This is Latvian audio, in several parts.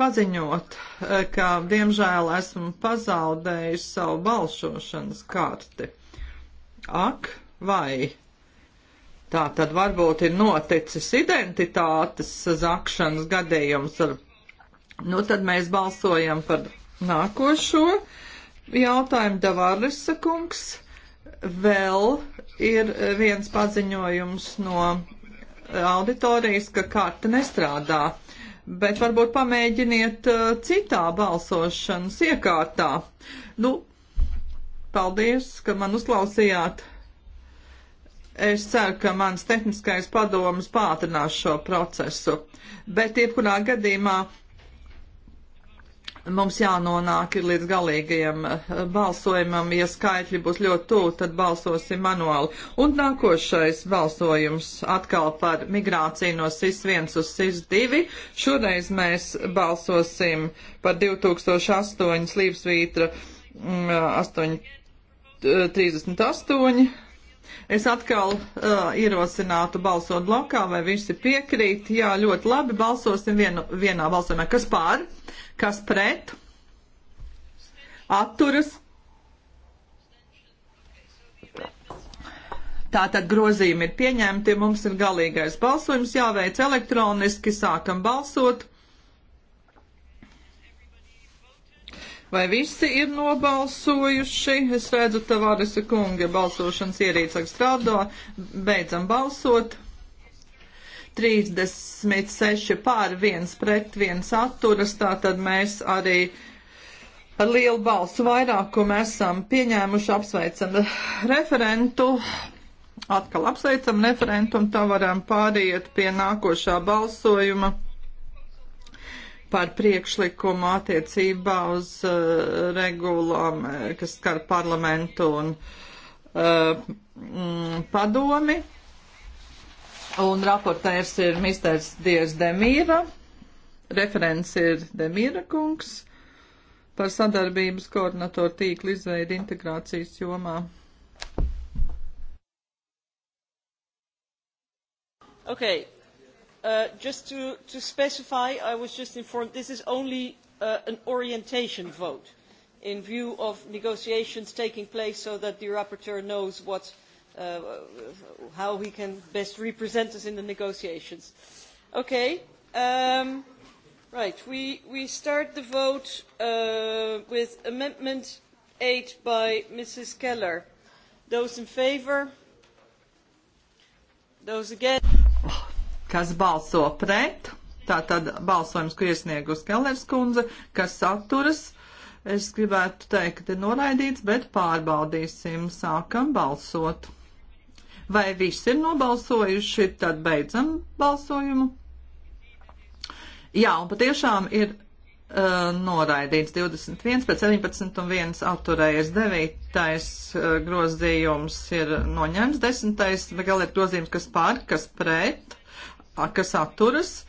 paziņot, eh, ka diemžēl esmu pazaudējis savu balsošanas karti. Ak, vai tā tad varbūt ir noticis identitātes zakšanas gadījums ar. Nu, tad mēs balsojam par nākošo jautājumu. Davarisa kungs vēl ir viens paziņojums no auditorijas, ka karta nestrādā bet varbūt pamēģiniet uh, citā balsošanas iekārtā. Nu, paldies, ka man uzklausījāt. Es ceru, ka mans tehniskais padomas pātrinās šo procesu, bet jebkurā gadījumā mums jānonāk ir līdz galīgajam eh, balsojumam. Ja skaitļi būs ļoti tuvu, tad balsosim manuāli. Un nākošais balsojums atkal par migrāciju no SIS 1 uz SIS 2. Šoreiz mēs balsosim par 2008 slīpsvītra 838. Mm, Es atkal uh, ierosinātu balsot blokā, vai visi piekrīt. Jā, ļoti labi, balsosim vienu, vienā balsojumā. Kas pār, kas pret, atturas. Tātad grozījumi ir pieņemti, mums ir galīgais balsojums jāveic elektroniski, sākam balsot. Vai visi ir nobalsojuši? Es redzu, Tavārisa kunga balsošanas ierīcāk strādā. Beidzam balsot. 36 pār 1 pret 1 atturas, tātad mēs arī ar lielu balsu vairākumu esam pieņēmuši apsveicam referentu. Atkal apsveicam referentu un tā varam pāriet pie nākošā balsojuma par priekšlikumu attiecībā uz uh, regulām, eh, kas skar parlamentu un uh, mm, padomi. Un raportērs ir misters Dievs Demīra, referents ir Demīra kungs par sadarbības koordinatoru tīklu izveidu integrācijas jomā. Okay, Uh, just to, to specify, I was just informed this is only uh, an orientation vote in view of negotiations taking place so that the rapporteur knows what, uh, how he can best represent us in the negotiations. Okay. Um, right. We, we start the vote uh, with Amendment 8 by Mrs. Keller. Those in favour? Those against? kas balso pret. Tātad balsojums, ko iesniegus Kellers kundze, kas atturas. Es gribētu teikt, ka ir noraidīts, bet pārbaudīsim. Sākam balsot. Vai visi ir nobalsojuši, tad beidzam balsojumu. Jā, un patiešām ir uh, noraidīts 21 pēc 17 un 1 atturējies 9. Uh, grozījums ir noņemts, 10. vēl ir grozījums, kas pār, kas pret kas atturas.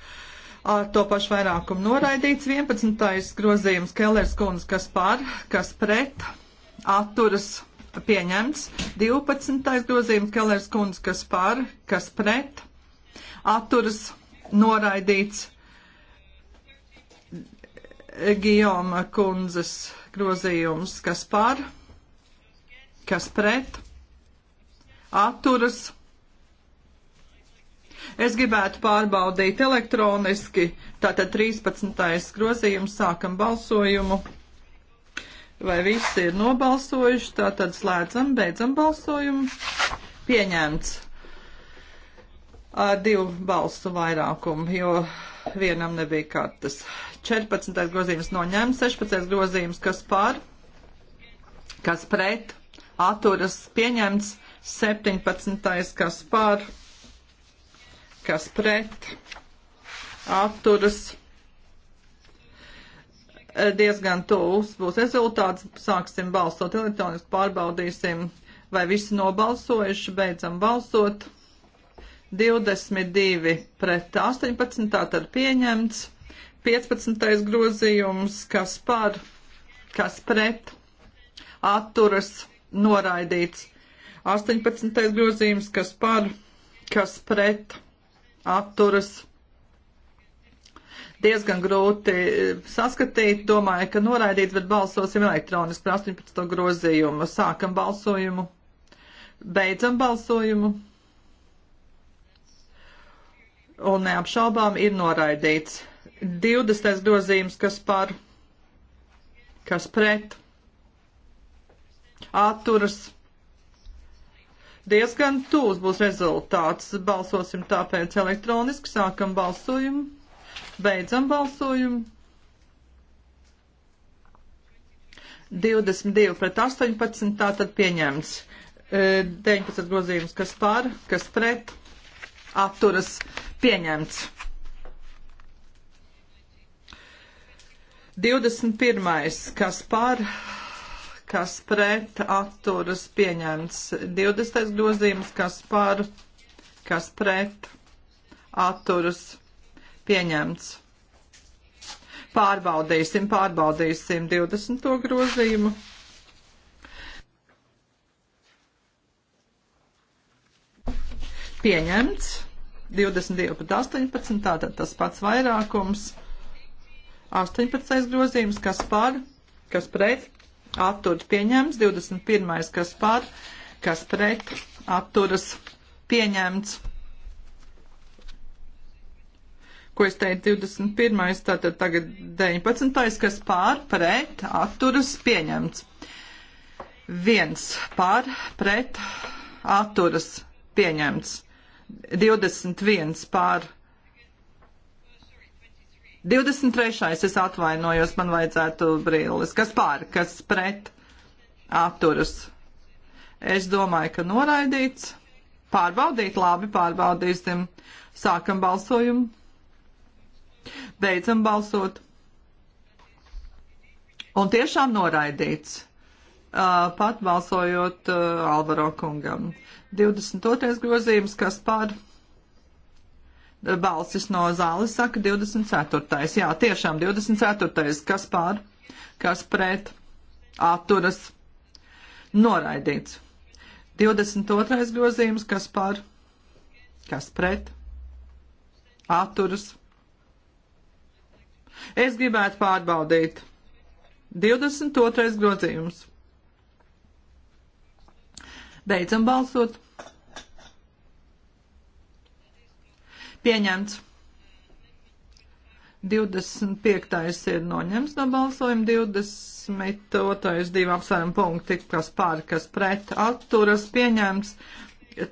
Ar to pašu vairākumu noraidīts 11. grozījums Kellers kundze, kas par, kas pret, atturas pieņemts. 12. grozījums Kellers kundze, kas par, kas pret, atturas noraidīts. Gijoma kundzes grozījums, kas par, kas pret, atturas noraidīts Es gribētu pārbaudīt elektroniski, tātad 13. grozījums, sākam balsojumu. Vai visi ir nobalsojuši, tātad slēdzam, beidzam balsojumu. Pieņemts ar divu balstu vairākumu, jo vienam nebija kartas. 14. grozījums noņemts, 16. grozījums kas pār, kas pret, atturas pieņemts, 17. kas pār kas pret atturas diezgan tūs būs rezultāts. Sāksim balsot elektroniski, pārbaudīsim, vai visi nobalsojuši, beidzam balsot. 22 pret 18, tātad pieņemts. 15. grozījums, kas par, kas pret, atturas, noraidīts. 18. grozījums, kas par, kas pret, atturas atturas diezgan grūti eh, saskatīt. Domāju, ka noraidīts, bet balsosim elektroniski par 18. grozījumu. Sākam balsojumu, beidzam balsojumu. Un neapšaubām ir noraidīts. 20. grozījums, kas par, kas pret, atturas Diezgan tūs būs rezultāts. Balsosim tāpēc elektroniski. Sākam balsojumu. Beidzam balsojumu. 22 pret 18, tā tad pieņemts. 19 e, grozījums, kas pār, kas pret, atturas pieņemts. 21. kas pār, kas pret atturas pieņemts 20. grozījums, kas par, kas pret atturas pieņemts. Pārbaudīsim, pārbaudīsim 20. grozījumu. Pieņemts 22 pat 18, tātad tas pats vairākums. 18. grozījums, kas par, kas pret atturas pieņemts, 21. kas par, kas pret, atturas pieņemts. Ko es teicu 21. tātad tagad 19. kas pār, pret, atturas pieņemts. Viens pār, pret, atturas pieņemts. 21 pār, pret 23. es atvainojos, man vajadzētu brilles. Kas pār, kas pret atturas? Es domāju, ka noraidīts. Pārbaudīt, labi, pārbaudīsim. Sākam balsojumu. Beidzam balsot. Un tiešām noraidīts. Uh, pat balsojot uh, Alvaro kungam. 22. grozījums, kas pār balsis no zāles saka 24. Jā, tiešām 24. kas pār, kas pret, atturas, noraidīts. 22. grozījums, kas pār, kas pret, atturas. Es gribētu pārbaudīt. 22. grozījums. Beidzam balsot. Pieņemts. 25. ir noņemts no balsojuma, 22. divi apsvērumi punkti, kas pār, kas pret atturas pieņemts,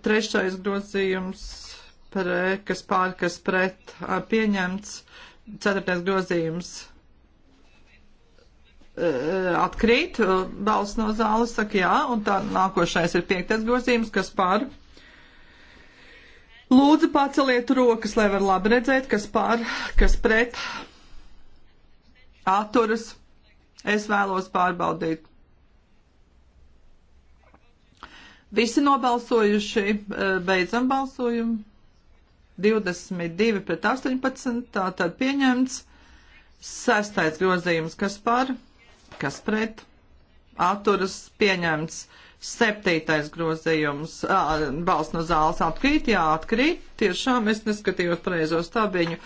trešais grozījums, pre, kas pār, kas pret pieņemts, ceturtais grozījums e, atkrīt, balss no zāles saka jā, un tā nākošais ir piektais grozījums, kas pār, Lūdzu, paceliet rokas, lai var labi redzēt, kas pār, kas pret atturas. Es vēlos pārbaudīt. Visi nobalsojuši, e, beidzam balsojumu. 22 pret 18, tātad pieņemts. Sestais grozījums, kas par, kas pret, atturas pieņemts. Septītais grozījums - balsts no zāles atkrīt, jā, atkrīt, tiešām es neskatījos pareizo stabiņu.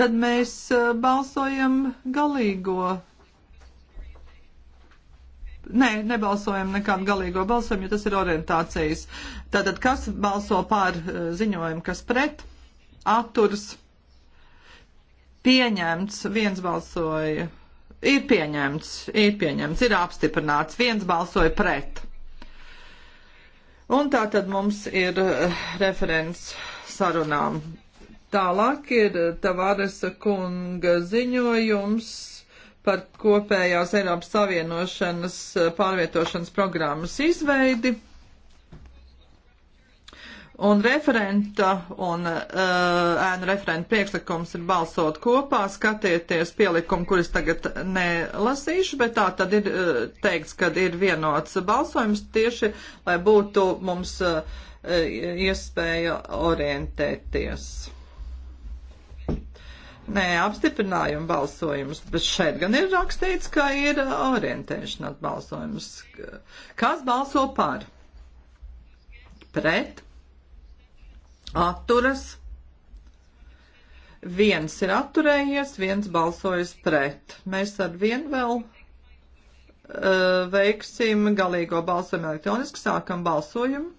Tad mēs balsojam galīgo. Nē, nebalsojam nekādu galīgo balsojumu, jo tas ir orientācijas. Tātad, kas balso pār ziņojumu, kas pret, atturs, pieņemts, viens balsoja, ir pieņemts, ir pieņemts, ir apstiprināts, viens balsoja pret. Un tā tad mums ir eh, referents sarunām. Tālāk ir eh, Tavaresa kunga ziņojums par kopējās Eiropas Savienošanas eh, pārvietošanas programmas izveidi. Un referenta un uh, ēnu referenta priekšlikums ir balsot kopā, skatieties pielikumu, kuris tagad nelasīšu, bet tā tad ir uh, teikts, ka ir vienots balsojums tieši, lai būtu mums uh, iespēja orientēties. Nē, apstiprinājumu balsojums, bet šeit gan ir rakstīts, ka ir orientēšanās balsojums. Kas balso par? Pret? atturas. Viens ir atturējies, viens balsojas pret. Mēs ar vienu vēl uh, veiksim galīgo balsojumu elektroniski, sākam balsojumu.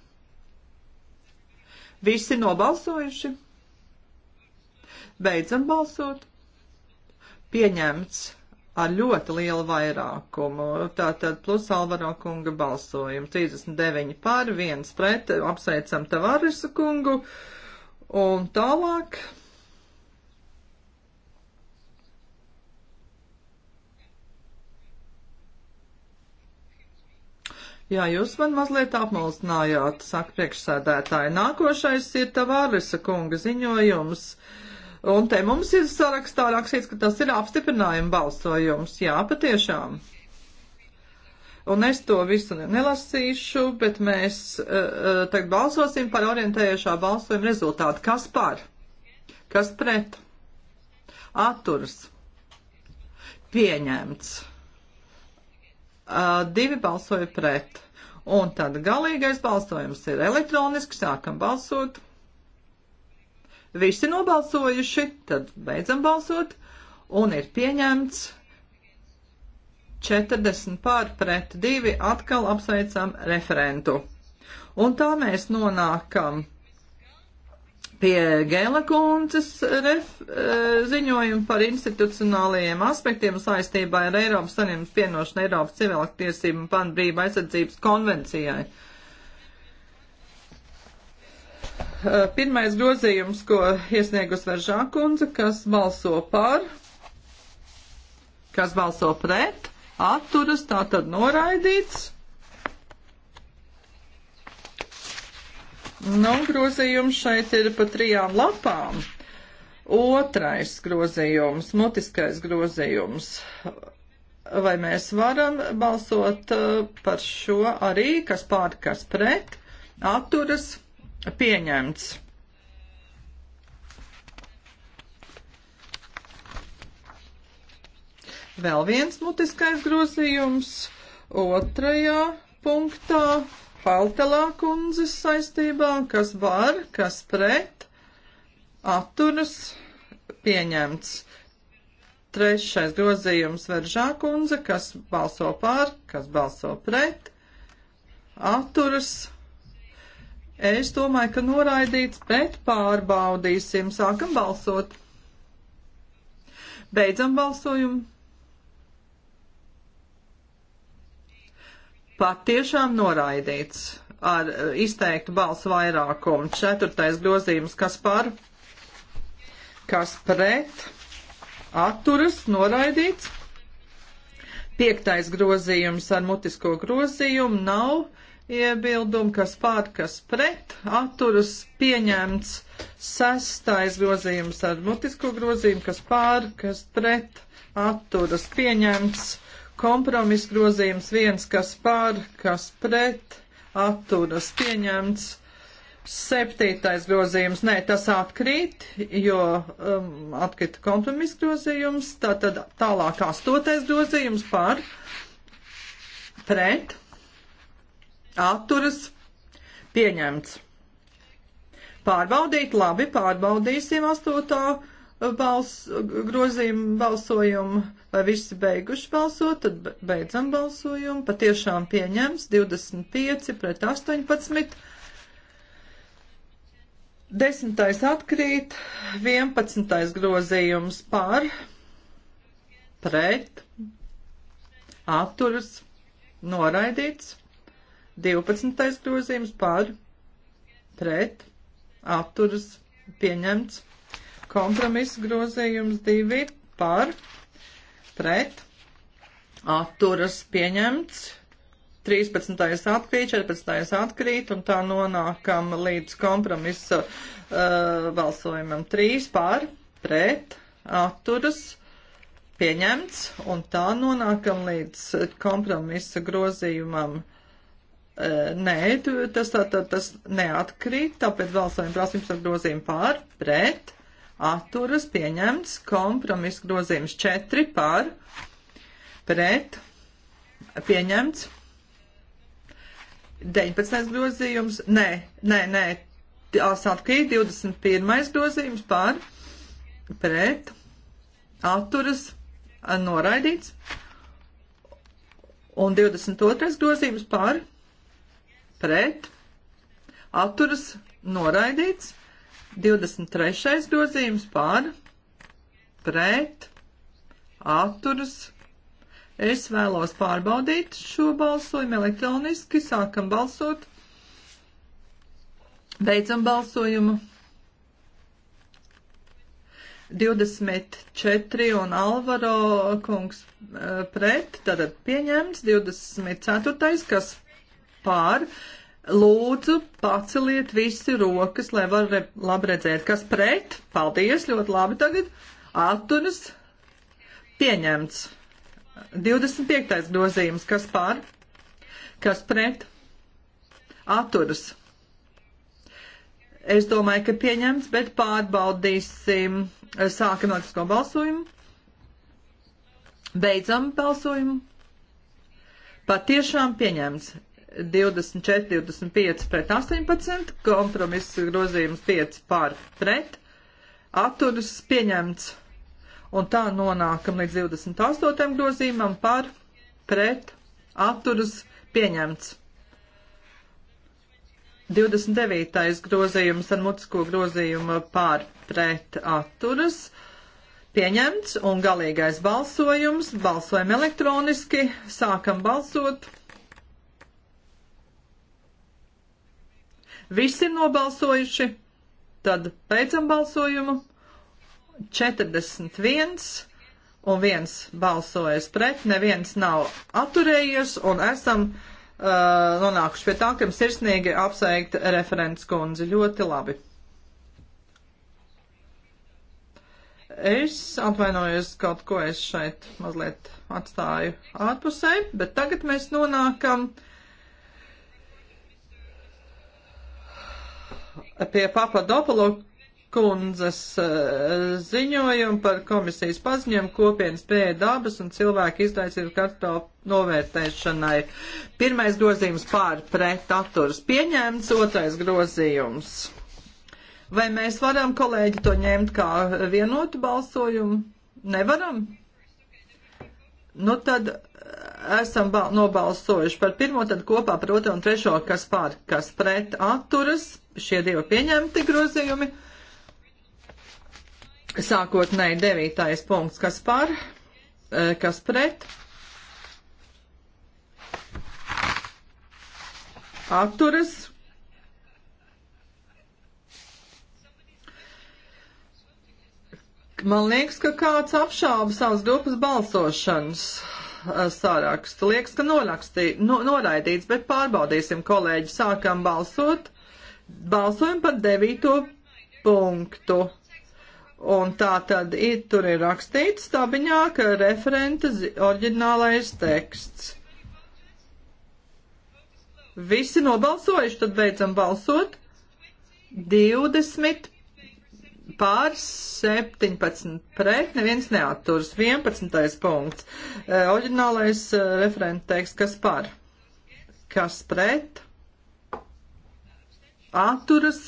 Visi nobalsojuši. Beidzam balsot. Pieņemts ar ļoti lielu vairākumu. Tātad plus Alvaro kunga balsojumu 39 pār, 1 pret, apsveicam Tavarisu kungu. Un tālāk. Jā, jūs man mazliet apmulsinājāt, saka priekšsēdētāji. Nākošais ir Tavarisa kunga ziņojums. Uh, Un te mums ir sarakstā rakstīts, ka tas ir apstiprinājuma balsojums. Jā, patiešām. Un es to visu nelasīšu, bet mēs uh, tagad balsosim par orientējušā balsojuma rezultātu. Kas par? Kas pret? Atturs. Pieņemts. Uh, divi balsoja pret. Un tad galīgais balsojums ir elektroniski. Sākam balsot. Visi nobalsojuši, tad beidzam balsot, un ir pieņemts 40 pār pret 2, atkal apsveicam referentu. Un tā mēs nonākam pie Gēla kundzes ref, e, ziņojuma par institucionālajiem aspektiem saistībā ar Eiropas Savienības pienošanu Eiropas civilaktiesību un panbrība aizsardzības konvencijai. Uh, Eh, pirmais grozījums, ko iesniegus Veržā kundze, kas balso par, kas balso pret, atturas, tā tad noraidīts. Nu, grozījums šeit ir pa trijām lapām. Otrais grozījums, mutiskais grozījums. Vai mēs varam balsot eh, par šo arī, kas pār, kas pret, atturas, Pieņemts. Vēl viens mutiskais grozījums otrajā punktā Paltelā kundzes saistībā, kas var, kas pret, atturas pieņemts. Trešais grozījums Veržā kundze, kas balso pār, kas balso pret, atturas Es domāju, ka noraidīts, bet pārbaudīsim. Sākam balsot. Beidzam balsojumu. Patiešām noraidīts ar eh, izteiktu balsu vairākumu. Ceturtais grozījums, kas par, kas pret, atturas, noraidīts. Piektais grozījums ar mutisko grozījumu nav iebildumi, kas pār, kas pret, atturas pieņemts sestais grozījums ar mutisko grozījumu, kas pār, kas pret, atturas pieņemts kompromis grozījums viens, kas pār, kas pret, atturas pieņemts. Septītais grozījums, nē, tas atkrīt, jo um, atkrita kompromisa grozījums, tātad tālāk astotais grozījums par pret atturas pieņemts. Pārbaudīt, labi, pārbaudīsim astotā uh, bals, grozījumu balsojumu, vai visi beiguši balsot, tad beidzam balsojumu. Patiešām pieņems 25 pret 18. Desmitais atkrīt, 11. grozījums par, pret, atturas, noraidīts. 12. grozījums par pret atturas pieņemts. Kompromiss grozījums 2 par pret atturas pieņemts. 13. atkrīt, 14. atkrīt, un tā nonākam līdz kompromisa uh, balsojumam 3 par, pret, atturas, pieņemts, un tā nonākam līdz kompromisa grozījumam Nē, tas, tā, tā, tas neatkrīt, tāpēc balsojuma prasības ar grozījumu pār, pret, atturas pieņemts, kompromiss grozījums 4 pār, pret, pieņemts, 19. grozījums, nē, nē, nē, tās atkrīt, 21. grozījums pār, pret, atturas, noraidīts, un 22. grozījums pār, pret, pret, atturas noraidīts, 23. grozījums par, pret, atturas. Es vēlos pārbaudīt šo balsojumu elektroniski, sākam balsot, beidzam balsojumu. 24 un Alvaro kungs eh, pret, tātad pieņemts 24. kas pār. Lūdzu, paceliet visi rokas, lai var re, labi redzēt, kas pret. Paldies, ļoti labi tagad. Atturas pieņemts. 25. grozījums, kas pār, kas pret. Atturas. Es domāju, ka pieņemts, bet pārbaudīsim. Sākam elektrisko balsojumu. Beidzam balsojumu. Patiešām pieņemts. 24, 25 pret 18, kompromiss grozījums 5 pār pret, atturas pieņemts. Un tā nonākam līdz 28 grozījumam par pret atturas pieņemts. 29. grozījums ar mutisko grozījumu pār pret atturas pieņemts un galīgais balsojums. Balsojam elektroniski, sākam balsot. Visi nobalsojuši, tad beidzam balsojumu. 41 un viens balsojas pret, neviens nav atturējies un esam uh, nonākuši pie tā, ka jums sirsnīgi apsveikt referents kundzi. Ļoti labi. Es atvainojos, kaut ko es šeit mazliet atstāju ārpusē, bet tagad mēs nonākam pie Papadopolo kundzes e, ziņojumu par komisijas paziņojumu kopienas pēja dabas un cilvēku izraisību karto novērtēšanai. Pirmais grozījums pār pret atturas pieņemts, otrais grozījums. Vai mēs varam, kolēģi, to ņemt kā vienotu balsojumu? Nevaram? Nu tad e, esam nobalsojuši par pirmo, tad kopā par otro un trešo, kas pār, kas pret atturas šie divi pieņemti grozījumi. Sākotnēji devītais punkts, kas par, e, kas pret. Atturas. Man liekas, ka kāds apšāba savas grupas balsošanas e, sārakstu. Liekas, ka norakstī, no, noraidīts, bet pārbaudīsim, kolēģi, sākam balsot. Balsojam par devīto punktu. Un tā tad ir, tur ir rakstīts stabiņā, ka referenta oriģinālais teksts. Visi nobalsojuši, tad beidzam balsot. 20 pār 17 pret, neviens neatturas. 11. punkts. E, eh, Oģinālais e, eh, referenta teiks, kas par, kas pret, atturas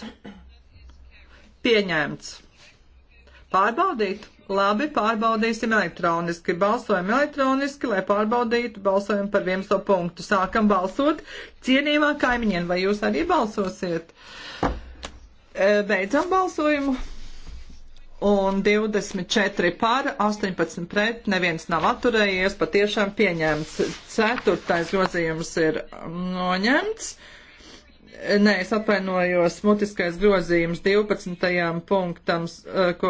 pieņemts. Pārbaudīt? Labi, pārbaudīsim elektroniski. Balsojam elektroniski, lai pārbaudītu balsojumu par 11 punktu. Sākam balsot. Cienījumā kaimiņiem, vai jūs arī balsosiet? E, beidzam balsojumu. Un 24 pār, 18 pret, neviens nav atturējies, patiešām pieņemts. Ceturtais grozījums ir noņemts. Uh, Nē, es atvainojos, mutiskais grozījums 12. punktam, e, ko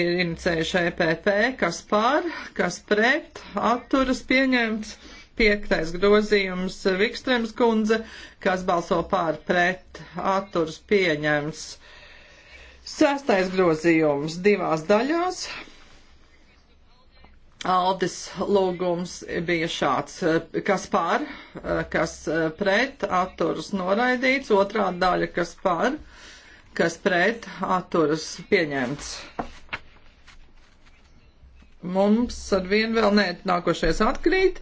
ir inicējuši EPP, kas pār, kas pret, atturas pieņemts. Piektais grozījums Vikstrēms kundze, kas balso pār pret, atturas pieņemts. Sestais grozījums divās daļās. Aldis lūgums bija šāds, eh, kas par, eh, kas eh, pret, atturas noraidīts, otrā daļa, kas par, kas pret, atturas pieņemts. Mums ar vienu vēl nē, nākošais atkrīt.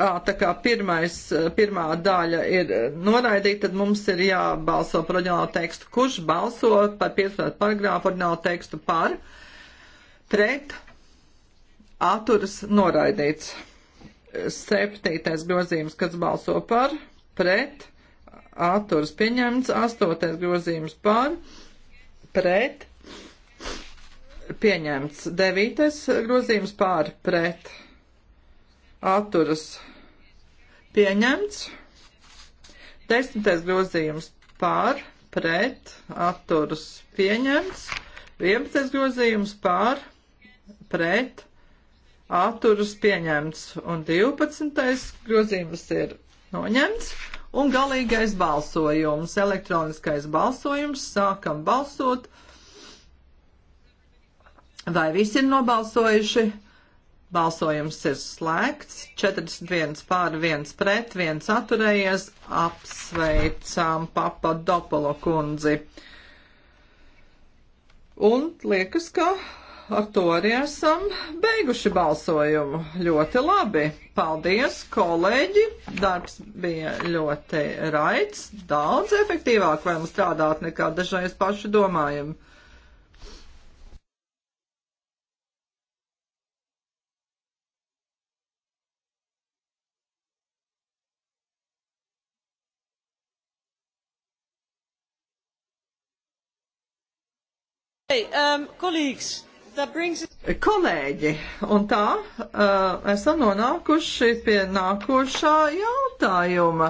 À, tā kā pirmais, pirmā daļa ir noraidīta, tad mums ir jābalso par oriģinālu tekstu. Kurš balso par 15. paragrāfu oriģinālu tekstu par? Uh, pret atturas noraidīts. Septītais grozījums, kas balso par, pret atturas pieņemts. Astotais grozījums par, pret pieņemts. Devītais grozījums par, pret atturas pieņemts. Desmitais grozījums par, pret atturas pieņemts. Vienpadsmitais grozījums par, pret atturas pieņemts. Un 12. grozījums ir noņemts. Un galīgais balsojums, elektroniskais balsojums, sākam balsot. Vai visi ir nobalsojuši? Balsojums ir slēgts, 41 pār 1 pret, 1 atturējies, apsveicām Papadopolo kundzi. Un liekas, ka Ar to arī esam beiguši balsojumu. Ļoti labi. Paldies, kolēģi. Darbs bija ļoti raids, daudz efektīvāk varam strādāt nekā dažreiz paši domājam. Hey, um, colleagues brings... Kolēģi, un tā uh, esam nonākuši pie nākošā jautājuma.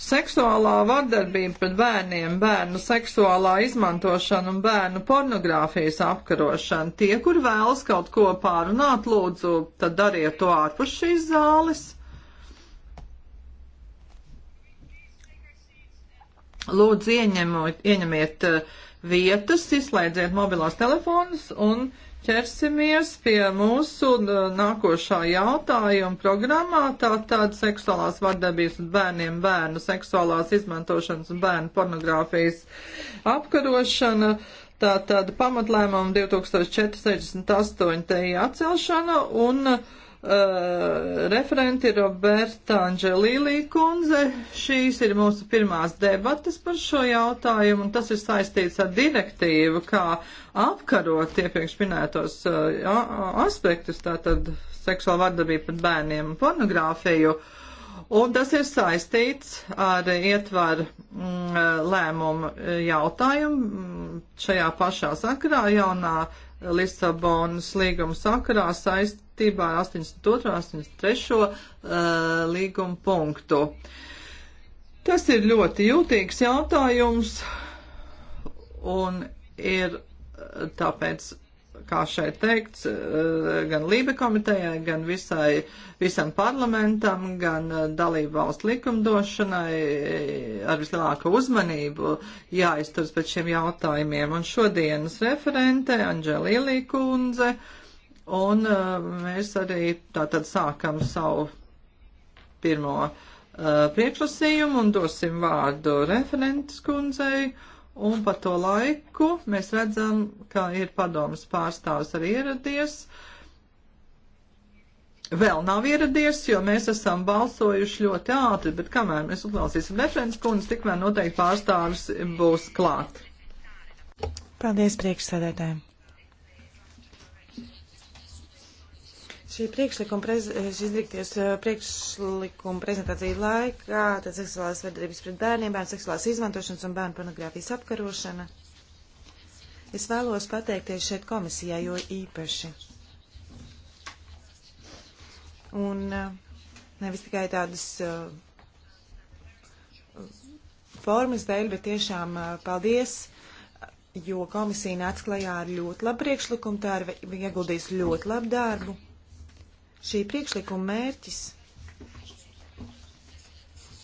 Seksuālā vardarbība pret bērniem, bērnu seksuālā izmantošana un bērnu pornogrāfijas apkarošana. Tie, kur vēlas kaut ko pārunāt, lūdzu, tad dariet to ārpus šīs zāles. Lūdzu, ieņemiet, ieņemiet uh, vietas, izslēdziet mobilās telefonus un ķersimies pie mūsu uh, nākošā jautājuma programmā. Tātad seksuālās vardarbības un bērniem bērnu seksuālās izmantošanas un bērnu pornogrāfijas apkarošana. Tātad pamatlēmumu 2468 atcelšana un uh, Uh, referenti Roberta Anģelīlī kundze. Šīs ir mūsu pirmās debatas par šo jautājumu, un tas ir saistīts ar direktīvu, kā apkarot iepriekš minētos uh, aspektus, tātad seksuālu vardarbību pret bērniem un pornogrāfiju. Un tas ir saistīts ar ietvaru mm, eh, lēmumu jautājumu mm, šajā pašā sakarā jaunā Lisabonas līguma sakarā saistībā ar 82. un 83. līguma punktu. Tas ir ļoti jūtīgs jautājums un ir eh, tāpēc kā šeit teikts, eh, gan Lībe komitejai, gan visai, visam parlamentam, gan eh, dalību valstu likumdošanai eh, ar vislielāku uzmanību jāizturas pēc šiem jautājumiem. Un šodienas referente Anģelīlī kundze, un mēs arī tātad sākam savu pirmo uh, priekšlasījumu un dosim vārdu referentes kundzei. Uh, Un pa to laiku mēs redzam, ka ir padomas pārstāvs arī ieradies. Vēl nav ieradies, jo mēs esam balsojuši ļoti ātri, bet kamēr mēs uzklausīsim referents kundzi, tikmēr noteikti pārstāvis būs klāt. Paldies priekšsēdētājiem. šī priekšlikuma, prez, šīs direktīvas eh, priekšlikuma prezentācija laikā, tad seksuālās vardarbības pret bērniem, bērnu seksuālās izmantošanas un bērnu pornogrāfijas apkarošana. Es vēlos pateikties šeit komisijā, jo īpaši. Un eh, nevis tikai tādas eh, formas dēļ, bet tiešām paldies jo komisija nāca klajā ar ļoti labu priekšlikumu, tā ir ieguldījusi ļoti labu darbu. Šī priekšlikuma mērķis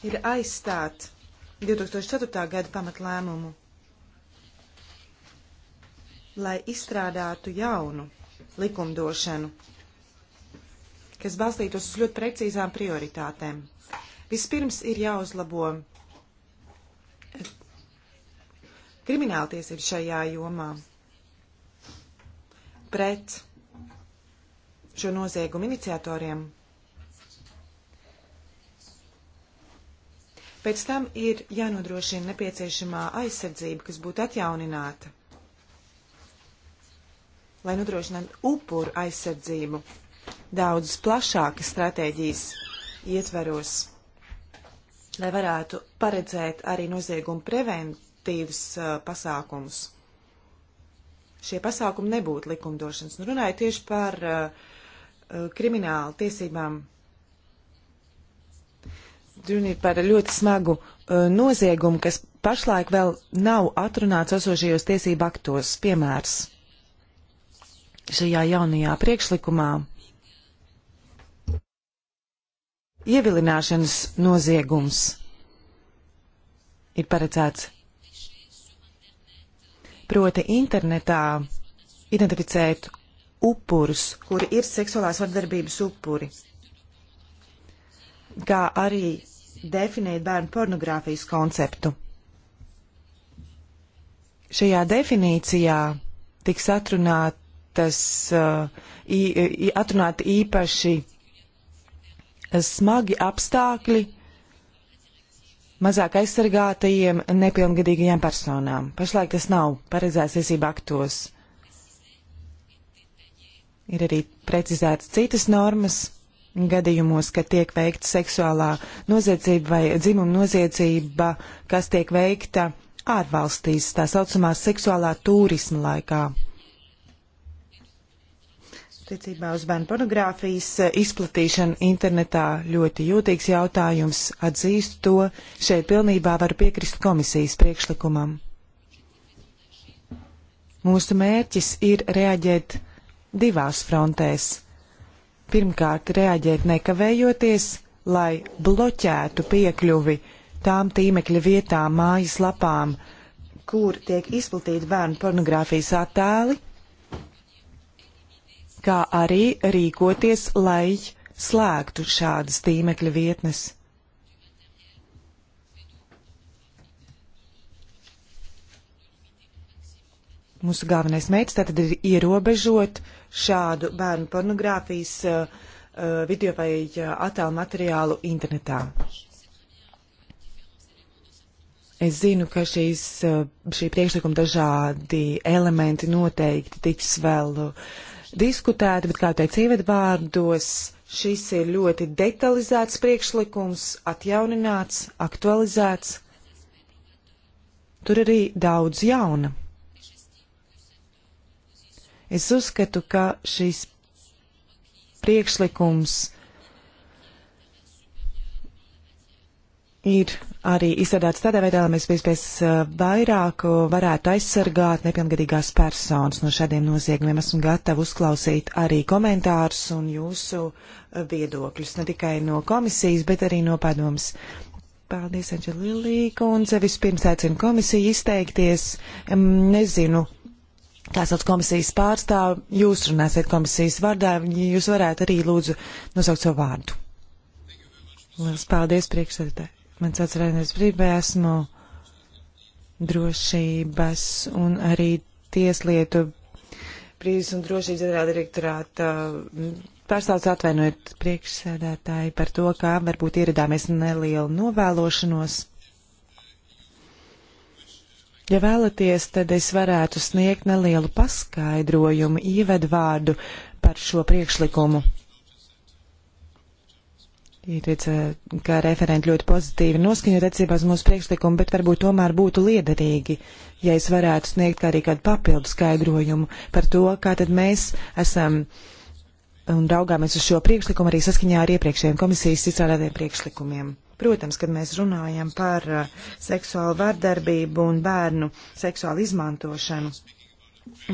ir aizstāt 2004. gada pamatlēmumu, lai izstrādātu jaunu likumdošanu, kas balstītos uz ļoti precīzām prioritātēm. Vispirms ir jāuzlabo krimināltiesība šajā jomā pret šo noziegumu iniciatoriem. Pēc tam ir jānodrošina nepieciešamā aizsardzība, kas būtu atjaunināta, lai nodrošinātu upuru aizsardzību daudzas plašākas stratēģijas ietveros, lai varētu paredzēt arī noziegumu preventīvas uh, pasākumus. Šie pasākumi nebūtu likumdošanas. Nu, runāju tieši par uh, Uh, krimināla tiesībām. Runa ir par ļoti smagu uh, noziegumu, kas pašlaik vēl nav atrunāts esošajos tiesību aktos. Piemērs šajā jaunajā priekšlikumā ievilināšanas noziegums ir paredzēts. Proti internetā identificēt upurus, kuri ir seksuālās vardarbības upuri, kā arī definēt bērnu pornogrāfijas konceptu. Šajā definīcijā tiks atrunātas, uh, atrunāti īpaši smagi apstākļi mazāk aizsargātajiem nepilngadīgajām personām. Pašlaik tas nav paredzēts tiesību aktos. Ir arī precizētas citas normas gadījumos, kad tiek veikta seksuālā noziedzība vai dzimuma noziedzība, kas tiek veikta ārvalstīs, tā saucamā seksuālā turisma laikā. Ticībā uz bērnu pornogrāfijas izplatīšanu internetā ļoti jūtīgs jautājums, atzīstu to, šeit pilnībā var piekrist komisijas priekšlikumam. Mūsu mērķis ir reaģēt divās frontēs. Pirmkārt, reaģēt nekavējoties, lai bloķētu piekļuvi tām tīmekļa vietām, mājas lapām, kur tiek izplatīti bērnu pornogrāfijas attēli, kā arī rīkoties, lai slēgtu šādas tīmekļa vietnes. mūsu galvenais mērķis tātad ir ierobežot šādu bērnu pornogrāfijas uh, video vai eh, attēlu materiālu internetā. Es zinu, ka šīs, šī priekšlikuma dažādi elementi noteikti tiks vēl diskutēti, bet, kā teicu ievadvārdos, šis ir ļoti detalizēts priekšlikums, atjaunināts, aktualizēts. Tur arī daudz jauna. Es uzskatu, ka šis priekšlikums ir arī izstrādāts tādā veidā, lai mēs pēc uh, vairāk uh, varētu aizsargāt nepilngadīgās personas no šādiem noziegumiem. Esmu gatava uzklausīt arī komentārus un jūsu uh, viedokļus, ne tikai no komisijas, bet arī no padomas. Paldies, Anģelīlī kundze. Vispirms aicinu komisiju izteikties. Nezinu, Tāsauc komisijas pārstāv, jūs runāsiet komisijas vārdā, jūs varētu arī lūdzu nosaukt savu vārdu. Lielas paldies priekšsēdētāji. Mans atcerēties brīvē esmu drošības un arī tieslietu brīvības un drošības ģenerāla direktorāta pārstāvs atvainojiet priekšsēdētāji par to, kā varbūt ieradāmies nelielu novēlošanos. Ja vēlaties, tad es varētu sniegt nelielu paskaidrojumu, ievedvārdu par šo priekšlikumu. Ieteica, ka referenti ļoti pozitīvi noskaņot attiecībā uz mūsu priekšlikumu, bet varbūt tomēr būtu liederīgi, ja es varētu sniegt kā arī kādu papildu skaidrojumu par to, kā tad mēs esam uh, un raugāmies uz šo priekšlikumu arī saskaņā ar iepriekšējiem komisijas izstrādātiem priekšlikumiem. Protams, kad mēs runājam par uh, seksuālu vardarbību un bērnu seksuālu izmantošanu,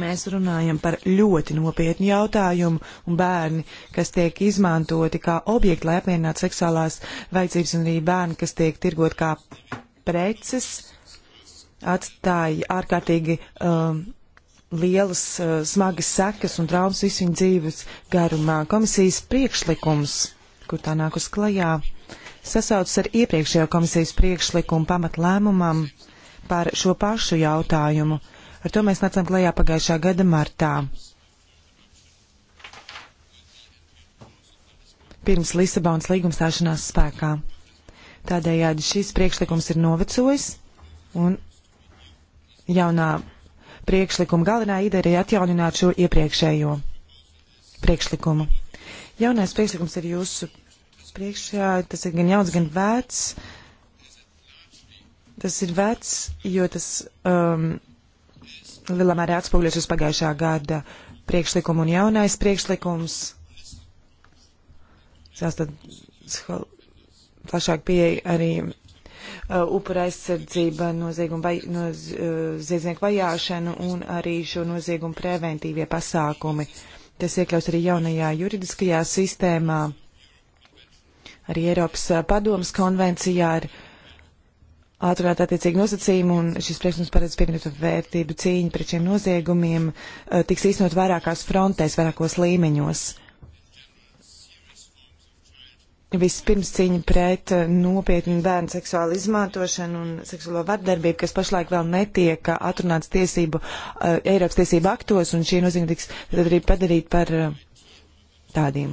mēs runājam par ļoti nopietnu jautājumu un bērni, kas tiek izmantoti kā objekti, lai apmierinātu seksuālās vajadzības, un arī bērni, kas tiek tirgot kā preces, atstāja ārkārtīgi. Um, lielas, eh, smagas sekas un traumas visu viņu dzīves garumā. Komisijas priekšlikums, kur tā nāk uz klajā, sasaucas ar iepriekšējo komisijas priekšlikumu pamatlēmumam par šo pašu jautājumu. Ar to mēs nācām klajā pagājušā gada martā. Pirms Lisabonas līguma stāšanās spēkā. Tādējādi šis priekšlikums ir novecojis un jaunā priekšlikumu. Galvenā ideja ir atjaunināt šo iepriekšējo priekšlikumu. Jaunais priekšlikums ir jūsu priekšā, tas ir gan jauns, gan vecs. Tas ir vecs, jo tas um, lielā mērā atspūgļos uz pagājušā gada priekšlikumu un jaunais priekšlikums. Tas tad plašāk pieeja arī Uh, upura aizsardzība, nozieguma vai, noz, uh, ziedznieku vajāšana un arī šo noziegumu preventīvie pasākumi. Tas iekļaus arī jaunajā juridiskajā sistēmā, arī Eiropas uh, padomas konvencijā ar atrunāt attiecīgi nosacījumi, un šis priekšlikums paredz pievienotu vērtību cīņu pret šiem noziegumiem, tiks īstenot vairākās frontēs, vairākos līmeņos. Vispirms cīņa pret eh, nopietnu bērnu seksuālu izmantošanu un seksuālo vardarbību, kas pašlaik vēl netiek eh, atrunāts tiesību, uh, Eiropas tiesību aktos, un šie nozīme tiks arī padarīt par uh, tādiem.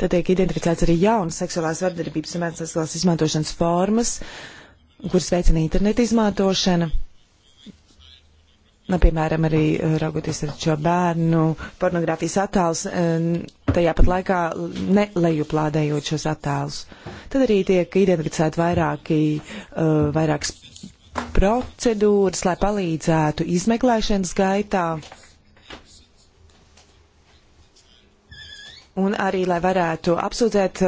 Tad tiek identificēts arī jaunas seksuālās vardarbības un bērnu seksuālās izmantošanas formas, kuras veicina interneta izmantošana. Nu, piemēram, arī eh, raugoties ar šo bērnu pornogrāfijas attēlus, eh, tajā pat laikā nelejuplādējot šos attēlus. Tad arī tiek identificēti vairāki, eh, vairākas procedūras, lai palīdzētu izmeklēšanas gaitā. Un arī, lai varētu apsūdzēt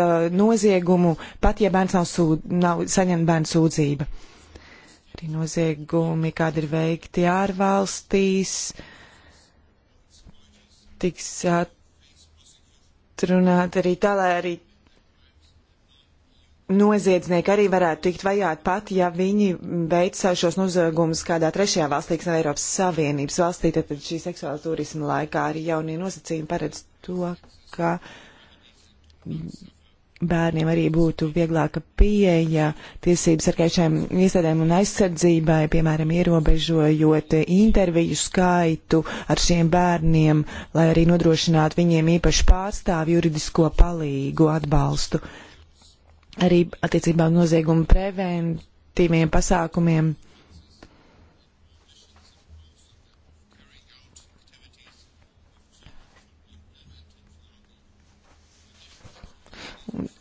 noziegumu, pat ja bērns nav, sūd, nav saņemta bērnu sūdzība arī noziegumi, kādi ir veikti ārvalstīs, tiks atrunāt arī tā, lai arī noziedznieki arī varētu tikt vajāti pat, ja viņi veic šos noziegumus kādā trešajā valstī, kas nav Eiropas Savienības valstī, tad šī seksuāla turisma laikā arī jaunie nosacījumi paredz to, ka bērniem arī būtu vieglāka pieeja tiesības sargājušajām iestādēm un aizsardzībai, piemēram, ierobežojot interviju skaitu ar šiem bērniem, lai arī nodrošinātu viņiem īpašu pārstāvu juridisko palīgu atbalstu. Arī attiecībā uz noziegumu preventīviem pasākumiem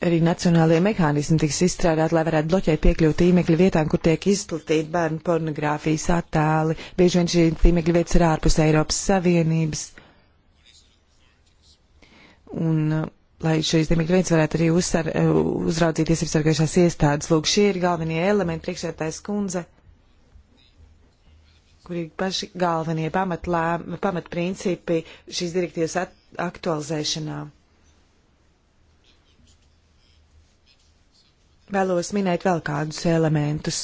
arī nacionālajie mehānismi tiks izstrādāti, lai varētu bloķēt piekļuvu tīmekļa vietām, kur tiek izplatīti bērnu pornogrāfijas attēli. Bieži vien šī tīmekļa vietas ir ārpus Eiropas Savienības. Un, uh, lai šīs tīmekļa vietas varētu arī uzsar, uh, uzraudzīt iesargājušās iestādes. Lūk, šie ir galvenie elementi priekšētājs kundze, kur ir paši galvenie pamatlē, pamatprincipi šīs direktīvas aktualizēšanā. Vēlos minēt vēl kādus elementus,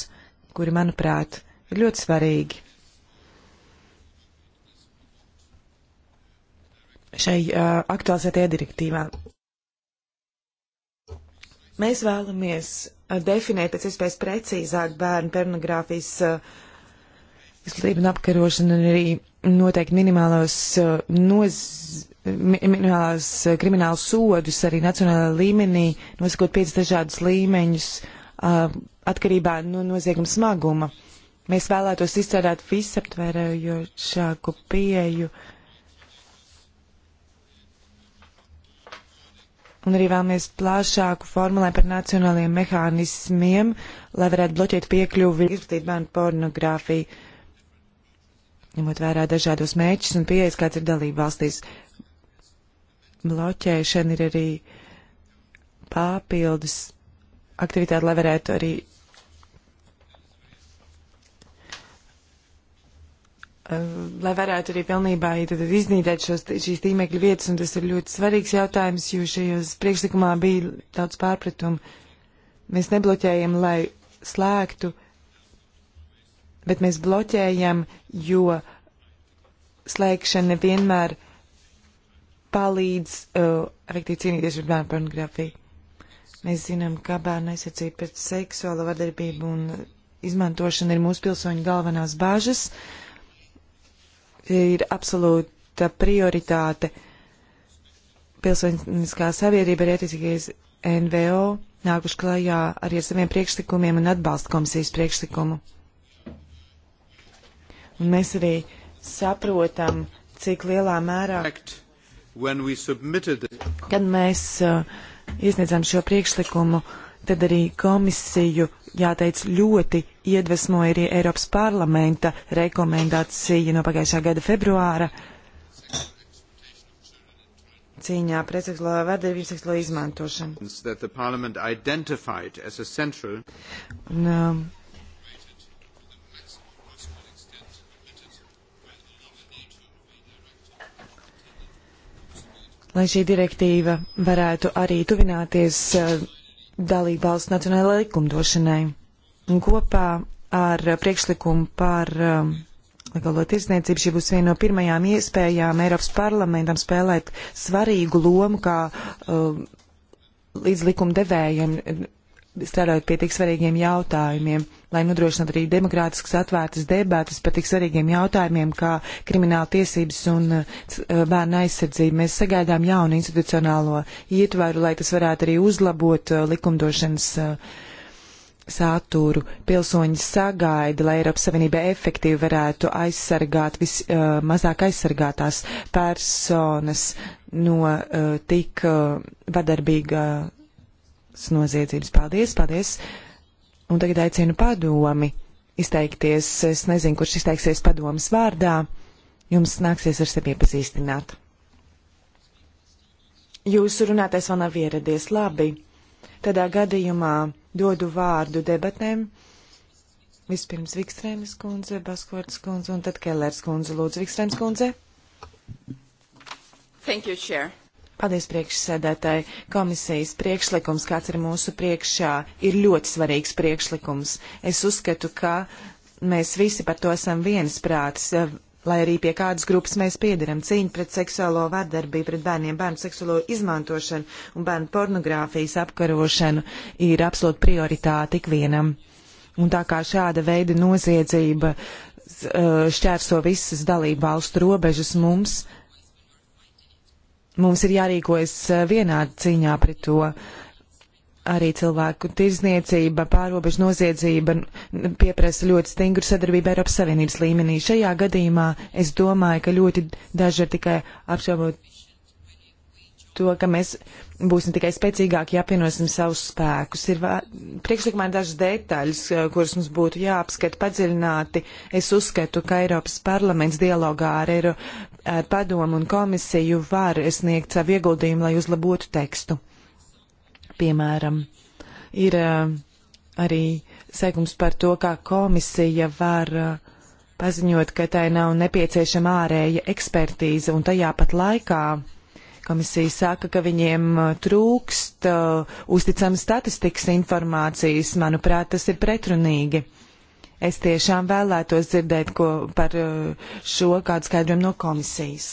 kuri, manuprāt, ir ļoti svarīgi. Šai uh, aktualizētajā direktīvā mēs vēlamies definēt pēc iespējas precīzāk bērnu pornogrāfijas izglītību un apkarošanu un arī noteikti minimālos noz minimālās eh, kriminālas sodus arī nacionālā līmenī, nosakot piecus dažādus līmeņus uh, atkarībā no nozieguma smaguma. Mēs vēlētos izstrādāt visaptverējošāku pieju. Un arī vēlamies plašāku formulējumu par nacionālajiem mehānismiem, lai varētu bloķēt piekļuvi izplatīt bērnu pornogrāfiju ņemot vērā dažādos mērķus un pieejas, kāds ir dalība valstīs bloķēšana ir arī papildus aktivitāte, lai varētu arī eh, lai varētu arī pilnībā iznīdēt šos, šīs tīmekļa vietas, un tas ir ļoti svarīgs jautājums, jo šajos priekšlikumā bija daudz pārpratumu. Mēs nebloķējam, lai slēgtu, bet mēs bloķējam, jo slēgšana vienmēr palīdz uh, efektīvi cīnīties ar bērnu pornogrāfiju. Mēs zinām, ka bērnu aizsardzība pret seksuālo vardarbību un izmantošana ir mūsu pilsoņu galvenās bāžas. Ir absolūta prioritāte pilsoniskā sabiedrība ir ietīcīgais NVO nākuši klajā arī ar saviem priekšlikumiem un atbalsta komisijas priekšlikumu. Un mēs arī saprotam, cik lielā mērā. Correct Kad mēs uh, iesniedzām šo priekšlikumu, tad arī komisiju, jāteic, ļoti iedvesmoja arī Eiropas parlamenta rekomendācija no pagājušā gada februāra cīņā pret seksuālo vardarbību, seksuālo izmantošanu. Un, um, lai šī direktīva varētu arī tuvināties uh, dalību valsts nacionālajai likumdošanai. Un kopā ar priekšlikumu par um, legālo tirsniecību šī būs viena no pirmajām iespējām Eiropas parlamentam spēlēt svarīgu lomu kā um, līdz likumdevējiem strādājot pie tik svarīgiem jautājumiem, lai nodrošinātu arī demokrātiskas atvērtas debātas par tik svarīgiem jautājumiem kā krimināla tiesības un uh, uh, bērna aizsardzība. Mēs sagaidām jaunu institucionālo ietvaru, lai tas varētu arī uzlabot uh, likumdošanas saturu. Pilsoņi sagaida, lai Eiropas Savienība efektīvi varētu aizsargāt vismazāk uh, aizsargātās personas no uh, tik uh, vadarbīga. Uh, noziedzības. Paldies, paldies! Un tagad aicinu padomi izteikties. Es nezinu, kurš izteiksies padomas vārdā. Jums nāksies ar sevi iepazīstināt. Jūsu runātais vēl nav ieradies labi. Tādā gadījumā dodu vārdu debatēm. Vispirms Vikstrēmas kundze, Baskortas kundze un tad Kellers kundze. Lūdzu, Vikstrēmas kundze. Thank you, Chair. Paldies priekšsēdētāji. Komisijas priekšlikums, kāds ir mūsu priekšā, ir ļoti svarīgs priekšlikums. Es uzskatu, ka mēs visi par to esam viensprātis. Lai arī pie kādas grupas mēs piedaram, cīņa pret seksuālo vardarbību, pret bērniem, bērnu seksuālo izmantošanu un bērnu pornogrāfijas apkarošanu ir absolūta prioritāte ikvienam. Un tā kā šāda veida noziedzība šķērso visas dalību valstu robežas, mums Mums ir jārīkojas eh, vienādi cīņā pret to. Arī cilvēku tirzniecība, pārobežu noziedzība pieprasa ļoti stingru sadarbību Eiropas Savienības līmenī. Šajā gadījumā es domāju, ka ļoti daži ir tikai apšaubot to, ka mēs būsim tikai spēcīgāki, ja apvienosim savus spēkus. Ir priekšlikumā dažas detaļas, eh, kuras mums būtu jāapskata padziļināti. Es uzskatu, ka Eiropas parlaments dialogā ar, Eiro, ar padomu un komisiju var sniegt savu ieguldījumu, lai uzlabotu tekstu. Piemēram, ir eh, arī sekums par to, kā komisija var eh, paziņot, ka tai nav nepieciešama ārēja ekspertīze un tajā pat laikā Komisija saka, ka viņiem uh, trūkst uh, uzticams statistikas informācijas. Manuprāt, tas ir pretrunīgi. Es tiešām vēlētos dzirdēt ko par uh, šo kādu skaidrojumu no komisijas.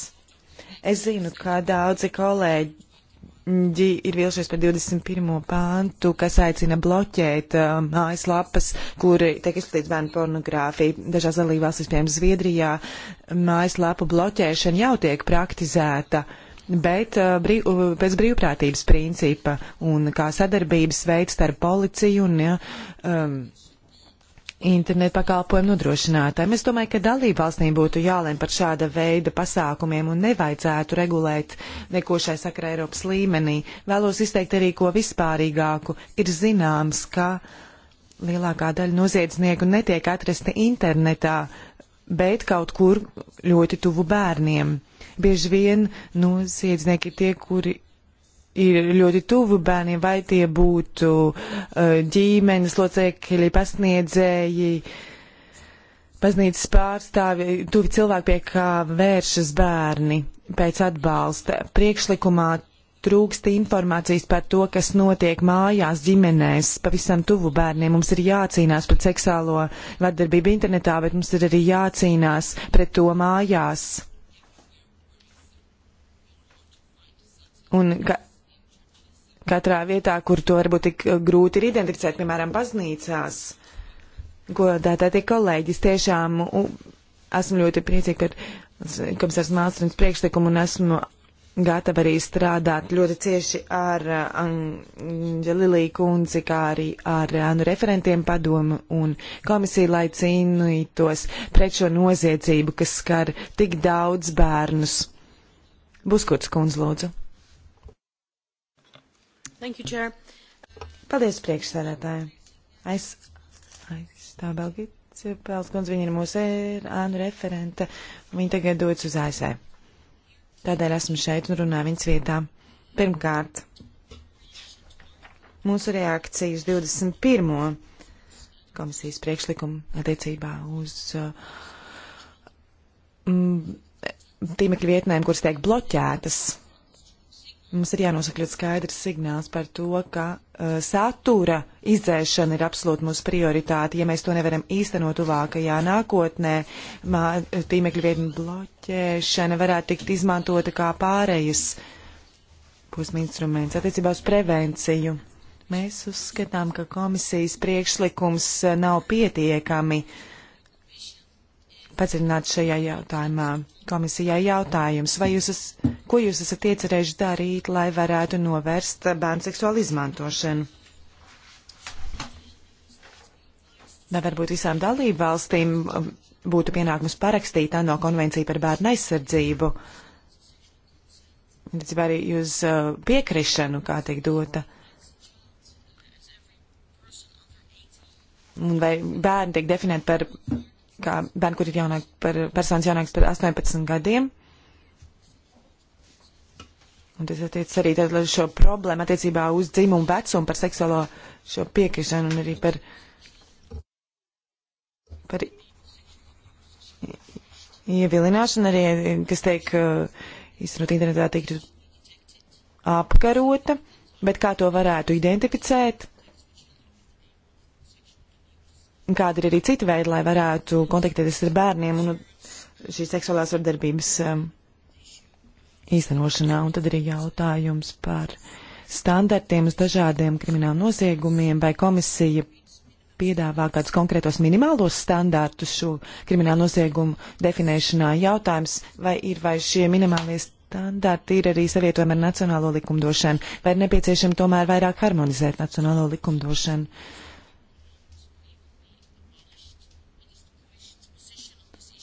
Es zinu, ka daudzi kolēģi ir vilšies par 21. pāntu, kas aicina bloķēt uh, mājaslapas, uh, kuri tiek izplatīta bērnu pornogrāfija. Dažās dalībvalstīs, piemēram, Zviedrijā, mājaslapu bloķēšana jau tiek praktizēta. Uh, bet uh, brīv, pēc brīvprātības principa un kā sadarbības veids starp policiju un ja, um, internetu pakalpojumu nodrošinātājiem. Es domāju, ka dalībvalstīm būtu jālēm par šāda veida pasākumiem un nevajadzētu regulēt neko šai sakarā Eiropas līmenī. Vēlos izteikt arī ko vispārīgāku. Ir zināms, ka lielākā daļa noziedznieku netiek atrasti internetā, bet kaut kur ļoti tuvu bērniem bieži vien noziedznieki nu, tie, kuri ir ļoti tuvu bērniem, vai tie būtu uh, ģimenes locekļi, pasniedzēji, baznīcas pārstāvi, tuvi cilvēki, pie kā vēršas bērni pēc atbalsta. Priekšlikumā trūkst informācijas par to, kas notiek mājās, ģimenēs, pavisam tuvu bērniem. Mums ir jācīnās pret seksuālo vardarbību internetā, bet mums ir arī jācīnās pret to mājās Un ka, katrā vietā, kur to varbūt tik eh, grūti ir identificēt, piemēram, baznīcās, ko tātad ir kolēģis, tiešām u, esmu ļoti priecīgi par komisārs Mālstrins priekšlikumu un esmu gatava arī strādāt ļoti cieši ar eh, Anģelilī kundzi, kā arī ar nu, referentiem padomu un komisiju, lai cīnītos pret šo noziedzību, kas skar tik daudz bērnus. Buskuts kundz, lūdzu. Thank you, Chair. Paldies, priekšsēdētāji. Aiz, aizstāv Belgīts Pēlskundze, viņa ir mūsu ēnu referente, un viņa tagad dodas uz ASV. E. Tādēļ esmu šeit un runāju viņas vietā. Pirmkārt, mūsu reakcija uz 21. komisijas priekšlikumu attiecībā uz uh, tīmekļa vietnēm, kuras tiek bloķētas. Mums ir jānosaka ļoti skaidrs signāls par to, ka uh, satura izdzēšana ir absolūti mūsu prioritāte. Ja mēs to nevaram īstenot tuvākajā nākotnē, mā, tīmekļu vietņu bloķēšana varētu tikt izmantota kā pārējas posma instruments attiecībā uz prevenciju. Mēs uzskatām, ka komisijas priekšlikums uh, nav pietiekami uh, padziļināt šajā jautājumā. Komisijai jautājums, vai jūs, es, ko jūs esat iecerējuši darīt, lai varētu novērst bērnu seksuālu izmantošanu? Vai varbūt visām dalību valstīm um, būtu pienākums parakstīt ANO konvenciju par bērnu aizsardzību? Tas arī uz uh, piekrišanu, kā tiek dota. Un vai bērni tiek definēti par kā bērni, kur ir jaunāk par, personas jaunāks par 18 gadiem. Un tas attiec arī tad šo problēmu attiecībā uz dzimumu vecumu, par seksuālo šo piekrišanu un arī par, par ievilināšanu arī, kas tiek īstenot uh, internetā, tiek apkarota, bet kā to varētu identificēt? kādi ir arī citi veidi, lai varētu kontaktēties ar bērniem un šīs seksuālās vardarbības um, īstenošanā. Un tad arī jautājums par standartiem uz dažādiem kriminālu noziegumiem, vai komisija piedāvā kādus konkrētos minimālos standārtus šo kriminālu noziegumu definēšanā. Jautājums, vai ir vai šie minimālie standārti ir arī savietojami ar nacionālo likumdošanu, vai ir nepieciešama tomēr vairāk harmonizēt nacionālo likumdošanu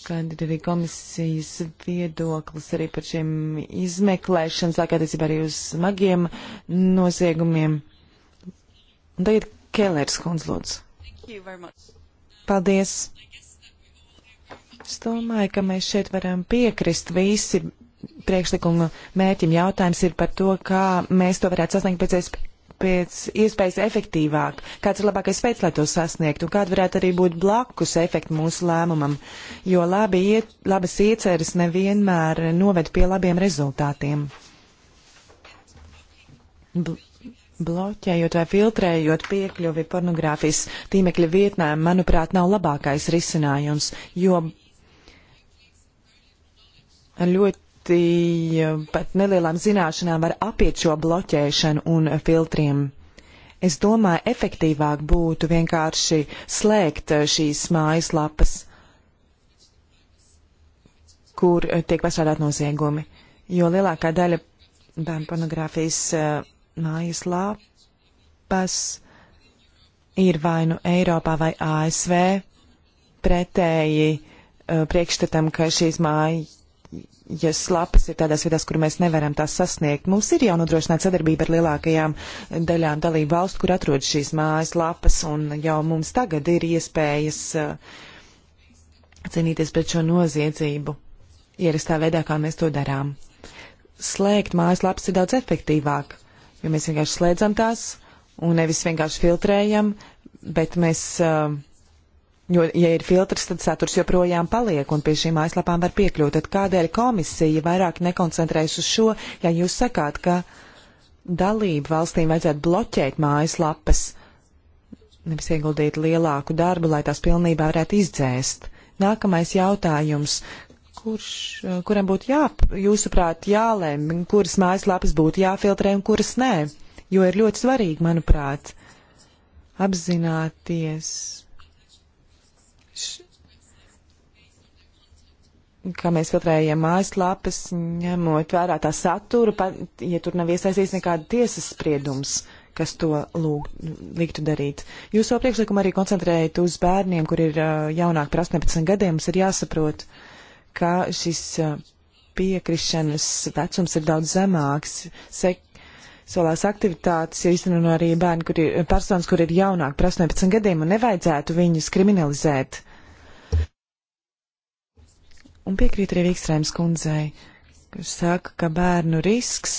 kāda ir arī komisijas viedoklis arī par šiem izmeklēšanas, kā attiecībā arī uz smagiem noziegumiem. Un tagad Kēlērs Hunslūds. Paldies! Es domāju, ka mēs šeit varam piekrist visi priekšlikuma mērķim. Jautājums ir par to, kā mēs to varētu sasniegt pēc iespējas pēc iespējas efektīvāk, kāds ir labākais veids, lai to sasniegtu, un kāda varētu arī būt blakus efekti mūsu lēmumam, jo labi iet, labas ieceres nevienmēr noved pie labiem rezultātiem. B Bloķējot vai filtrējot piekļuvi pornogrāfijas tīmekļa vietnēm, manuprāt, nav labākais risinājums, jo ļoti ļoti eh, pat nelielām zināšanām var apiet šo bloķēšanu un filtriem. Es domāju, efektīvāk būtu vienkārši slēgt eh, šīs mājaslapas, kur eh, tiek pasādāt noziegumi, jo lielākā daļa bērnu pornogrāfijas mājaslapas ir vai nu Eiropā vai ASV pretēji priekšstatam, ka šīs mājas ja slapas ir tādās vietās, kur mēs nevaram tās sasniegt. Mums ir jau nodrošināta sadarbība ar lielākajām daļām dalību valstu, kur atrodas šīs mājas lapas, un jau mums tagad ir iespējas uh, cīnīties pret šo noziedzību ierastā veidā, kā mēs to darām. Slēgt mājas lapas ir daudz efektīvāk, jo mēs vienkārši slēdzam tās un nevis vienkārši filtrējam, bet mēs uh, Jo, ja ir filtrs, tad saturs joprojām paliek un pie šīm mājaslapām var piekļūt. Tad kādēļ komisija vairāk nekoncentrējas uz šo, ja jūs sakāt, ka dalību valstīm vajadzētu bloķēt mājaslapas, nevis ieguldīt lielāku darbu, lai tās pilnībā varētu izdzēst? Nākamais jautājums. Kurš, kuram būtu jā, jūsuprāt, jālēm, kuras mājaslapas būtu jāfiltrē un kuras nē? Jo ir ļoti svarīgi, manuprāt, apzināties kā mēs filtrējam mājaslapas, ņemot vērā tā satura, pat, ja tur nav iesaistīts nekāda tiesas spriedums, kas to lūg, liktu darīt. Jūs savu priekšlikumu arī koncentrējat uz bērniem, kur ir uh, jaunāk par 18 gadiem. Mums ir jāsaprot, ka šis uh, piekrišanas vecums ir daudz zemāks. Sek Solās aktivitātes ir īstenībā arī bērni, kur ir personas, kur ir jaunāk par 18 gadiem, un nevajadzētu viņus kriminalizēt Un piekrīt arī Vīkstrēms kundzei, kas saka, ka bērnu risks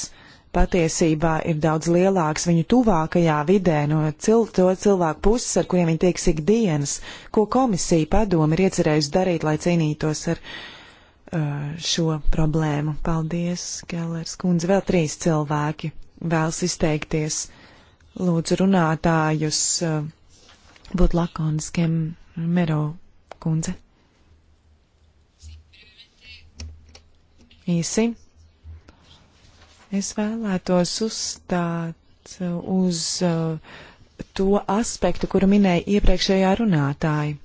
patiesībā ir daudz lielāks viņu tuvākajā vidē no cil to cilvēku puses, ar kuriem viņi tieks ikdienas, ko komisija padomi ir iecerējusi darīt, lai cīnītos ar uh, šo problēmu. Paldies, Kellers kundze. Vēl trīs cilvēki vēlas izteikties. Lūdzu runātājus uh, būt lakoniskiem. Mero kundze. īsi. Es vēlētos uzstāt uh, uz uh, to aspektu, kuru minēja iepriekšējā runātāja.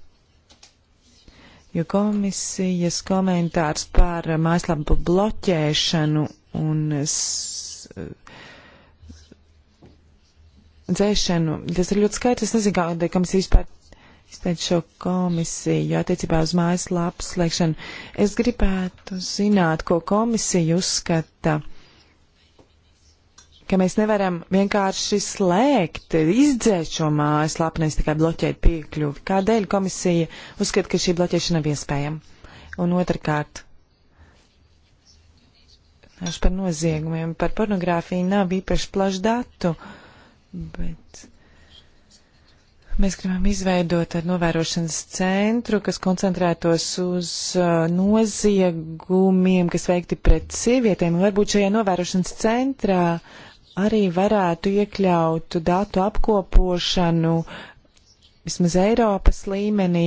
Jo komisijas komentārs par mājaslapu bloķēšanu un uh, dzēšanu, tas ir ļoti skaidrs. Es nezinu, kāda komisija vispār izteikt šo komisiju attiecībā uz mājaslapu slēgšanu. Es gribētu zināt, ko komisija uzskata, ka mēs nevaram vienkārši slēgt, izdzēst šo mājaslapu, nevis tikai bloķēt piekļuvi. Kādēļ komisija uzskata, ka šī bloķēšana nav iespējama? Un otrkārt, par noziegumiem, par pornogrāfiju nav īpaši plašu datu, bet Mēs gribam izveidot novērošanas centru, kas koncentrētos uz uh, noziegumiem, kas veikti pret sievietēm. Varbūt šajā novērošanas centrā arī varētu iekļaut datu apkopošanu vismaz Eiropas līmenī,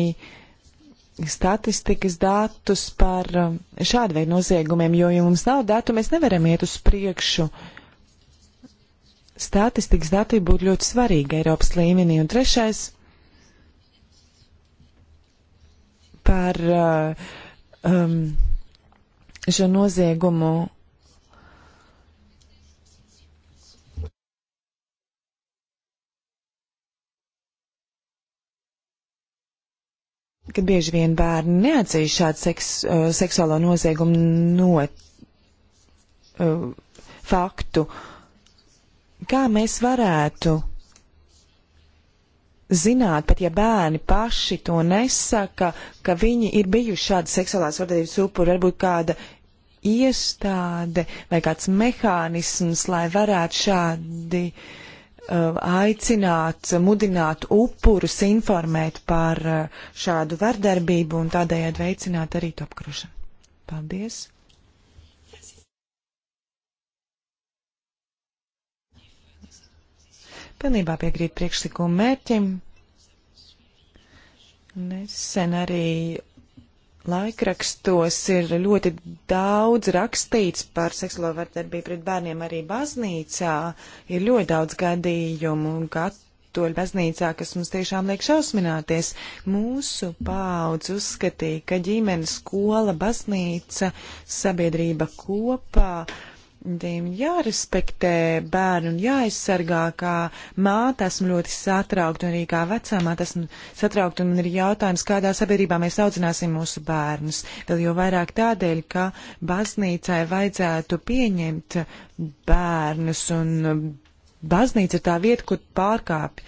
statistikas datus par uh, šādu veidu noziegumiem, jo, ja mums nav datu, mēs nevaram iet uz priekšu. Uh, statistikas dati būtu ļoti svarīgi Eiropas līmenī. Un trešais par uh, um, šo noziegumu ka bieži vien bērni neatzīst šādu seks, uh, seksuālo noziegumu no uh, faktu. Uh, Kā mēs varētu zināt, pat ja bērni paši to nesaka, ka viņi ir bijuši šādi seksuālās vardarbības upuri, varbūt kāda iestāde vai kāds mehānisms, lai varētu šādi uh, aicināt, mudināt upurus, informēt par uh, šādu vardarbību un tādējādi veicināt arī to apkrošanu. Paldies! Pilnībā piekrīt priekšlikumu mērķim. Nesen arī laikrakstos ir ļoti daudz rakstīts par seksuālo vardarbību pret bērniem arī baznīcā. Ir ļoti daudz gadījumu katoļu baznīcā, kas mums tiešām liek šausmināties. Mūsu paudz uzskatīja, ka ģimene, skola, baznīca, sabiedrība kopā Tiem jārespektē bērnu un jāaizsargā, kā māte esmu ļoti satraukta un arī kā vecāmā esmu satraukta un man ir jautājums, kādā sabiedrībā mēs audzināsim mūsu bērnus. Vēl jau vairāk tādēļ, ka baznīcai vajadzētu pieņemt bērnus un baznīca ir tā vieta, kur pārkāpj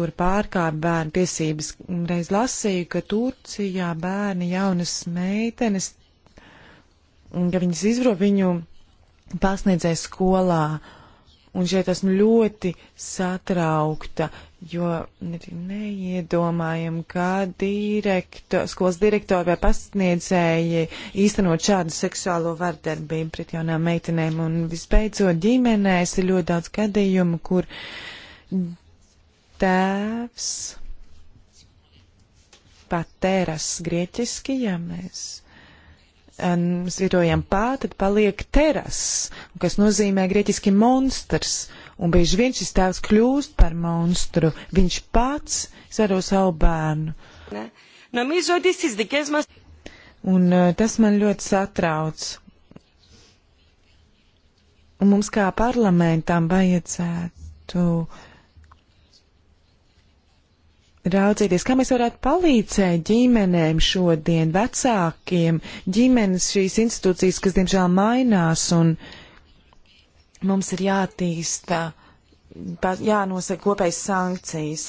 kur pārkāpa bērnu tiesības. Reiz lasīju, ka Turcijā bērni jaunas meitenes, ka viņas izro viņu pasniedzēju skolā. Un šeit esmu ļoti satraukta, jo neiedomājam, kā direkto, skolas direktori vai pasniedzēji īstenot šādu seksuālo vardarbību pret jaunām meitenēm. Un visbeidzot, ģimenēs ir ļoti daudz gadījumu, kur tēvs patēras grieķiski, ja mēs svītrojam pā, tad paliek teras, kas nozīmē grieķiski monstrs. Un bieži vien šis tēls kļūst par monstru. Viņš pats saro savu bērnu. Nu, Un e, tas man ļoti satrauc. Un mums kā parlamentam vajadzētu uh, raudzīties, kā mēs varētu palīdzēt ģimenēm šodien, vecākiem, ģimenes šīs institūcijas, kas diemžēl mainās, un mums ir jātīsta, jānosaka kopējas sankcijas,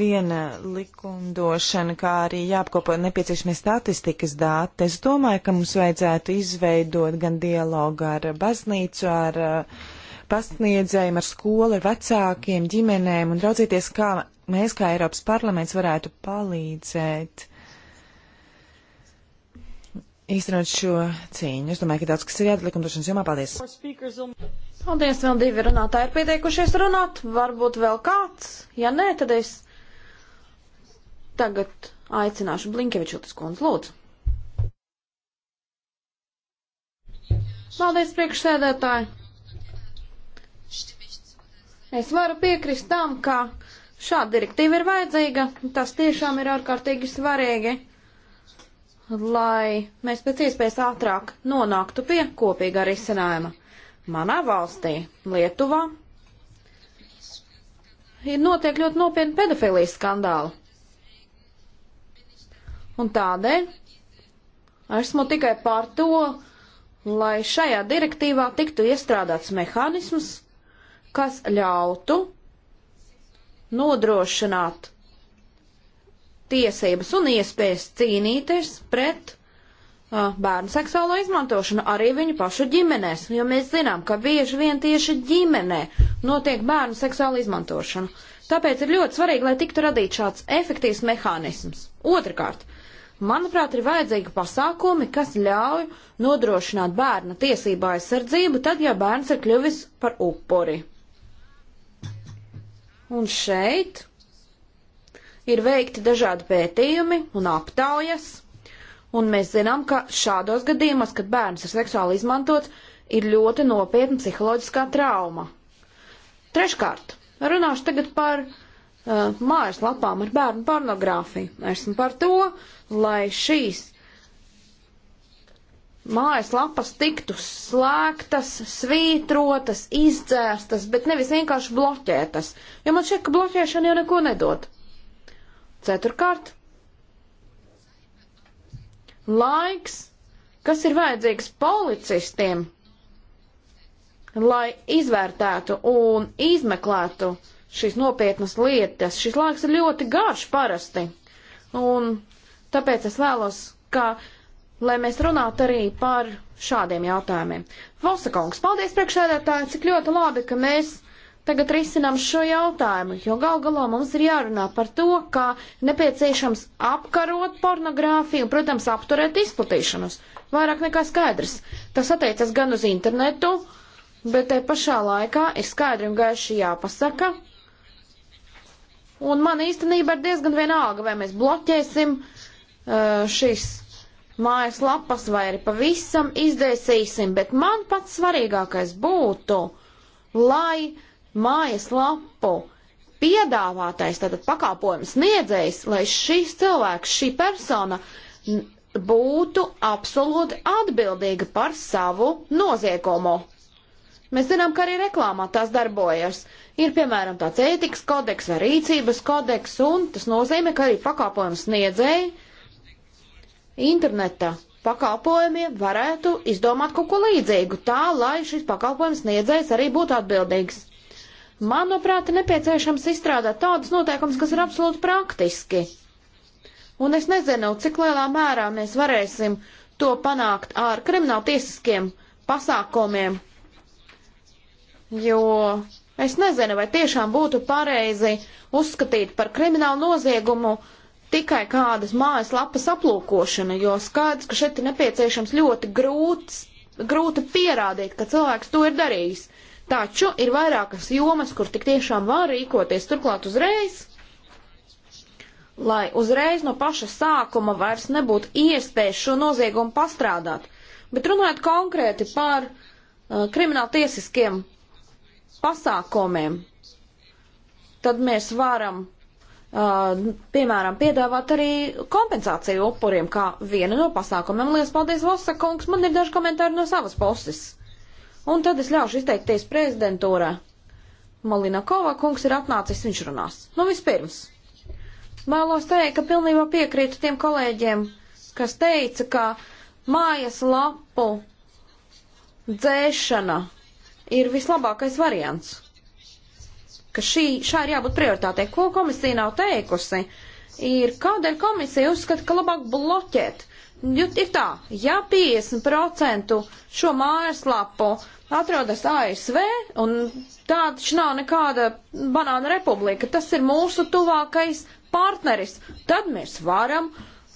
viena likumdošana, kā arī jāapkopo nepieciešamie statistikas dati. Es domāju, ka mums vajadzētu izveidot gan dialogu ar baznīcu, ar uh, pasniedzējiem, ar skolu, ar vecākiem, ģimenēm un raudzīties, kā mēs kā Eiropas parlaments varētu palīdzēt īstenot šo cīņu. Es domāju, ka daudz kas ir jādara likumdošanas jomā. Paldies! Paldies, vēl divi runātāji ir pieteikušies runāt. Varbūt vēl kāds. Ja nē, tad es tagad aicināšu Blinkevičotis kundz lūdzu. Paldies, priekšsēdētāji! Es varu piekrist tam, ka šāda direktīva ir vajadzīga. Tas tiešām ir ārkārtīgi svarīgi, lai mēs pēc iespējas ātrāk nonāktu pie kopīga risinājuma. Manā valstī, Lietuvā, ir notiek ļoti nopietni pedofilijas skandāli. Un tādēļ esmu tikai par to, lai šajā direktīvā tiktu iestrādāts mehānisms, kas ļautu nodrošināt tiesības un iespējas cīnīties pret uh, bērnu seksuālo izmantošanu arī viņu pašu ģimenēs, jo mēs zinām, ka bieži vien tieši ģimenē notiek bērnu seksuāla izmantošana. Tāpēc ir ļoti svarīgi, lai tiktu radīts šāds efektīvs mehānisms. Otrakārt, manuprāt, ir vajadzīgi pasākumi, kas ļauj nodrošināt bērna tiesību aizsardzību, tad, ja bērns ir kļuvis par upuri. Un šeit ir veikti dažādi pētījumi un aptaujas, un mēs zinām, ka šādos gadījumos, kad bērns ir seksuāli izmantots, ir ļoti nopietna psiholoģiskā trauma. Treškārt, runāšu tagad par uh, mājaslapām ar bērnu pornogrāfiju. Esmu par to, lai šīs mājaslapas tiktu slēgtas, svītrotas, izdzēstas, bet nevis vienkārši bloķētas, jo man šķiet, ka bloķēšana jau neko nedod. Ceturkārt, laiks, kas ir vajadzīgs policistiem, lai izvērtētu un izmeklētu šīs nopietnas lietas. Šis laiks ir ļoti garš parasti, un tāpēc es vēlos, ka lai mēs runātu arī par šādiem jautājumiem. Vosakungs, paldies priekšsēdētāji, cik ļoti labi, ka mēs tagad risinām šo jautājumu, jo gal galā mums ir jārunā par to, kā nepieciešams apkarot pornogrāfiju un, protams, apturēt izplatīšanos. Vairāk nekā skaidrs. Tas attiecas gan uz internetu, bet te pašā laikā ir skaidri un gaiši jāpasaka. Un man īstenībā ir diezgan vienalga, vai mēs bloķēsim uh, šīs mājas lapas vai arī pavisam izdēsīsim, bet man pats svarīgākais būtu, lai mājas lapu piedāvātais, tātad pakāpojums sniedzējs, lai šis cilvēks, šī persona būtu absolūti atbildīga par savu noziegumu. Mēs zinām, ka arī reklāmā tās darbojas. Ir, piemēram, tāds ētikas kodeks vai rīcības kodeks, un tas nozīmē, ka arī pakāpojums sniedzēji interneta pakalpojumiem varētu izdomāt kaut ko līdzīgu, tā lai šis pakalpojums niedzējs arī būtu atbildīgs. Manuprāt, nepieciešams izstrādāt tādus noteikumus, kas ir absolūti praktiski. Un es nezinu, cik lielā mērā mēs varēsim to panākt ar kriminālu tiesiskiem pasākumiem, jo es nezinu, vai tiešām būtu pareizi uzskatīt par kriminālu noziegumu uh, tikai kādas mājaslapas aplūkošana, jo skaidrs, ka šeit ir nepieciešams ļoti grūts, grūti pierādīt, ka cilvēks to ir darījis. Taču ir vairākas jomas, kur tik tiešām var rīkoties turklāt uzreiz, lai uzreiz no paša sākuma vairs nebūtu iespējas šo noziegumu pastrādāt. Bet runājot konkrēti par uh, krimināla tiesiskiem pasākumiem, tad mēs varam Uh, nu, piemēram, piedāvāt arī kompensāciju upuriem, kā viena no pasākumiem. Lielas paldies, Vosa kungs, man ir daži komentāri no savas puses. Un tad es ļaušu izteikties prezidentūrā. Malina Kova kungs ir atnācis, viņš runās. Nu, vispirms. Vēlos teikt, ka pilnībā piekrītu tiem kolēģiem, kas teica, ka mājas lapu dzēšana ir vislabākais variants ka šī, šā ir jābūt prioritātei. Ko komisija nav teikusi, ir kādēļ komisija uzskata, ka labāk bloķēt. Jo ir tā, ja 50% šo mājaslapu atrodas ASV, un tāda šī nav nekāda banāna republika, tas ir mūsu tuvākais partneris, tad mēs varam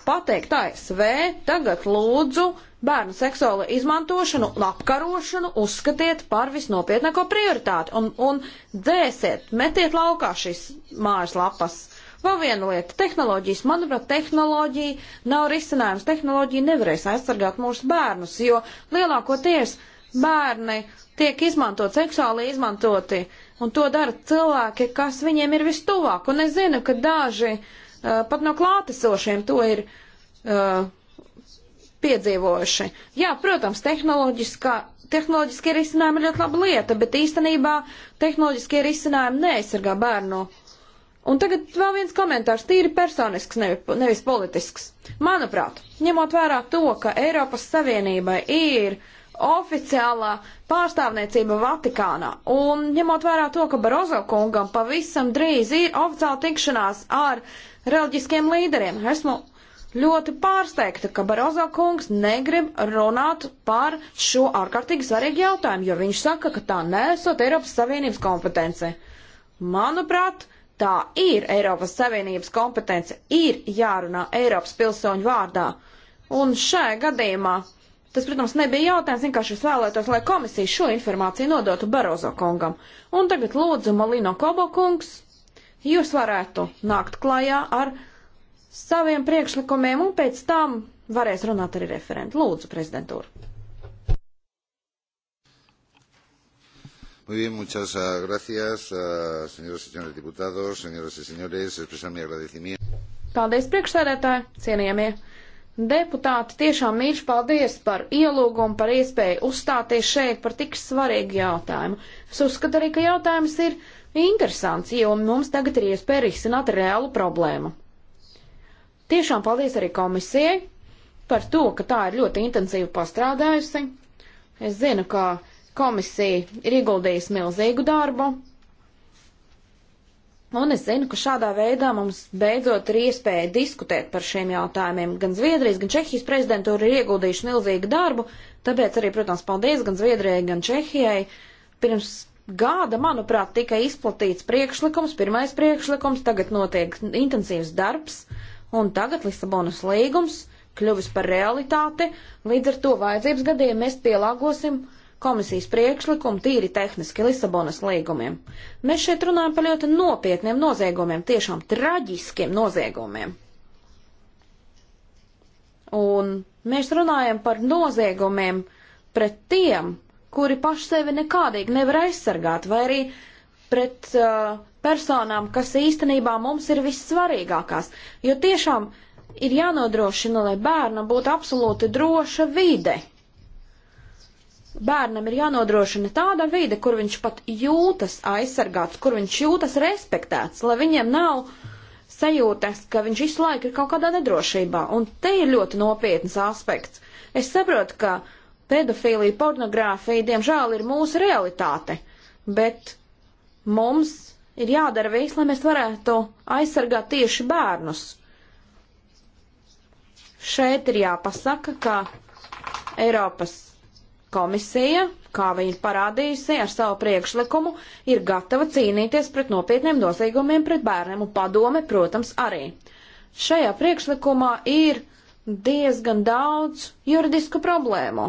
pateikt ASV, tagad lūdzu bērnu seksuālo izmantošanu un apkarošanu uzskatiet par visnopietnāko prioritāti un, un dzēsiet, metiet laukā šīs mājas lapas. Vēl viena lieta - tehnoloģijas. Manuprāt, tehnoloģija nav risinājums. Tehnoloģija nevarēs aizsargāt mūsu bērnus, jo lielākoties bērni tiek izmantot, seksuāli izmantoti, un to dara cilvēki, kas viņiem ir vistuvāk. Un es zinu, ka daži uh, pat no klātesošiem to ir. Uh, piedzīvojuši. Jā, protams, tehnoloģiskā. Tehnoloģiskie risinājumi ir ļoti laba lieta, bet īstenībā tehnoloģiskie risinājumi neaizsargā bērnu. Un tagad vēl viens komentārs, tīri personisks, nevis politisks. Manuprāt, ņemot vērā to, ka Eiropas Savienībai ir oficiālā pārstāvniecība Vatikānā. Un ņemot vērā to, ka Barozo kungam pavisam drīz ir oficiāla tikšanās ar reliģiskiem līderiem, esmu ļoti pārsteigta, ka Barozo kungs negrib runāt par šo ārkārtīgi svarīgu jautājumu, jo viņš saka, ka tā nesot Eiropas Savienības kompetence. Manuprāt, tā ir Eiropas Savienības kompetence, ir jārunā Eiropas pilsoņu vārdā. Un šajā gadījumā tas, protams, nebija jautājums, vienkārši es vēlētos, lai komisija šo informāciju nodotu Barozo kungam. Un tagad lūdzu Malino Kobo kungs, jūs varētu nākt klajā ar saviem priekšlikumiem, un pēc tam varēs runāt arī referenti. Lūdzu, prezidentūra. Muy bien, muchas uh, gracias, uh, señoras y señores diputados, señoras y señores, expresar mi agradecimiento. Paldies, priekšsēdētāji, cienījamie deputāti, tiešām mīļš paldies par ielūgumu, par iespēju uzstāties šeit par tik svarīgu jautājumu. Es uzskatu arī, ka jautājums ir interesants, jo mums tagad ir iespēja risināt reālu problēmu. Tiešām paldies arī komisijai par to, ka tā ir ļoti intensīvi pastrādājusi. Es zinu, ka komisija ir ieguldījusi milzīgu darbu. Un es zinu, ka šādā veidā mums beidzot ir iespēja diskutēt par šiem jautājumiem. Gan Zviedrijas, gan Čehijas prezidentūra ir ieguldījuši milzīgu darbu, tāpēc arī, protams, paldies gan Zviedrijai, gan Čehijai. Pirms gada, manuprāt, tika izplatīts priekšlikums, pirmais priekšlikums, tagad notiek intensīvs darbs un tagad Lisabonas līgums kļuvis par realitāti, līdz ar to vajadzības gadījumā mēs pielāgosim komisijas priekšlikumu tīri tehniski Lisabonas līgumiem. Mēs šeit runājam par ļoti nopietniem noziegumiem, tiešām traģiskiem noziegumiem. Un mēs runājam par noziegumiem pret tiem, kuri paši sevi nekādīgi nevar aizsargāt, vai arī uh, pret uh, personām, kas īstenībā mums ir vissvarīgākās. Jo tiešām ir jānodrošina, lai bērnam būtu absolūti droša vide. Bērnam ir jānodrošina tāda vide, kur viņš pat jūtas aizsargāts, kur viņš jūtas respektēts, lai viņiem nav sajūtas, ka viņš visu laiku ir kaut kādā nedrošībā. Un te ir ļoti nopietnas aspekts. Es saprotu, ka pedofīlija, pornogrāfija, diemžēl, ir mūsu realitāte, bet Mums ir jādara viss, lai mēs varētu aizsargāt tieši bērnus. Šeit ir jāpasaka, ka Eiropas komisija, kā viņa parādījusi ar savu priekšlikumu, ir gatava cīnīties pret nopietniem noziegumiem pret bērniem un padome, protams, arī. Šajā priekšlikumā ir diezgan daudz juridisku problēmu.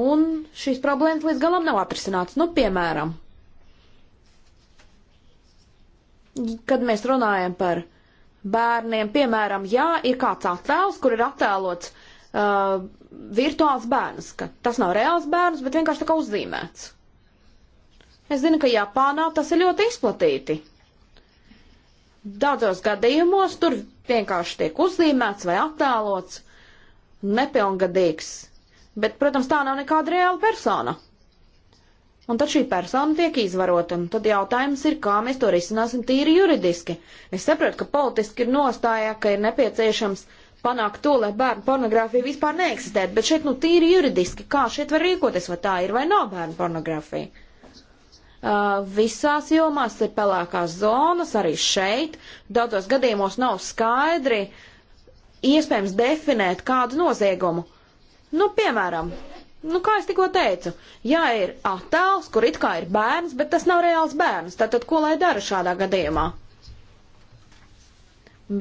Un šīs problēmas līdz galam nav atrisinātas. Nu, piemēram, kad mēs runājam par bērniem, piemēram, ja ir kāds attēls, kur ir attēlots uh, virtuāls bērns, ka tas nav reāls bērns, bet vienkārši tā kā uzzīmēts. Es zinu, ka Japānā tas ir ļoti izplatīti. Daudzos gadījumos tur vienkārši tiek uzzīmēts vai attēlots nepilngadīgs, bet, protams, tā nav nekāda reāla persona. Un tad šī persona tiek izvarota, un tad jautājums ir, kā mēs to risināsim tīri juridiski. Es saprotu, ka politiski ir nostājā, ka ir nepieciešams panākt to, lai bērnu pornogrāfija vispār neeksistētu, bet šeit nu tīri juridiski, kā šeit var rīkoties, vai tā ir vai nav bērnu pornogrāfija. Uh, visās jomās ir pelēkās zonas, arī šeit. Daudzos gadījumos nav skaidri iespējams definēt kādu noziegumu. Nu, piemēram, Nu, kā es tikko teicu, ja ir attēls, kur it kā ir bērns, bet tas nav reāls bērns, tad, tad ko lai dara šādā gadījumā?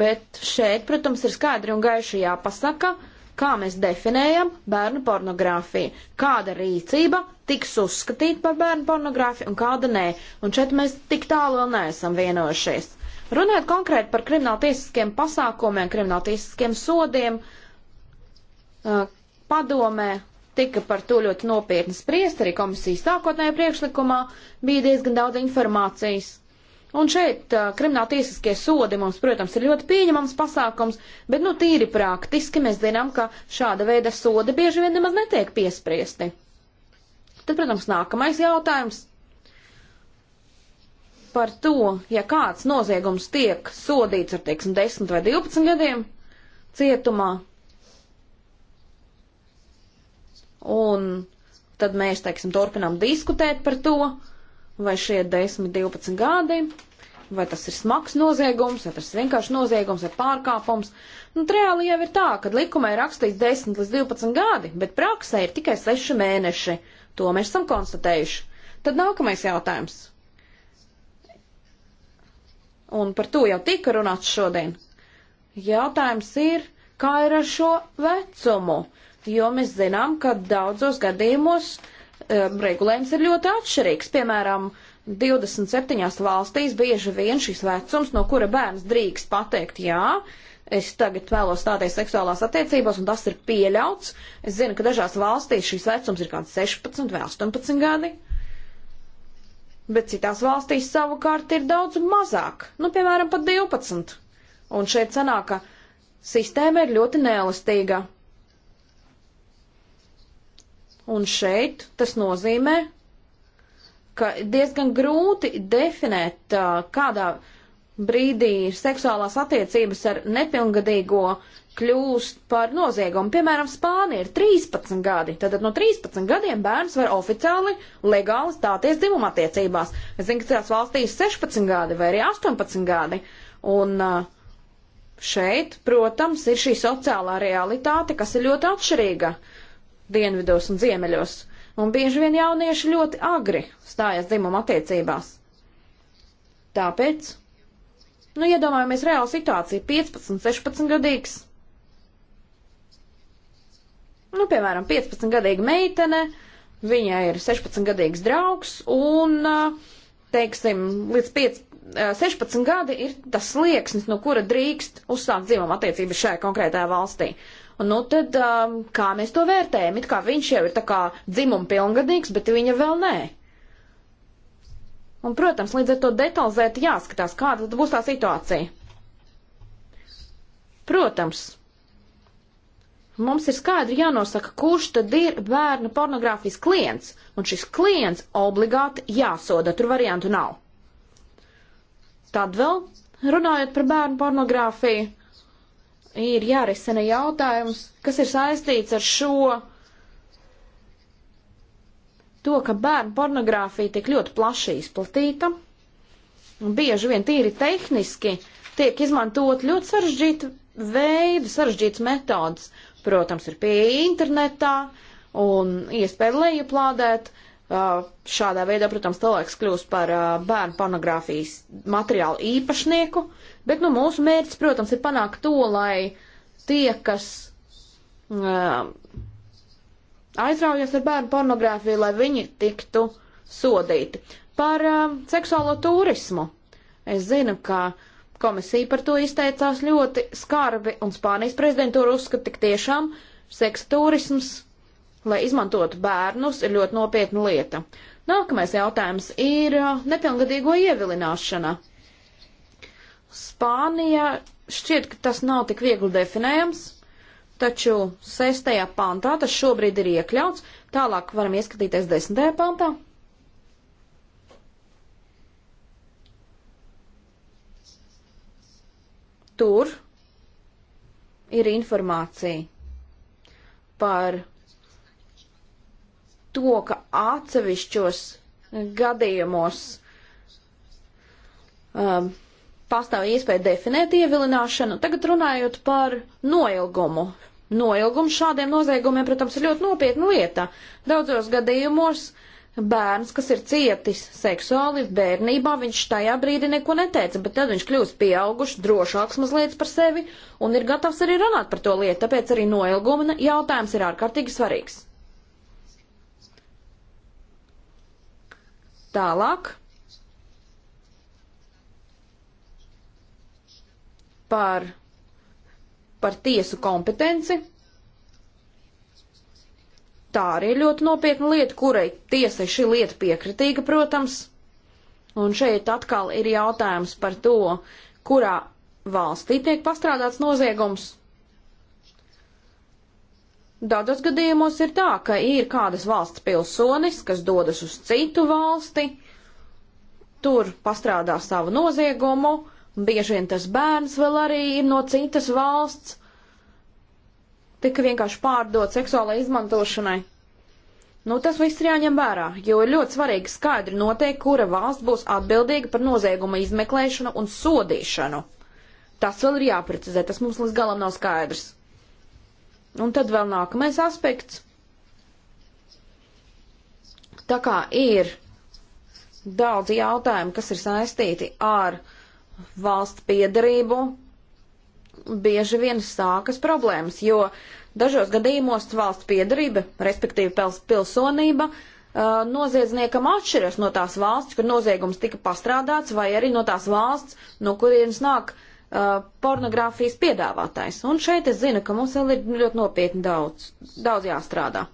Bet šeit, protams, ir skaidri un gaiši jāpasaka, kā mēs definējam bērnu pornogrāfiju, kāda rīcība tiks uzskatīta par bērnu pornogrāfiju un kāda nē. Un šeit mēs tik tālu vēl neesam vienojušies. Runājot konkrēti par krimināltiesiskiem pasākumiem, krimināltiesiskiem sodiem, padomē tika par to ļoti nopietni spriest, arī komisijas sākotnējā priekšlikumā bija diezgan daudz informācijas. Un šeit uh, krimināla tiesiskie sodi mums, protams, ir ļoti pieņemams pasākums, bet, nu, tīri praktiski mēs zinām, ka šāda veida sodi bieži vien nemaz netiek piespriesti. Tad, protams, nākamais jautājums par to, ja kāds noziegums tiek sodīts ar, teiksim, 10 vai 12 gadiem cietumā, un tad mēs, teiksim, turpinām diskutēt par to, vai šie 10, 12 gadi, vai tas ir smags noziegums, vai tas ir vienkārši noziegums vai pārkāpums. Nu, reāli jau ir tā, ka likumā ir rakstīts 10 līdz 12 gadi, bet praksē ir tikai 6 mēneši. To mēs esam konstatējuši. Tad nākamais jautājums. Un par to jau tika runāts šodien. Jautājums ir, kā ir ar šo vecumu? jo mēs zinām, ka daudzos gadījumos um, regulējums ir ļoti atšķirīgs. Piemēram, 27 valstīs bieži vien šis vecums, no kura bērns drīkst pateikt jā, es tagad vēlos stāties seksuālās attiecībās, un tas ir pieļauts. Es zinu, ka dažās valstīs šis vecums ir kāds 16 vai 18 gadi. Bet citās valstīs savukārt ir daudz mazāk, nu, piemēram, pat 12. Un šeit sanāk, ka sistēma ir ļoti neelastīga. Un šeit tas nozīmē, ka diezgan grūti definēt, kādā brīdī seksuālās attiecības ar nepilngadīgo kļūst par noziegumu. Piemēram, Spānija ir 13 gadi. Tad no 13 gadiem bērns var oficiāli, legāli stāties dzimumattiecībās. Es zinu, ka citās valstīs 16 gadi vai arī 18 gadi. Un šeit, protams, ir šī sociālā realitāte, kas ir ļoti atšķirīga dienvidos un ziemeļos, un bieži vien jaunieši ļoti agri stājas dzimuma attiecībās. Tāpēc, nu iedomājamies reālu situāciju, 15, 16 gadīgs, nu piemēram, 15 gadīga meitene, viņai ir 16 gadīgs draugs, un, teiksim, līdz 5, 16 gadi ir tas slieksnis, no kura drīkst uzsākt dzīvumu attiecības šajā konkrētajā valstī. Un, nu tad, um, kā mēs to vērtējam? It kā viņš jau ir tā kā dzimuma pilngadīgs, bet viņa vēl nē. Un, protams, līdz ar to detalizēti jāskatās, kāda tad būs tā situācija. Protams, mums ir skaidri jānosaka, kurš tad ir bērna pornogrāfijas klients, un šis klients obligāti jāsoda, tur variantu nav. Tad vēl, runājot par bērnu pornogrāfiju, ir jārisina jautājums, kas ir saistīts ar šo to, ka bērnu pornogrāfija tik ļoti plaši izplatīta, un bieži vien tīri tehniski tiek izmantot ļoti sarežģīti veidi, sarežģītas metodas. Protams, ir pieeja internetā un iespēja lejuplādēt Uh, šādā veidā, protams, cilvēks kļūst par uh, bērnu pornogrāfijas materiālu īpašnieku, bet nu, mūsu mērķis, protams, ir panākt to, lai tie, kas uh, aizraujas ar bērnu pornogrāfiju, lai viņi tiktu sodīti. Par seksuālo turismu. Es zinu, ka komisija par to izteicās ļoti skarbi, un Spānijas prezidentūra uzskata tik tiešām seksa turisms lai izmantotu bērnus, ir ļoti nopietna lieta. Nākamais jautājums ir uh, nepilngadīgo ievilināšana. Spānija šķiet, ka tas nav tik viegli definējams, taču 6. pantā tas šobrīd ir iekļauts. Tālāk varam ieskatīties 10. pantā. Tur ir informācija par to, ka atsevišķos gadījumos um, pastāv iespēja definēt ievilināšanu. Tagad runājot par noilgumu. Noilgums šādiem noziegumiem, protams, ir ļoti nopietna lieta. Daudzos gadījumos bērns, kas ir cietis seksuāli bērnībā, viņš tajā brīdī neko neteica, bet tad viņš kļūst pieaugušs, drošāks mazliet par sevi un ir gatavs arī runāt par to lietu, tāpēc arī noilguma jautājums ir ārkārtīgi svarīgs. Tālāk par, par tiesu kompetenci. Tā arī ir ļoti nopietna lieta, kurai tiesai šī lieta piekritīga, protams. Un šeit atkal ir jautājums par to, kurā valstī tiek pastrādāts noziegums Daudzos gadījumos ir tā, ka ir kādas valsts pilsonis, kas dodas uz citu valsti, tur pastrādā savu noziegumu, un bieži vien tas bērns vēl arī ir no citas valsts, tika vienkārši pārdot seksuālai izmantošanai. Nu, tas viss ir jāņem vērā, jo ir ļoti svarīgi skaidri noteikt, kura valsts būs atbildīga par nozieguma izmeklēšanu un sodīšanu. Tas vēl ir jāprecizē, tas mums līdz galam nav skaidrs. Un tad vēl nākamais aspekts. Tā kā ir daudz jautājumu, kas ir saistīti ar valsts piedarību, bieži vien sākas problēmas, jo dažos gadījumos valsts piedarība, respektīvi pilsonība, uh, noziedzniekam atšķiras no tās valsts, kur noziegums tika pastrādāts, vai arī no tās valsts, no kurienes nāk uh, uh, pornogrāfijas piedāvātājs. Un šeit es zinu, ka mums vēl ir ļoti nopietni daudz, daudz jāstrādā.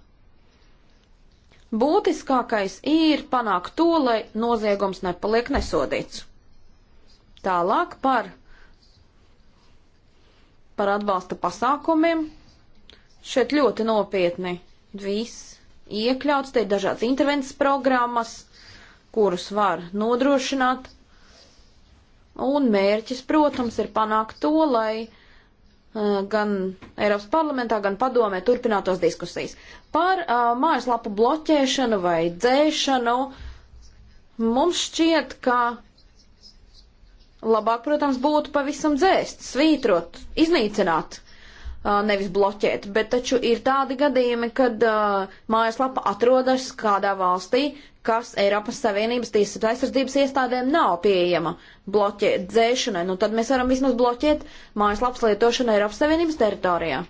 Būtiskākais ir panākt to, lai noziegums nepaliek nesodīts. Tālāk par, par atbalsta pasākumiem. Šeit ļoti nopietni viss iekļauts, te ir dažādas intervences programmas, kurus var nodrošināt Un mērķis, protams, ir panākt to, lai uh, gan Eiropas parlamentā, gan padomē turpinātos diskusijas. Par uh, mājaslapu bloķēšanu vai dzēšanu mums šķiet, ka labāk, protams, būtu pavisam dzēst, svītrot, iznīcināt nevis bloķēt, bet taču ir tādi gadījumi, kad uh, mājaslapa atrodas kādā valstī, kas Eiropas Savienības tiesas aizsardzības iestādēm nav pieejama bloķēt dzēšanai, nu tad mēs varam vismaz bloķēt mājaslapas lietošanu Eiropas Savienības teritorijā.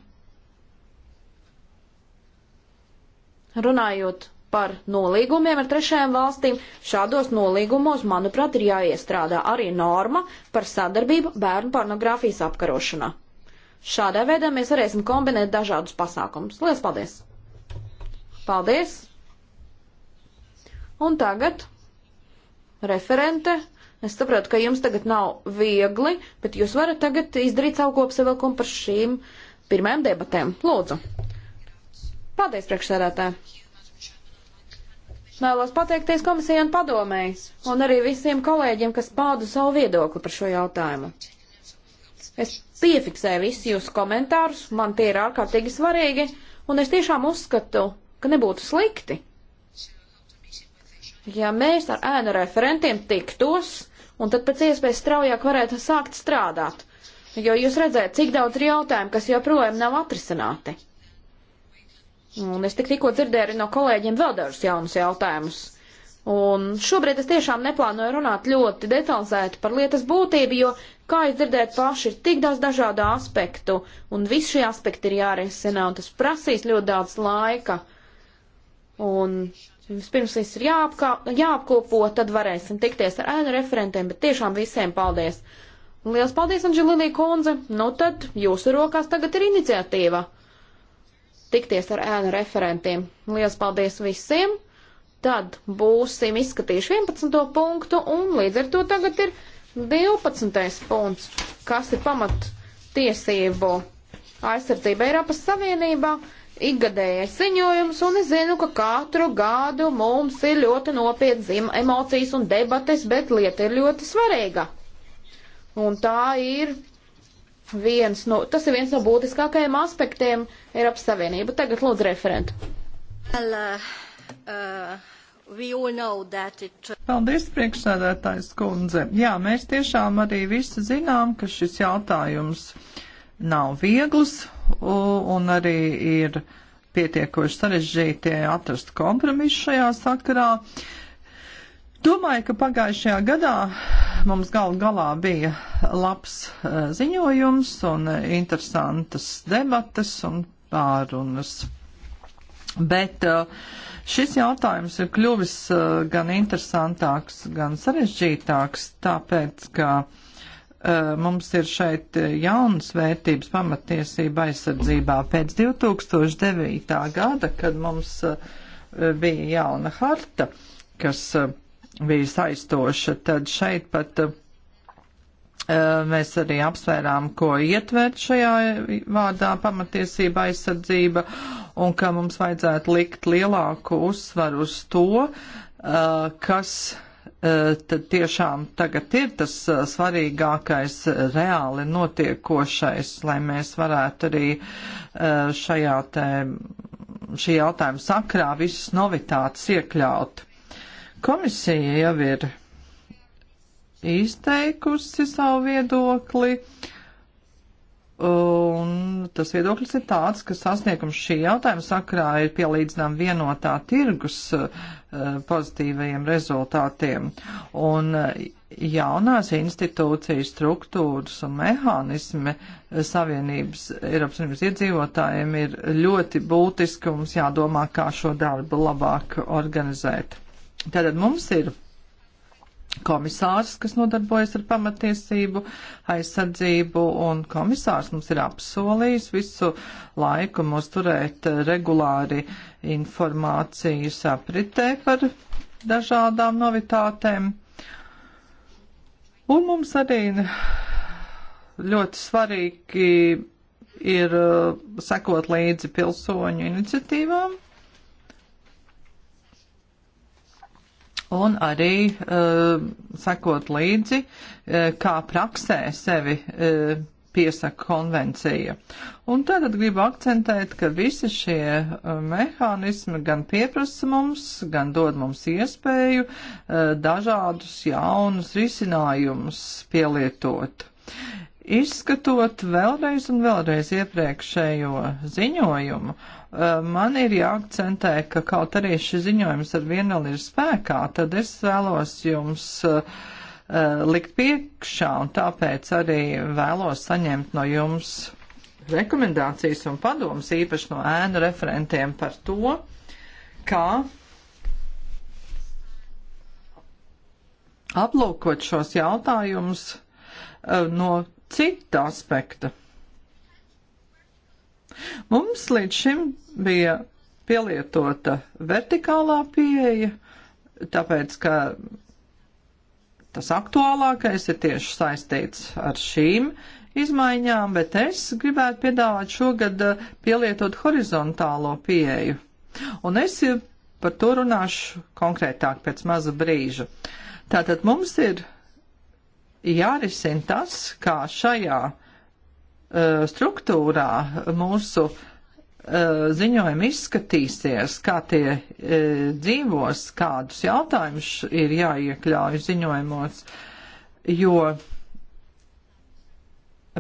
Runājot par nolīgumiem ar trešajām valstīm, šādos nolīgumos, manuprāt, ir jāiestrādā arī norma par sadarbību bērnu pornogrāfijas apkarošanā. Šādā veidā mēs varēsim kombinēt dažādus pasākumus. Lielas paldies! Paldies! Un tagad referente. Es saprotu, ka jums tagad nav viegli, bet jūs varat tagad izdarīt savu kopsavilkumu par šīm pirmajām debatēm. Lūdzu! Paldies, priekšsēdētāji! Vēlos pateikties komisijai un padomēji, un arī visiem kolēģiem, kas pauda savu viedokli par šo jautājumu. Es piefiksēju visus jūsu komentārus, man tie ir ārkārtīgi svarīgi, un es tiešām uzskatu, ka nebūtu slikti. Ja mēs ar ēnu referentiem tiktos, un tad pēc iespējas straujāk varētu sākt strādāt, jo jūs redzēt, cik daudz ir jautājumu, kas joprojām nav atrisināti. Un es tik tikko dzirdēju arī no kolēģiem vēl dažus jaunus jautājumus. Un šobrīd es tiešām neplānoju runāt ļoti detalizēti par lietas būtību, jo Kā jūs dzirdējat paši, ir tik daudz dažādu aspektu, un visi šie aspekti ir jārisina, un tas prasīs ļoti daudz laika. Un vispirms viss ir jāapkā, jāapkopo, tad varēsim tikties ar ēnu referentiem, bet tiešām visiem paldies! Lielas paldies, Anģelīna Kunze! Nu tad jūsu rokās tagad ir iniciatīva tikties ar ēnu referentiem. Lielas paldies visiem! Tad būsim izskatījuši 11. punktu, un līdz ar to tagad ir 12. punkts, kas ir pamat tiesību aizsardzība Eiropas Savienībā, ikgadējais ziņojums, un es zinu, ka katru gadu mums ir ļoti nopietnas emocijas un debates, bet lieta ir ļoti svarīga. Un tā ir viens no, tas ir viens no būtiskākajiem aspektiem Eiropas Savienība. Tagad lūdzu referentu. Well, uh, uh... It... Paldies, priekšsēdētājs kundze. Jā, mēs tiešām arī visi zinām, ka šis jautājums nav viegls un arī ir pietiekoši sarežģīti atrast kompromisu šajā sakarā. Domāju, ka pagājušajā gadā mums gal galā bija labs e, ziņojums un e, interesantas debatas un pārunas. Bet uh, Šis jautājums ir kļuvis uh, gan interesantāks, gan sarežģītāks, tāpēc, ka uh, mums ir šeit jaunas vērtības pamatiesība aizsardzībā. Pēc 2009. gada, kad mums uh, bija jauna harta, kas bija saistoša, tad šeit pat Mēs arī apsvērām, ko ietver šajā vārdā pamatiesība aizsardzība un ka mums vajadzētu likt lielāku uzsvaru uz to, kas tad tiešām tagad ir tas svarīgākais reāli notiekošais, lai mēs varētu arī šajā te, šī jautājuma sakrā visas novitātes iekļaut. Komisija jau ir izteikusi savu viedokli. Un tas viedoklis ir tāds, ka sasniegums šī jautājuma sakrā ir pielīdzinām vienotā tirgus eh, pozitīvajiem rezultātiem. Un eh, jaunās institūcijas struktūras un mehānismi eh, savienības Eiropas Savienības iedzīvotājiem ir ļoti būtiski un mums jādomā, kā šo darbu labāk organizēt. Tātad mums ir komisārs, kas nodarbojas ar pamatiesību aizsardzību, un komisārs mums ir apsolījis visu laiku mūs turēt regulāri informāciju sapritē par dažādām novitātēm. Un mums arī ļoti svarīgi ir sekot līdzi pilsoņu iniciatīvām un arī uh, sekot līdzi, uh, kā praksē sevi uh, piesaka konvencija. Un tātad gribu akcentēt, ka visi šie mehānismi gan pieprasa mums, gan dod mums iespēju dažādus jaunus risinājumus pielietot. Izskatot vēlreiz un vēlreiz iepriekšējo ziņojumu, uh, Eh, man ir jāakcentē, ka kaut arī šis ziņojums ar vienu vēl ir spēkā, tad es vēlos jums eh, likt piekšā un tāpēc arī vēlos saņemt no jums rekomendācijas un padomus īpaši no ēnu referentiem par to, kā aplūkot šos jautājumus eh, no cita aspekta. Mums līdz šim bija pielietota vertikālā pieeja, tāpēc, ka tas aktuālākais ir tieši saistīts ar šīm izmaiņām, bet es gribētu piedāvāt šogad eh, pielietot horizontālo pieeju. Un es par to runāšu konkrētāk pēc maza brīža. Tātad mums ir jārisina tas, kā šajā uh, Uh, struktūrā mūsu uh, ziņojumi izskatīsies, kā tie uh, dzīvos, kādus jautājumus ir jāiekļauj ziņojumos, jo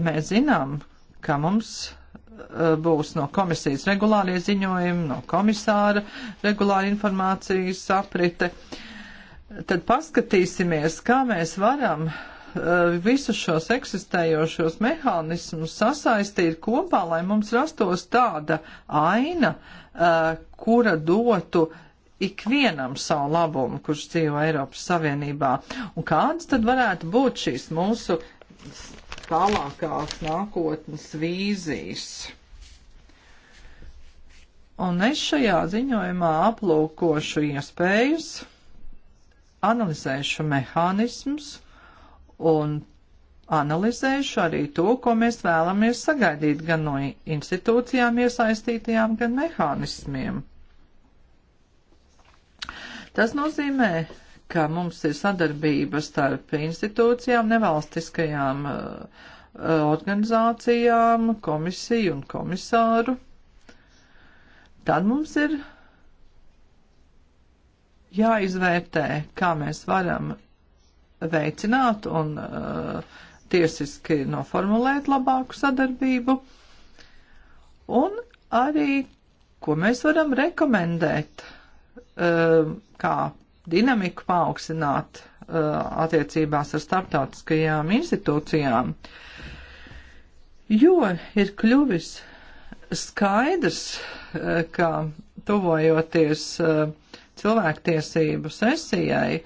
mēs zinām, ka mums būs no komisijas regulārie ziņojumi, no komisāra regulāra informācijas aprite. Tad paskatīsimies, kā mēs varam uh, Eh, visus šos eksistējošos mehānismus sasaistīt kopā, lai mums rastos tāda aina, eh, kura dotu ikvienam savu labumu, kurš dzīvo Eiropas Savienībā. Un kādas tad varētu būt šīs mūsu tālākās nākotnes vīzijas? Un es šajā ziņojumā aplūkošu iespējas, analizēšu mehānismus, un analizējuši arī to, ko mēs vēlamies sagaidīt gan no institūcijām iesaistītajām, gan mehānismiem. Tas nozīmē, ka mums ir sadarbība starp institūcijām, nevalstiskajām uh, organizācijām, komisiju un komisāru. Tad mums ir jāizvērtē, kā mēs varam veicināt un uh, tiesiski noformulēt labāku sadarbību. Un arī, ko mēs varam rekomendēt, uh, kā dinamiku paaugstināt uh, attiecībās ar starptautiskajām institūcijām, jo ir kļuvis skaidrs, uh, ka tuvojoties uh, cilvēktiesību sesijai,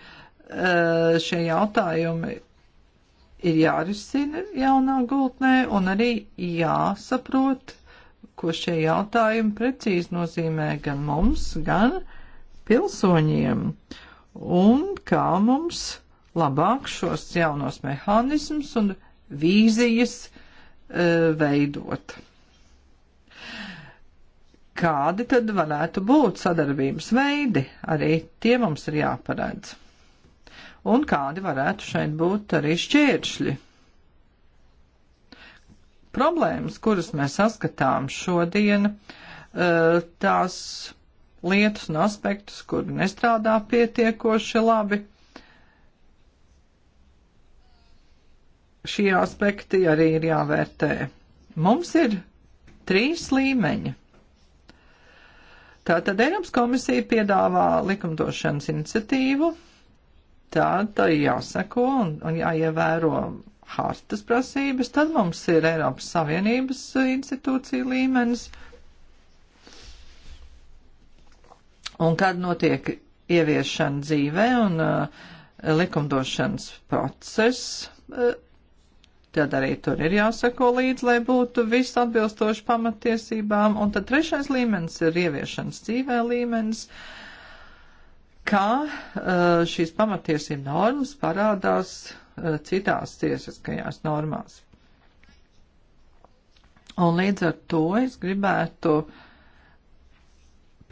Eh, šie jautājumi ir jārisina jaunā gultnē un arī jāsaprot, ko šie jautājumi precīzi nozīmē gan mums, gan pilsoņiem un kā mums labāk šos jaunos mehānismus un vīzijas e, veidot. Kādi tad varētu būt sadarbības veidi? Arī tie mums ir jāparedz un kādi varētu šeit būt arī šķēršļi. Problēmas, kuras mēs saskatām šodien, eh, tās lietas un aspektus, kuri nestrādā pietiekoši labi. Šie aspekti arī ir jāvērtē. Mums ir trīs līmeņi. Tātad Eiropas komisija piedāvā likumdošanas iniciatīvu, tad jāseko un, un jāievēro hartas prasības, tad mums ir Eiropas Savienības institūcija līmenis. Un kad notiek ieviešana dzīvē un uh, likumdošanas process, uh, tad arī tur ir jāsako līdz, lai būtu viss atbilstoši pamatiesībām. Un tad trešais līmenis ir ieviešanas dzīvē līmenis. Uh, ka eh, šīs pamatiesība normas parādās eh, citās tiesiskajās normās. Un līdz ar to es gribētu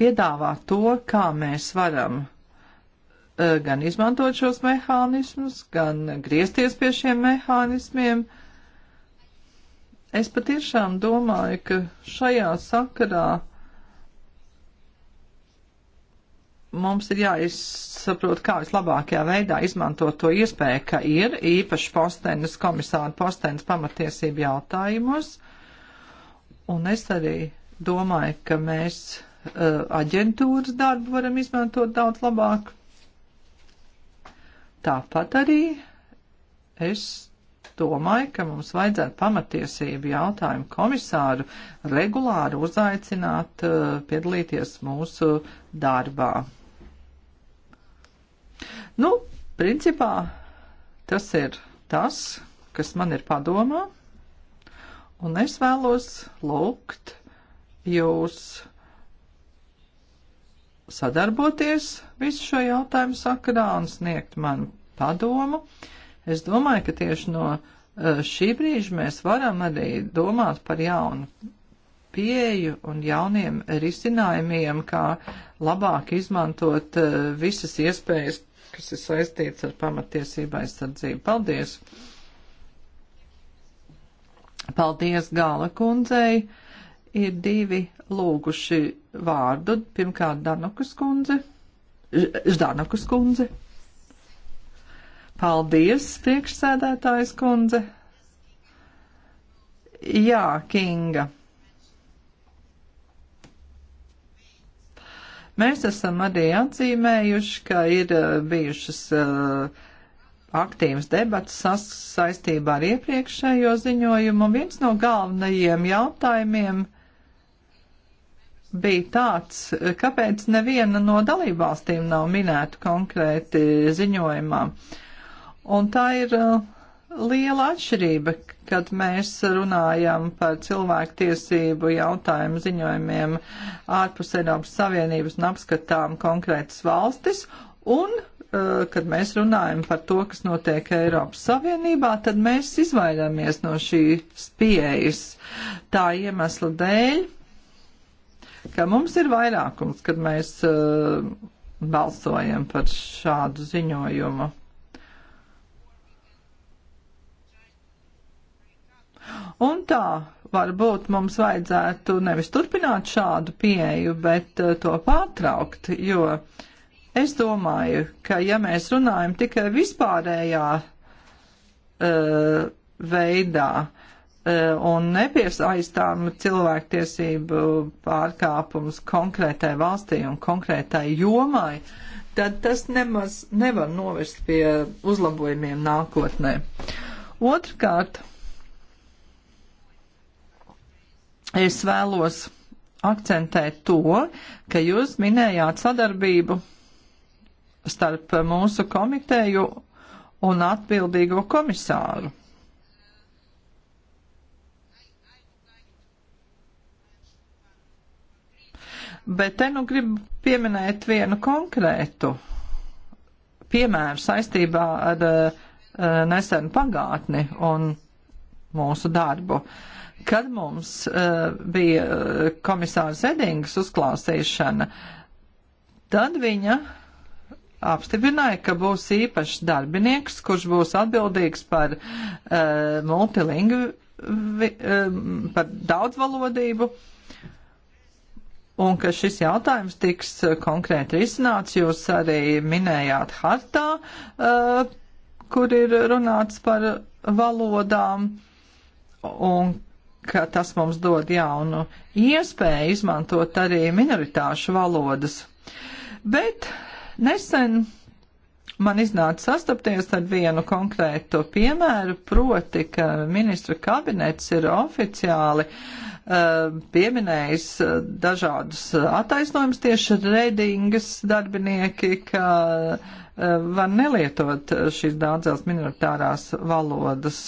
piedāvāt to, kā mēs varam eh, gan izmantot šos mehānismus, gan griezties pie šiem mehānismiem. Es patiešām domāju, ka šajā sakarā mums ir jāizsaprot, kā vislabākajā veidā izmantot to iespēju, ka ir īpaši postenis, komisāra postenis pamatiesību jautājumos. Un es arī domāju, ka mēs uh, aģentūras darbu varam izmantot daudz labāk. Tāpat arī es domāju, ka mums vajadzētu pamatiesību jautājumu komisāru regulāri uzaicināt, eh, piedalīties mūsu darbā. Nu, principā tas ir tas, kas man ir padomā, un es vēlos lūgt jūs sadarboties visu šo jautājumu sakarā un sniegt man padomu. Es domāju, ka tieši no eh, šī brīža mēs varam arī domāt par jaunu pieeju un jauniem risinājumiem, kā labāk izmantot eh, visas iespējas kas ir saistīts ar pamatiesību aizsardzību. Paldies! Paldies Gāla kundzei! Ir divi lūguši vārdu. Pirmkārt, Danukas kundze. Ždanukas kundze. Paldies, priekšsēdētājs kundze. Jā, Kinga. Mēs esam arī atzīmējuši, ka ir eh, bijušas eh, aktīvas debatas saistībā ar iepriekšējo ziņojumu. Viens no galvenajiem jautājumiem bija tāds, kāpēc neviena no dalībvalstīm nav minēta konkrēti ziņojumā. Un tā ir uh, liela atšķirība, kad mēs runājam par cilvēktiesību jautājumu ziņojumiem ārpus Eiropas Savienības un apskatām konkrētas valstis, un uh, kad mēs runājam par to, kas notiek Eiropas Savienībā, tad mēs izvairāmies no šīs pieejas tā iemesla dēļ, ka mums ir vairākums, kad mēs uh, balsojam par šādu ziņojumu. Un tā varbūt mums vajadzētu nevis turpināt šādu pieeju, bet eh, to pārtraukt, jo es domāju, ka ja mēs runājam tikai vispārējā uh, veidā uh, un nepiesaistām cilvēktiesību pārkāpumus konkrētai valstī un konkrētai jomai, tad tas nemaz nevar novest pie uzlabojumiem nākotnē. Otrkārt, es vēlos akcentēt to, ka jūs minējāt sadarbību starp mūsu komiteju un atbildīgo komisāru. Bet te nu gribu pieminēt vienu konkrētu piemēru saistībā ar uh, nesenu pagātni un mūsu darbu. Uh, Kad mums uh, bija eh, komisārs Edings uzklāsīšana, tad viņa apstiprināja, ka būs īpašs darbinieks, kurš būs atbildīgs par uh, multilingvi, uh, par daudzvalodību, un ka šis jautājums tiks konkrēti risināts. Jūs arī minējāt hartā, uh, kur ir runāts par valodām, un ka tas mums dod jaunu iespēju izmantot arī minoritāšu valodas. Bet nesen man iznāca sastapties ar vienu konkrētu piemēru, proti, ka ministra kabinets ir oficiāli uh, pieminējis eh, dažādus attaisnojumus tieši redingas darbinieki, ka uh, var nelietot šīs daudzās minoritārās valodas.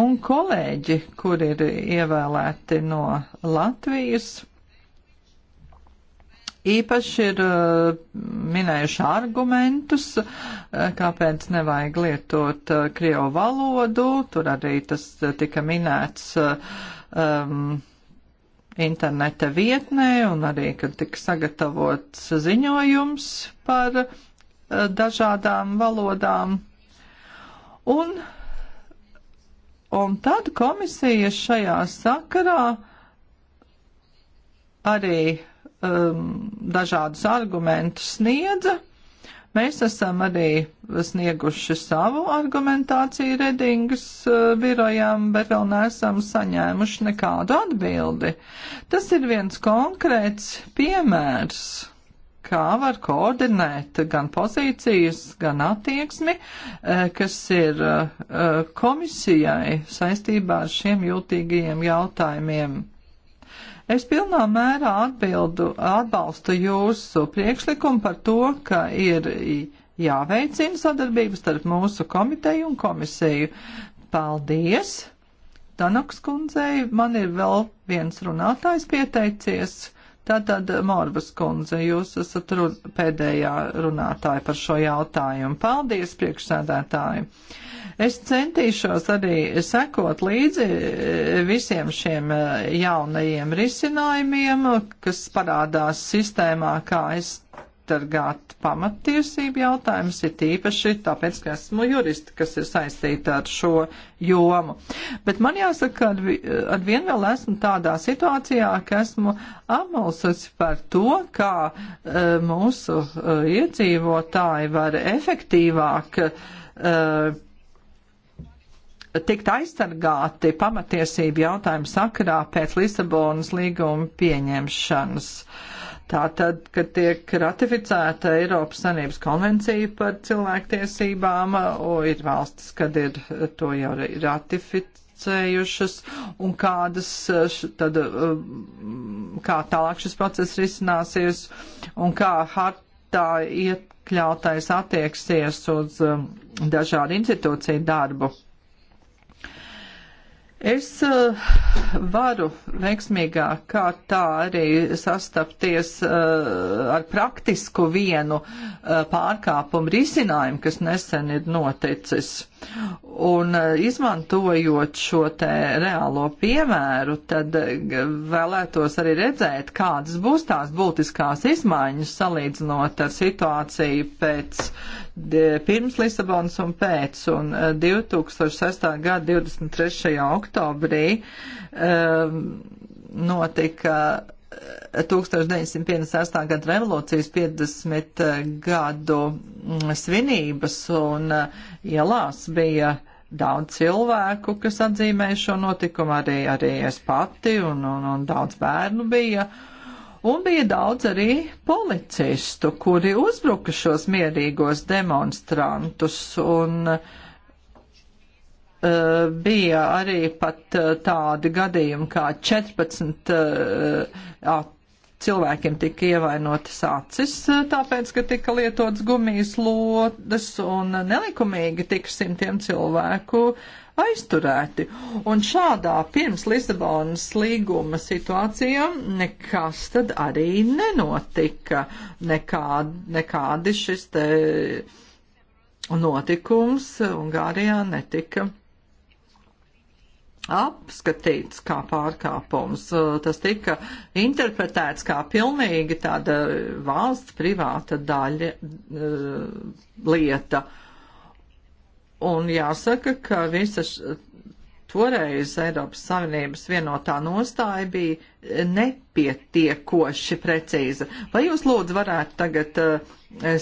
Un kolēģi, kur ir ievēlēti no Latvijas, īpaši ir uh, minējuši argumentus, uh, kāpēc nevajag lietot uh, krievu valodu, tur arī tas tika minēts um, interneta vietnē un arī, kad tika sagatavots ziņojums par dažādām valodām. Un Un tad komisija šajā sakarā arī um, dažādus argumentus sniedza. Mēs esam arī snieguši savu argumentāciju redingas uh, birojām, bet vēl neesam saņēmuši nekādu atbildi. Tas ir viens konkrēts piemērs kā var koordinēt gan pozīcijas, gan attieksmi, eh, kas ir eh, komisijai saistībā ar šiem jūtīgajiem jautājumiem. Es pilnā mērā atbildu, atbalstu jūsu priekšlikumu par to, ka ir jāveicina sadarbības starp mūsu komiteju un komisiju. Paldies! Danoks kundzei man ir vēl viens runātājs pieteicies. Tātad, Morvas kundze, jūs esat run pēdējā runātāja par šo jautājumu. Paldies, priekšsēdētāji! Es centīšos arī sekot līdzi eh, visiem šiem eh, jaunajiem risinājumiem, kas parādās sistēmā, kā es aizsargāt pamattiesību jautājumus, ir tīpaši tāpēc, ka esmu juristi, kas ir saistīti ar šo jomu. Bet man jāsaka, ka arvien vēl esmu tādā situācijā, ka esmu apmalsusi par to, kā eh, mūsu eh, iedzīvotāji var efektīvāk eh, tikt aizsargāti pamatiesību jautājumu sakarā pēc Lisabonas līguma pieņemšanas. Uh, Tātad, kad tiek ratificēta Eiropas Sanības konvencija par cilvēktiesībām, ir valstis, kad ir to jau ratificējušas, un kādas, e, tad, e, kā tālāk šis process risināsies, un kā hartā iekļautais attieksies uz e, dažādu institūciju darbu. Es uh, varu veiksmīgā kārtā arī sastapties uh, ar praktisku vienu uh, pārkāpumu risinājumu, kas nesen ir noticis. Un izmantojot šo te reālo piemēru, tad vēlētos arī redzēt, kādas būs tās būtiskās izmaiņas salīdzinot ar situāciju pēc uh, pirms Lisabonas un pēc, un 2006. E, gada 23. oktobrī e, notika 1958. E, gada revolūcijas 50 gadu svinības, un ielās bija daudz cilvēku, kas atzīmēja šo notikumu, arī, arī es pati, un, un, un daudz bērnu bija. Uh, Un bija daudz arī policistu, kuri uzbruka šos mierīgos demonstrantus. Un uh, bija arī pat uh, tādi gadījumi, kā 14 uh, eh, at, cilvēkiem tika ievainotas acis, tāpēc, ka tika lietots gumijas lodes un nelikumīgi tika simtiem cilvēku uh, aizturēti. Un šādā pirms Lisabonas līguma situācijā nekas tad arī nenotika. Nekā, nekādi šis te notikums Ungārijā netika apskatīts kā pārkāpums. Tas tika interpretēts kā pilnīgi tāda valsts privāta daļa eh, lieta. Uh, Un jāsaka, ka visas toreiz Eiropas Savienības vienotā nostāja bija nepietiekoši precīza. Vai jūs lūdzu varētu tagad uh,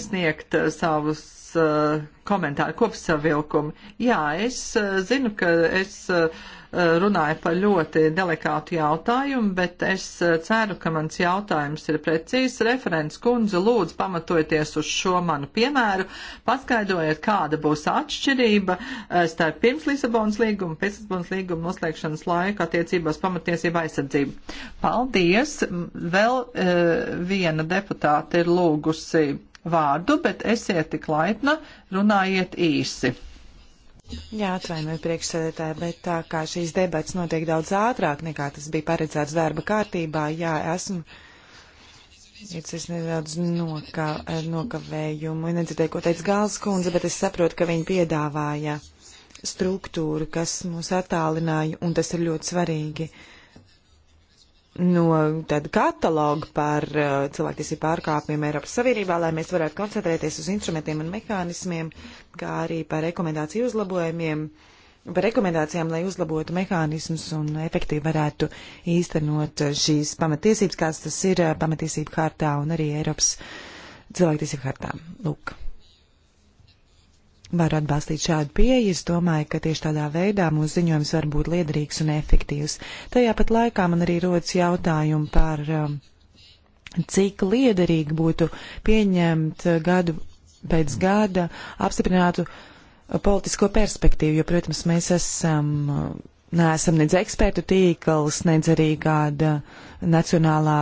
sniegt uh, savus uh, komentāru kopsavilkumu? Jā, es uh, zinu, ka es. Uh, runāja par ļoti delikātu jautājumu, bet es eh, ceru, ka mans jautājums ir precīzs. Referents kundze, lūdzu, pamatojoties uz šo manu piemēru, paskaidrojiet, kāda būs atšķirība eh, starp pirms Lisabonas līguma, pēc Lisabonas līguma noslēgšanas laika attiecībās pamatiesība aizsardzība. Paldies! Vēl e, viena deputāte ir lūgusi vārdu, bet esiet tik laipna, runājiet īsi. Jā, atvainojiet, priekšsēdētāji, bet tā kā šīs debats notiek daudz ātrāk nekā tas bija paredzēts darba kārtībā, jā, esmu. It's, es nedaudz noka, nokavējumu nedzirdēju, ko teica Gāls kundze, bet es saprotu, ka viņa piedāvāja struktūru, kas mūs attālināja, un tas ir ļoti svarīgi. Uh, no tāda kataloga par uh, cilvēktiesību pārkāpumiem Eiropas Savienībā, lai mēs varētu koncentrēties uz instrumentiem un mehānismiem, kā arī par rekomendāciju uzlabojumiem, par rekomendācijām, lai uzlabotu mehānismus un efektīvi varētu īstenot šīs pamatiesības, kāds tas ir uh, pamatiesību kārtā un arī Eiropas cilvēktiesību kārtā. Lūk. Varu atbalstīt šādu pieeju, es domāju, ka tieši tādā veidā mūsu ziņojums var būt liederīgs un efektīvs. Tajā pat laikā man arī rodas jautājumi par, um, cik liederīgi būtu pieņemt gadu pēc gada apstiprinātu uh, politisko perspektīvu, jo, protams, mēs esam uh, neesam nedz ekspertu tīkls, nedz arī kāda nacionālā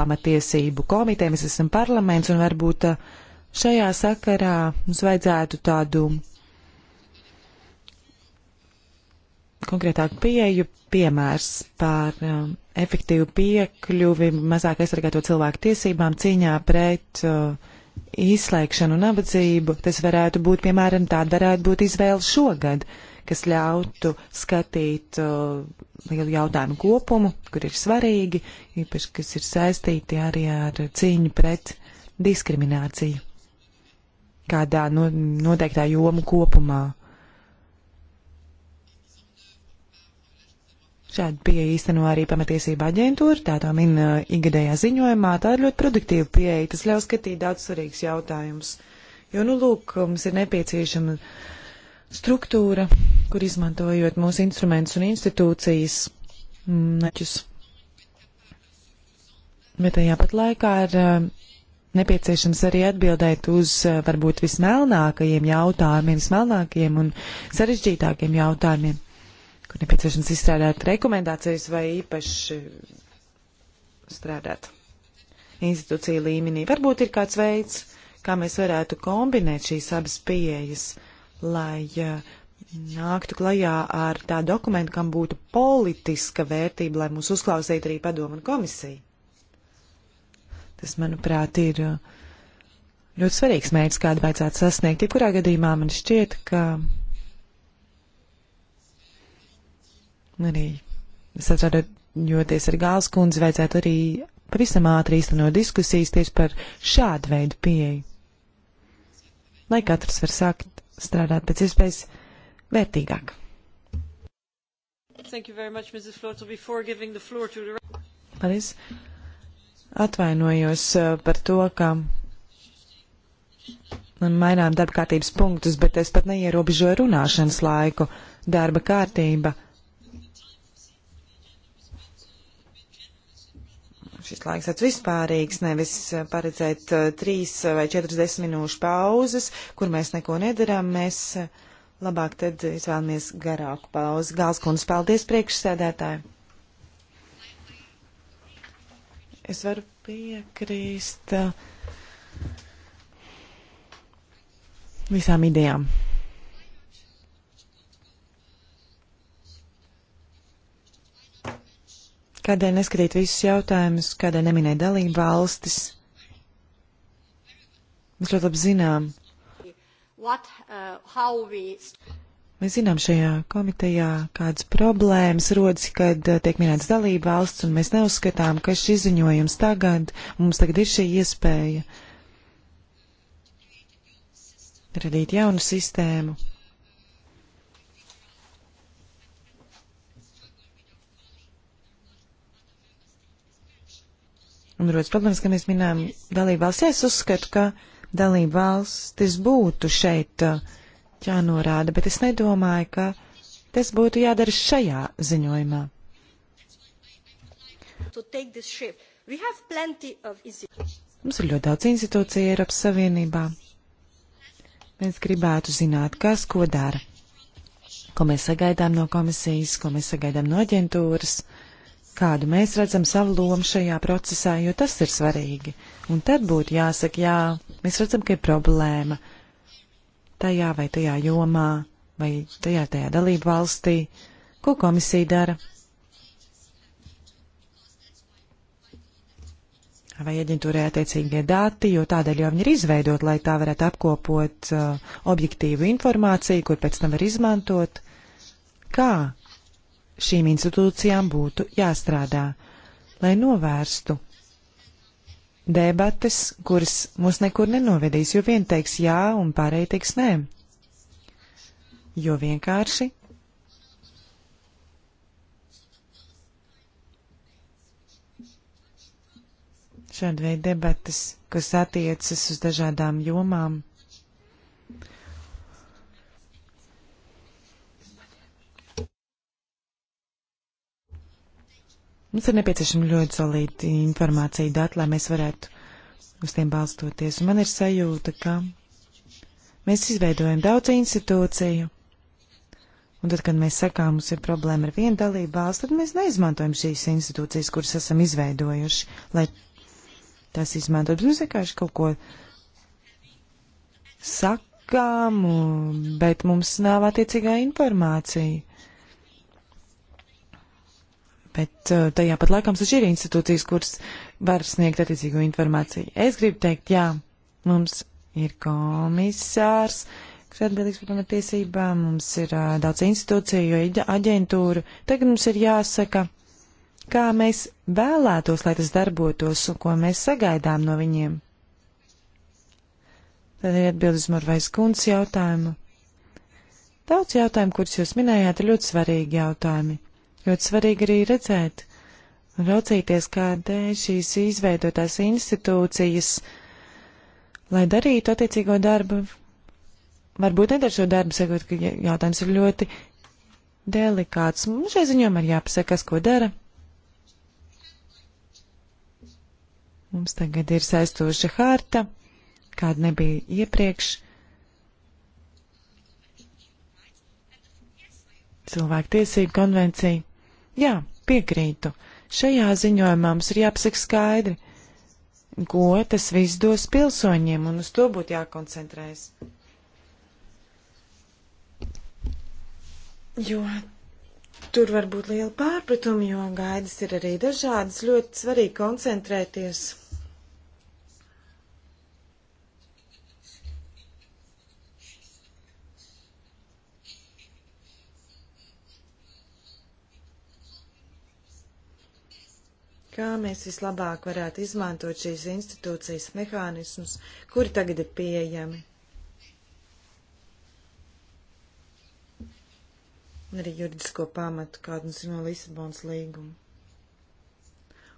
pamatiesību komiteja, mēs esam parlaments un varbūt uh, Šajā sakarā mums vajadzētu tādu konkrētāku pieeju, piemērs par um, efektīvu piekļuvi mazāk aizsargāto cilvēku tiesībām cīņā pret uh, izslēgšanu un nabadzību. Tas varētu būt, piemēram, tāda varētu būt izvēle šogad, kas ļautu skatīt uh, lielu jautājumu kopumu, kur ir svarīgi, īpaši, kas ir saistīti arī ar cīņu pret diskrimināciju kādā no, noteiktā joma kopumā. Šādu pieeju īsteno arī pamatiesība aģentūra, tā to min uh, ikgadējā ziņojumā. Tā ir ļoti produktīva pieeja, tas ļauj skatīt daudz svarīgus jautājumus. Jo, nu, lūk, mums ir nepieciešama struktūra, kur izmantojot mūsu instrumentus un institūcijas. Mm, Neķus. Bet tajā pat laikā ir uh, nepieciešams arī atbildēt uz eh, varbūt vismelnākajiem jautājumiem, smelnākajiem un sarežģītākiem jautājumiem, kur nepieciešams izstrādāt rekomendācijas vai īpaši strādāt institūciju līmenī. Varbūt ir kāds veids, kā mēs varētu kombinēt šīs abas pieejas, lai eh, nāktu klajā ar tā dokumentu, kam būtu politiska vērtība, lai mūs uzklausītu arī padomu un komisiju. Tas, manuprāt, ir uh, ļoti svarīgs mērķis, kādu vajadzētu sasniegt. Jebkurā gadījumā man šķiet, ka arī satradojoties ar Gāles kundzi, vajadzētu arī pavisam ātri īstenot diskusijas tieši par šādu veidu pieeju. Lai katrs var sākt strādāt pēc iespējas vērtīgāk. Thank you very much, Mrs. Flotter. Before giving the floor to the... Paldies. Atvainojos uh, par to, ka un mainām darba kārtības punktus, bet es pat neierobežoju runāšanas laiku. Darba kārtība. Šis laiks tāds vispārīgs, nevis uh, paredzēt uh, trīs vai četras desmit minūšu pauzes, kur mēs neko nedarām. Mēs labāk tad izvēlamies garāku pauzi. Galskundze, paldies priekšsēdētāji! Es varu piekrīst uh, visām idejām. Kādēļ neskatīt visus jautājumus, kādēļ neminēt dalību valstis? Mēs ļoti labi zinām. What, uh, Mēs zinām šajā komitejā, kādas problēmas rodas, kad eh, tiek minēts dalība valsts, un mēs neuzskatām, ka šis ziņojums tagad, mums tagad ir šī iespēja radīt jaunu sistēmu. Un rodas problēmas, ka mēs minējam dalību valsts. Es uzskatu, ka dalību valstis būtu šeit uh, jānorāda, bet es nedomāju, ka tas būtu jādara šajā ziņojumā. Mums ir ļoti daudz institūciju Eiropas Savienībā. Mēs gribētu zināt, kas ko dara, ko mēs sagaidām no komisijas, ko mēs sagaidām no aģentūras, kādu mēs redzam savu lomu šajā procesā, jo tas ir svarīgi. Un tad būtu jāsaka, jā, mēs redzam, ka ir problēma, tajā vai tajā jomā vai tajā tajā dalību valstī. Ko komisija dara? Vai aģentūrē attiecīgie dati, jo tādēļ jau viņi ir izveidot, lai tā varētu apkopot uh, objektīvu informāciju, kur pēc tam var izmantot. Kā šīm institūcijām būtu jāstrādā, lai novērstu debates, kuras mūs nekur nenovedīs, jo vien teiks jā un pārējie teiks nē. Jo vienkārši šāda veida debatas, kas attiecas uz dažādām jomām, Mums nu, ir nepieciešama ļoti solīta informācija, dati, lai mēs varētu uz tiem balstoties. Un man ir sajūta, ka mēs izveidojam daudz institūciju, un tad, kad mēs sakām, mums ir problēma ar vienu dalību valsts, tad mēs neizmantojam šīs institūcijas, kuras esam izveidojuši, lai tās izmantot. Mums vienkārši kaut ko sakām, bet mums nav attiecīgā informācija bet eh, tajā pat laikā mums ir institūcijas, kuras var sniegt attiecīgo informāciju. Es gribu teikt, jā, mums ir komisārs, kas atbildīgs par pamatiesībām, mums ir uh, daudz institūciju, aģentūru. Tagad mums ir jāsaka, kā mēs vēlētos, lai tas darbotos un ko mēs sagaidām no viņiem. Tad ir atbildes Morvais kundzes jautājumu. Daudz jautājumu, kurus jūs minējāt, ir ļoti svarīgi jautājumi. Ļoti svarīgi arī redzēt un raucīties, kādēļ šīs izveidotās institūcijas, lai darītu attiecīgo darbu, varbūt nedara šo darbu, sakot, ka jautājums ir ļoti delikāts. Mums šai ziņām ir jāpasaka, kas ko dara. Mums tagad ir saistoša harta, kāda nebija iepriekš. Cilvēku tiesību konvencija. Jā, piekrītu. Šajā ziņojumā mums ir jāpasaka skaidri, ko tas viss dos pilsoņiem, un uz to būtu jākoncentrējas. Jo tur var būt liela pārpratuma, jo gaidas ir arī dažādas, ļoti svarīgi koncentrēties kā mēs vislabāk varētu izmantot šīs institūcijas mehānismus, kuri tagad ir pieejami. Arī juridisko pamatu, kādu mums ir no Lisabonas līguma.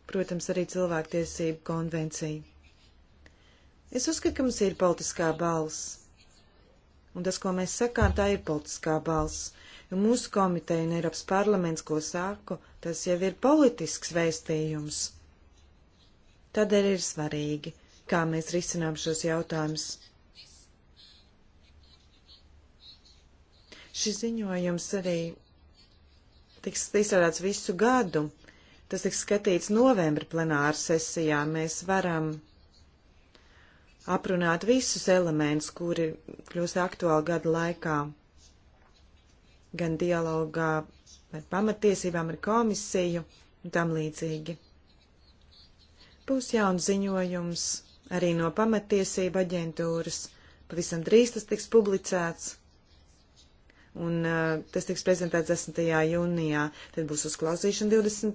Protams, arī cilvēktiesību konvencija. Es uzskatu, ka mums ir politiskā balss. Un tas, ko mēs sakām, tā ir politiskā balss jo mūsu komiteja un Eiropas parlaments, ko sāku, tas jau ir politisks vēstījums. Tādēļ ir svarīgi, kā mēs risinām šos jautājumus. Šis ziņojums arī tiks izstrādāts visu gadu. Tas tiks skatīts novembra plenāra sesijā. Mēs varam aprunāt visus elementus, kuri kļūst aktuāli gada laikā gan dialogā par pamatiesībām ar komisiju un tam līdzīgi. Būs jauns ziņojums arī no pamatiesība aģentūras. Pavisam drīz tas tiks publicēts. Un uh, tas tiks prezentēts 10. jūnijā. Tad būs uzklausīšana 21.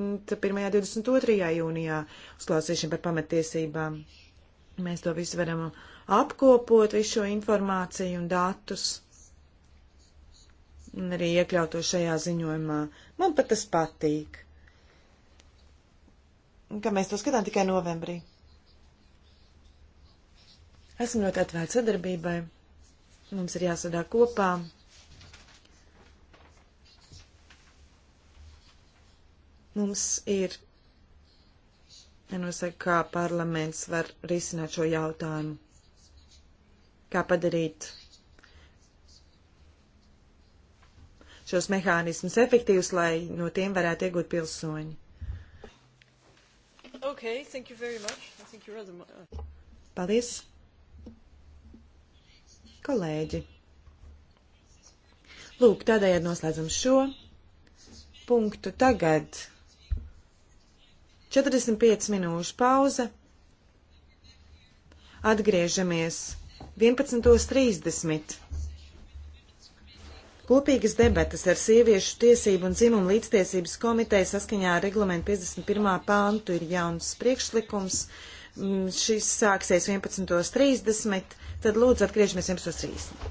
un 22. jūnijā. Uzklausīšana par pamatiesībām. Mēs to visu varam apkopot, visu šo informāciju un datus un arī iekļaut to šajā ziņojumā. Man pat tas patīk. Ka mēs to skatām tikai novembrī. Esmu ļoti atvērta sadarbībai. Mums ir jāsadā kopā. Mums ir jānosaka, kā parlaments var risināt šo jautājumu. Kā padarīt šos mehānismus efektīvus, lai no tiem varētu iegūt pilsoņi. Okay, thank you very much. I think you're rather... Paldies. Kolēģi. Lūk, tādējādi noslēdzam šo punktu. Tagad 45 minūšu pauze. Atgriežamies 11.30. Kopīgas debatas ar sieviešu tiesību un dzimumu līdztiesības komiteju saskaņā ar reglamentu 51. pāntu ir jauns priekšlikums. Mm, šis sāksies 11.30, tad lūdzu atgriežamies 11.30.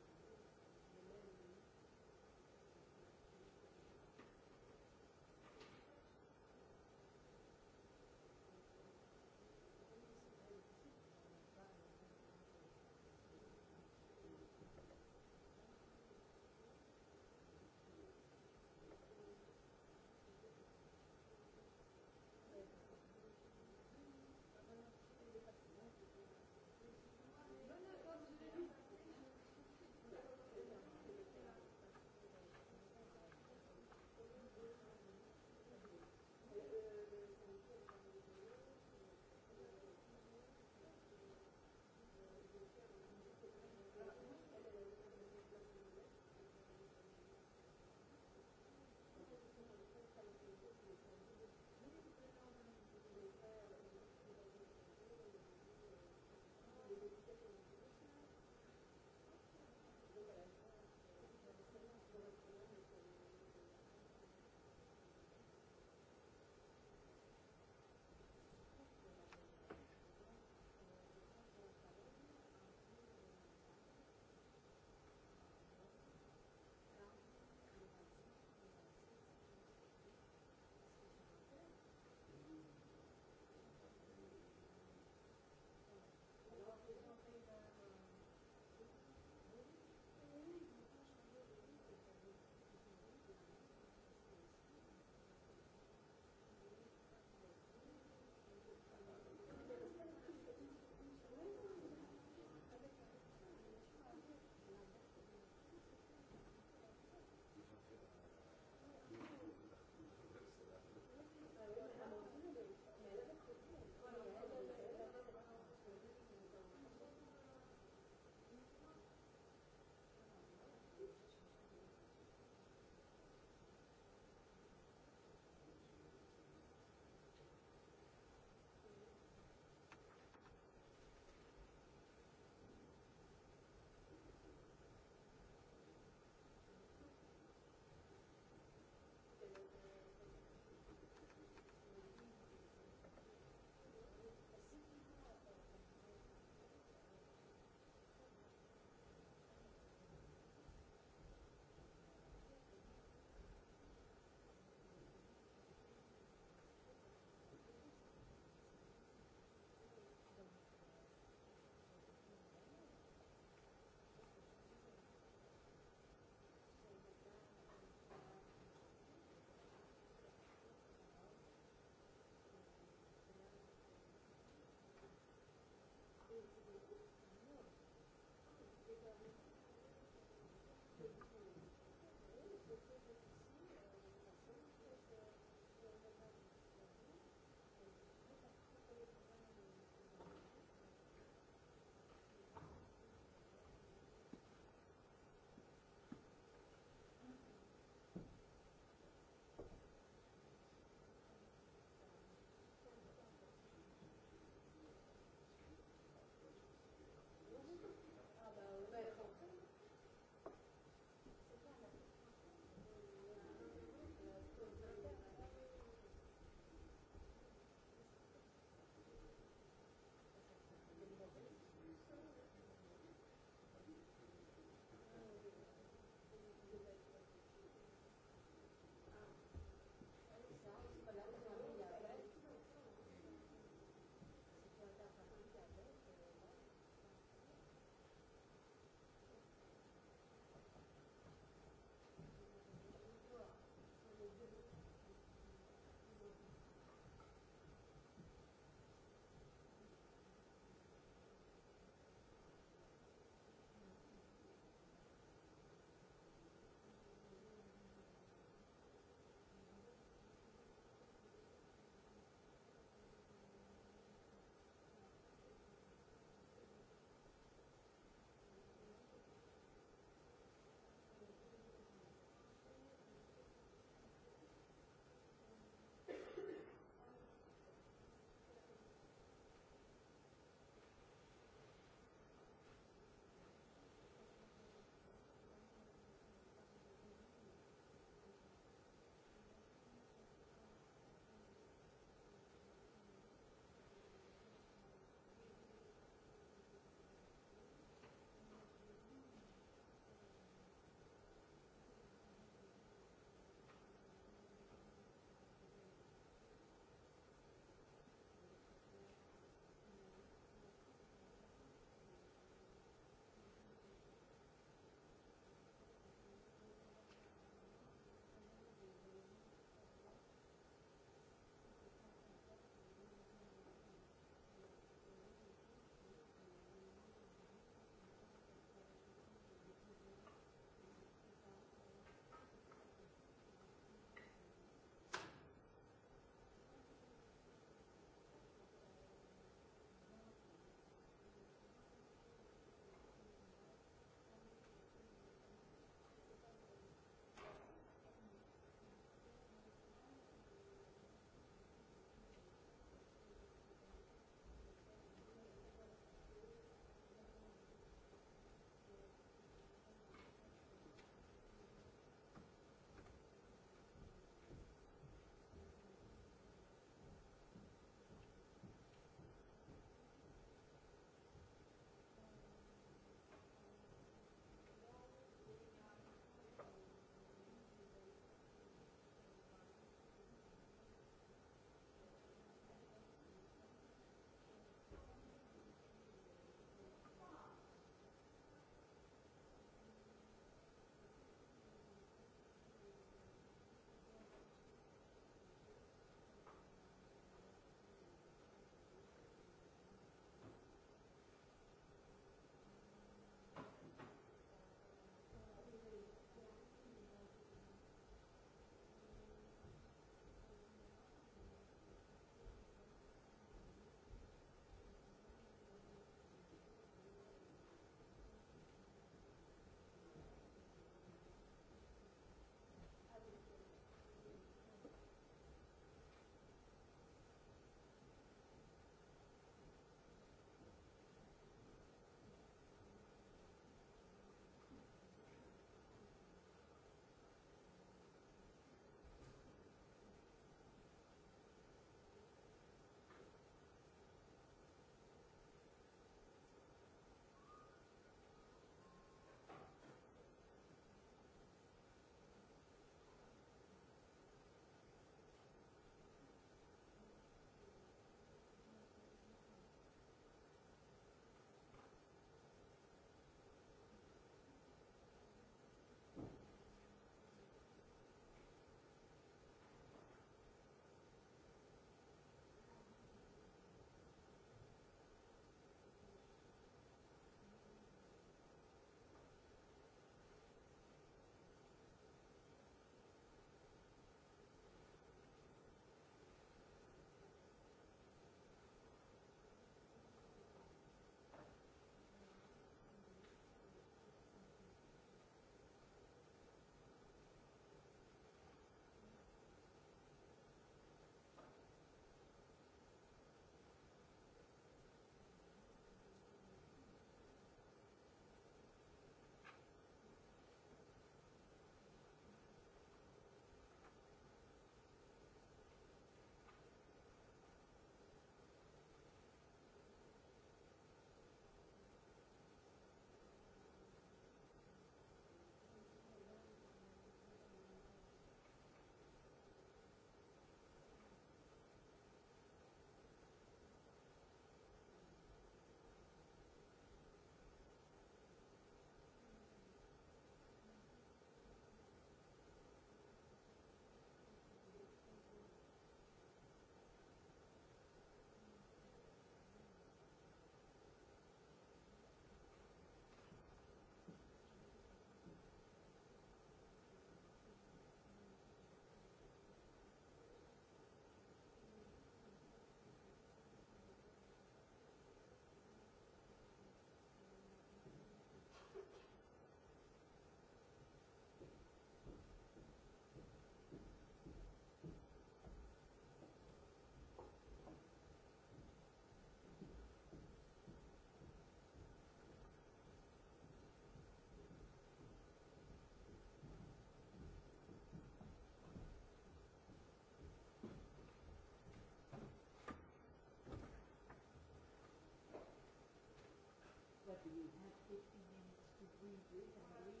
be used. Next 15 minutes to breathe in and breathe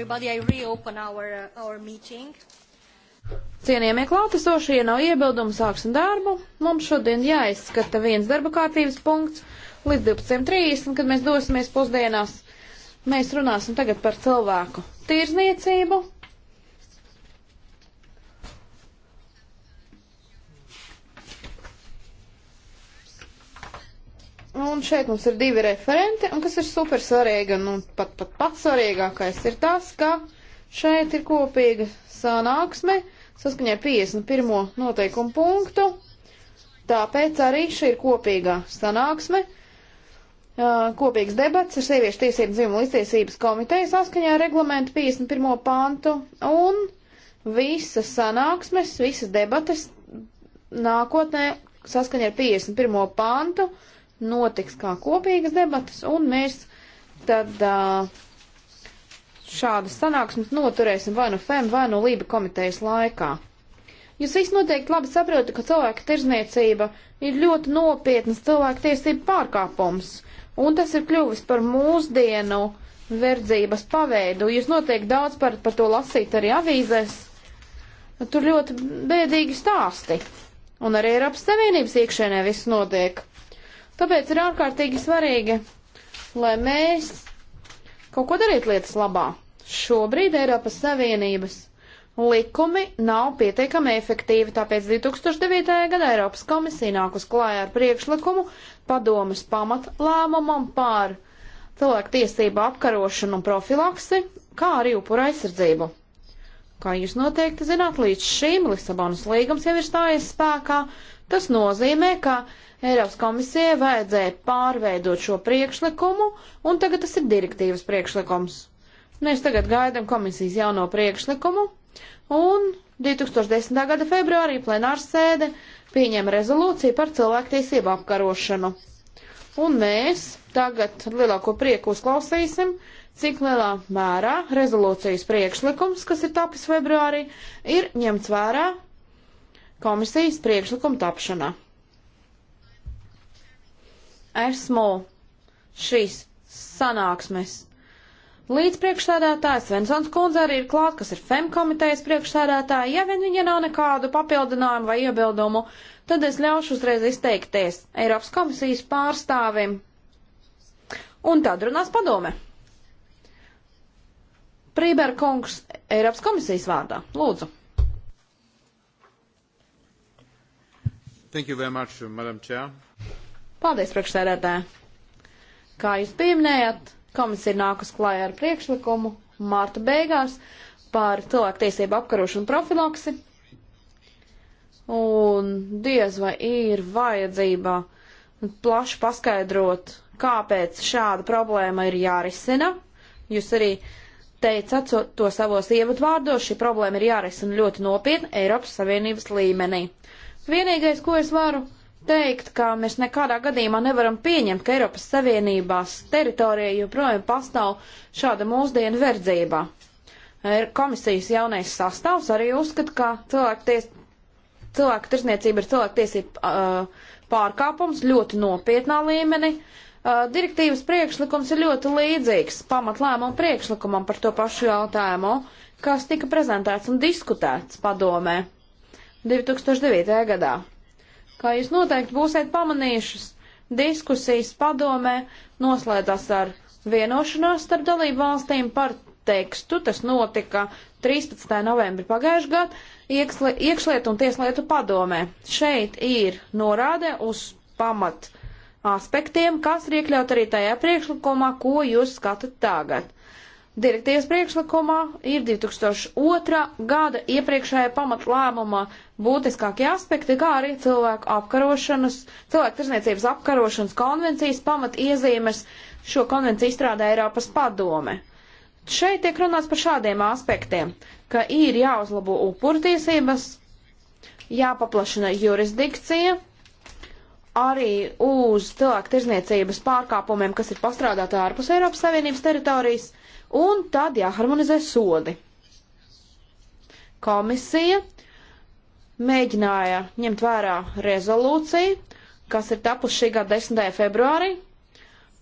Everybody, I reopen our, uh, our meeting. Cienījamie klātesošie, ja nav iebildumu, sāksim darbu. Mums šodien jāizskata viens darba kārtības punkts līdz 12.30, kad mēs dosimies pusdienās. Mēs runāsim tagad par cilvēku tirzniecību, šeit mums ir divi referenti, un kas ir super svarīga, nu pat pat pats svarīgākais ir tas, ka šeit ir kopīga sanāksme saskaņā 51. noteikumu punktu, tāpēc arī šī ir kopīgā sanāksme, kopīgs debats ar sieviešu tiesību dzimumu līdztiesības komiteju saskaņā ar reglamentu 51. pantu un visas sanāksmes, visas debates nākotnē saskaņā ar 51. pantu notiks kā kopīgas debatas, un mēs tad uh, šādas sanāksmes noturēsim vai nu no FEM, vai nu no Lība komitejas laikā. Jūs visi noteikti labi saprotat, ka cilvēka tirzniecība ir ļoti nopietnas cilvēka tiesību pārkāpums, un tas ir kļuvis par mūsdienu verdzības paveidu. Jūs noteikti daudz par, par to lasīt arī avīzēs. Tur ļoti bēdīgi stāsti. Un arī Eiropas Savienības iekšēnē viss notiek. Tāpēc ir ārkārtīgi svarīgi, lai mēs kaut ko darītu lietas labā. Šobrīd Eiropas Savienības likumi nav pietiekami efektīvi, tāpēc 2009. gadā Eiropas komisija nāk uz klājā ar priekšlikumu padomas pamatlēmumam pār cilvēku tiesību apkarošanu un profilaksi, kā arī upura aizsardzību. Kā jūs noteikti zināt, līdz šim Lisabonas līgums jau ir stājies spēkā. Tas nozīmē, ka Eiropas komisijai vajadzēja pārveidot šo priekšlikumu, un tagad tas ir direktīvas priekšlikums. Mēs tagad gaidām komisijas jauno priekšlikumu, un 2010. gada februārī plenārs sēde pieņēma rezolūciju par cilvēktiesību apkarošanu. Un mēs tagad lielāko prieku uzklausīsim, cik lielā mērā rezolūcijas priekšlikums, kas ir tapis februārī, ir ņemts vērā komisijas priekšlikuma tapšanā esmu šīs sanāksmes līdz priekšsēdētājs Svensons kundze arī ir klāt, kas ir FEM komitejas priekšsēdētāja. Ja vien viņa nav nekādu papildinājumu vai iebildumu, tad es ļaušu uzreiz izteikties Eiropas komisijas pārstāvim. Un tad runās padome. Prīber kungs Eiropas komisijas vārdā. Lūdzu. Thank you very much, Madam Chair. Paldies, priekšsēdētāji! Kā jūs pieminējat, komisija ir nākus klājā ar priekšlikumu mārta beigās par cilvēktiesību apkarošanu profiloksi. Un diez vai ir vajadzība plaši paskaidrot, kāpēc šāda problēma ir jārisina. Jūs arī teicāt to savos ievadvārdos, šī problēma ir jārisina ļoti nopietni Eiropas Savienības līmenī. Vienīgais, ko es varu teikt, ka mēs nekādā gadījumā nevaram pieņemt, ka Eiropas Savienībās teritorijā joprojām pastāv šāda mūsdienu verdzība. Komisijas jaunais sastāvs arī uzskata, ka cilvēkties, cilvēku tirsniecība ir cilvēktiesība uh, pārkāpums ļoti nopietnā līmenī. Uh, direktīvas priekšlikums ir ļoti līdzīgs pamatlēmumu priekšlikumam par to pašu jautājumu, kas tika prezentēts un diskutēts padomē 2009. gadā. Kā jūs noteikti būsiet pamanījušas, diskusijas padomē noslēdzas ar vienošanās starp dalību valstīm par tekstu. Tas notika 13. novembrī pagājušajā gadā iekšli, iekšlietu un tieslietu padomē. Šeit ir norāde uz pamat aspektiem, kas ir iekļaut arī tajā priekšlikumā, ko jūs skatat tagad. Direktīvas priekšlikumā ir 2002. gada iepriekšējā pamatlēmumā būtiskākie aspekti, kā arī cilvēku apkarošanas, cilvēku tirzniecības apkarošanas konvencijas pamat iezīmes. Šo konvenciju izstrādā Eiropas padome. Šeit tiek runāts par šādiem aspektiem, ka ir jāuzlabo upurtiesības, jāpaplašina jurisdikcija, arī uz cilvēku tirzniecības pārkāpumiem, kas ir pastrādāti ārpus Eiropas Savienības teritorijas un tad jāharmonizē sodi. Komisija mēģināja ņemt vērā rezolūciju, kas ir tapusi šī gada 10. februārī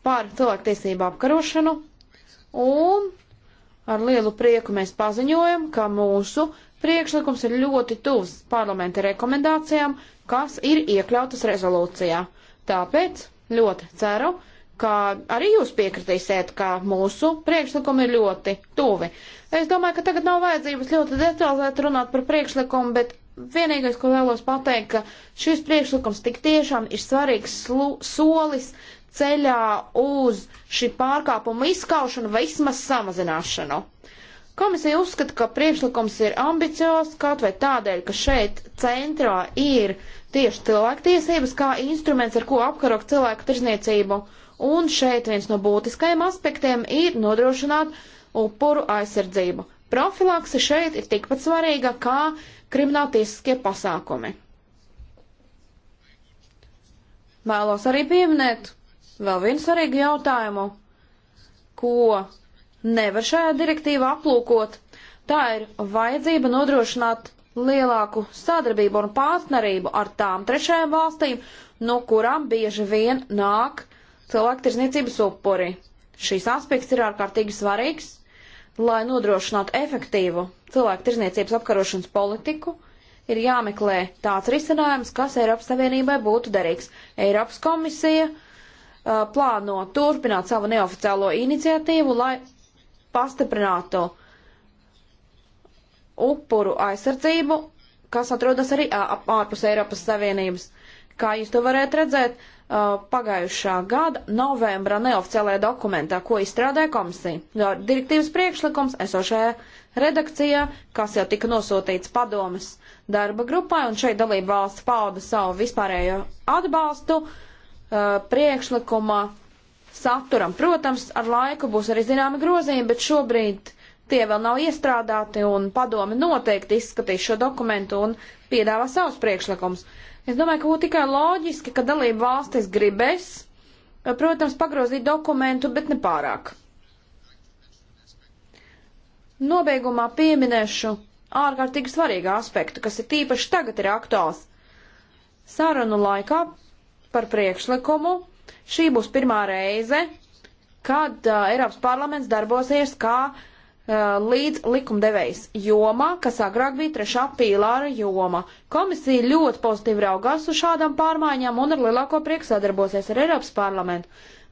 par cilvēktiesību apkarošanu, un ar lielu prieku mēs paziņojam, ka mūsu priekšlikums ir ļoti tuvs parlamenta rekomendācijām, kas ir iekļautas rezolūcijā. Tāpēc ļoti ceru, ka arī jūs piekritīsiet, ka mūsu priekšlikumi ir ļoti tuvi. Es domāju, ka tagad nav vajadzības ļoti detalizēt runāt par priekšlikumu, bet vienīgais, ko vēlos pateikt, ka šis priekšlikums tik tiešām ir svarīgs solis ceļā uz šī pārkāpuma izskaušanu vai vismaz samazināšanu. Komisija uzskata, ka priekšlikums ir ambiciozs, kaut vai tādēļ, ka šeit centrā ir tieši cilvēktiesības kā instruments, ar ko apkarot cilvēku tirzniecību. Uh, Un šeit viens no būtiskajiem aspektiem ir nodrošināt upuru aizsardzību. Profilakse šeit ir tikpat svarīga kā krimināltiesiskie pasākumi. Vēlos arī pieminēt vēl vienu svarīgu jautājumu, ko nevar šajā direktīvā aplūkot. Tā ir vajadzība nodrošināt lielāku sadarbību un partnerību ar tām trešajām valstīm, no kurām bieži vien nāk uh, cilvēktirzniecības upuri. Šīs aspekts ir ārkārtīgi svarīgs, lai nodrošinātu efektīvu cilvēktirzniecības apkarošanas politiku. Ir jāmeklē tāds risinājums, kas Eiropas Savienībai būtu derīgs. Eiropas komisija uh, plāno turpināt savu neoficiālo iniciatīvu, lai pastiprinātu upuru aizsardzību, kas atrodas arī ārpus Eiropas Savienības. Kā jūs to varētu redzēt, pagājušā gada novembra neoficiālajā dokumentā, ko izstrādāja komisija. Direktīvas priekšlikums esošajā redakcijā, kas jau tika nosūtīts padomas darba grupai, un šeit dalība valsts pauda savu vispārējo atbalstu priekšlikuma saturam. Protams, ar laiku būs arī zināmi grozījumi, bet šobrīd tie vēl nav iestrādāti, un padomi noteikti izskatīs šo dokumentu un piedāvā savus priekšlikumus. Es domāju, ka būtu tikai loģiski, ka dalība valstis gribēs, eh, protams, pagrozīt dokumentu, bet ne pārāk. Nobeigumā pieminēšu ārkārtīgi svarīgu aspektu, kas ir tīpaši tagad ir aktuāls. Sarunu laikā par priekšlikumu šī būs pirmā reize, kad uh, Eiropas parlaments darbosies kā uh, Uh, līdz likumdevējas jomā, kas agrāk bija trešā pīlāra joma. Komisija ļoti pozitīvi raugās uz šādām pārmaiņām un ar lielāko prieku sadarbosies ar Eiropas parlamentu.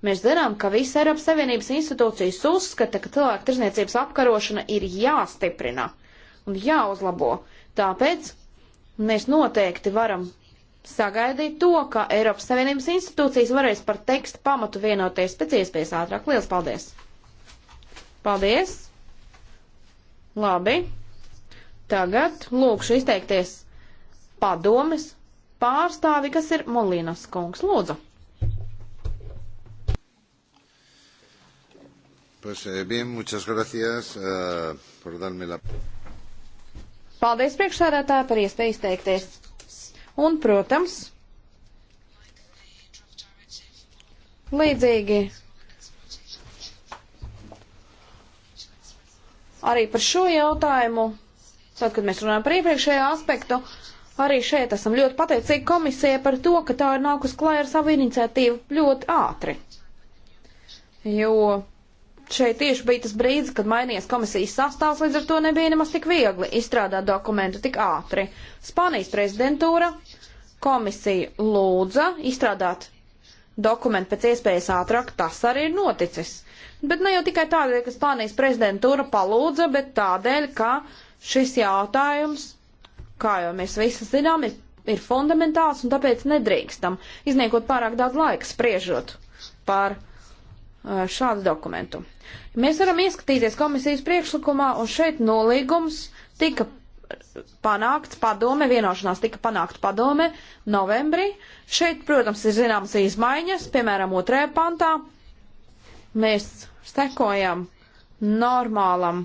Mēs zinām, ka visas Eiropas Savienības institūcijas uzskata, ka cilvēku tirzniecības apkarošana ir jāstiprina un jāuzlabo. Tāpēc mēs noteikti varam sagaidīt to, ka Eiropas Savienības institūcijas varēs par tekstu pamatu vienoties pēc iespējas ātrāk. Lielas paldies! Paldies! Labi. Tagad lūkšu izteikties padomes pārstāvi, kas ir Molinas kungs. Lūdzu. Pues, eh, bien, muchas gracias uh, por darme la. Paldies priekšsēdētāji par iespēju izteikties. Un, protams, līdzīgi arī par šo jautājumu, tad, kad mēs runājam par iepriekšējo aspektu, arī šeit esam ļoti pateicīgi komisijai par to, ka tā ir nākus klāja ar savu iniciatīvu ļoti ātri. Jo šeit tieši bija tas brīdis, kad mainījās komisijas sastāvs, līdz ar to nebija nemaz tik viegli izstrādāt dokumentu tik ātri. Spānijas prezidentūra komisija lūdza izstrādāt dokumentu pēc iespējas ātrāk, tas arī ir noticis. Bet ne jau tikai tādēļ, ka Spānijas prezidentūra palūdza, bet tādēļ, ka šis jautājums, kā jau mēs visi zinām, ir, ir fundamentāls un tāpēc nedrīkstam izniekot pārāk daudz laika spriežot par eh, šādu dokumentu. Mēs varam ieskatīties komisijas priekšlikumā, un šeit nolīgums tika panākts padome, vienošanās tika panākta padome novembrī. Šeit, protams, ir zināmas izmaiņas, piemēram, otrajā pantā Mēs sekojam normālam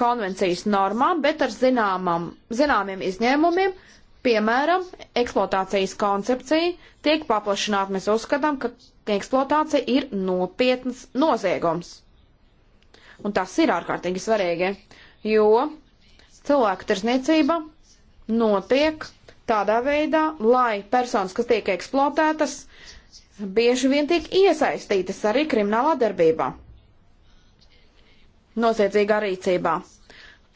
konvencijas normām, bet ar zināmam, zināmiem izņēmumiem. Piemēram, eksploatācijas koncepcija tiek paplašināta. Mēs uzskatām, ka eksploatācija ir nopietns noziegums. Un tas ir ārkārtīgi svarīgi, jo cilvēku tirsniecība notiek tādā veidā, lai personas, kas tiek eksploatētas, bieži vien tiek iesaistītas arī kriminālā darbībā, noziedzīgā rīcībā.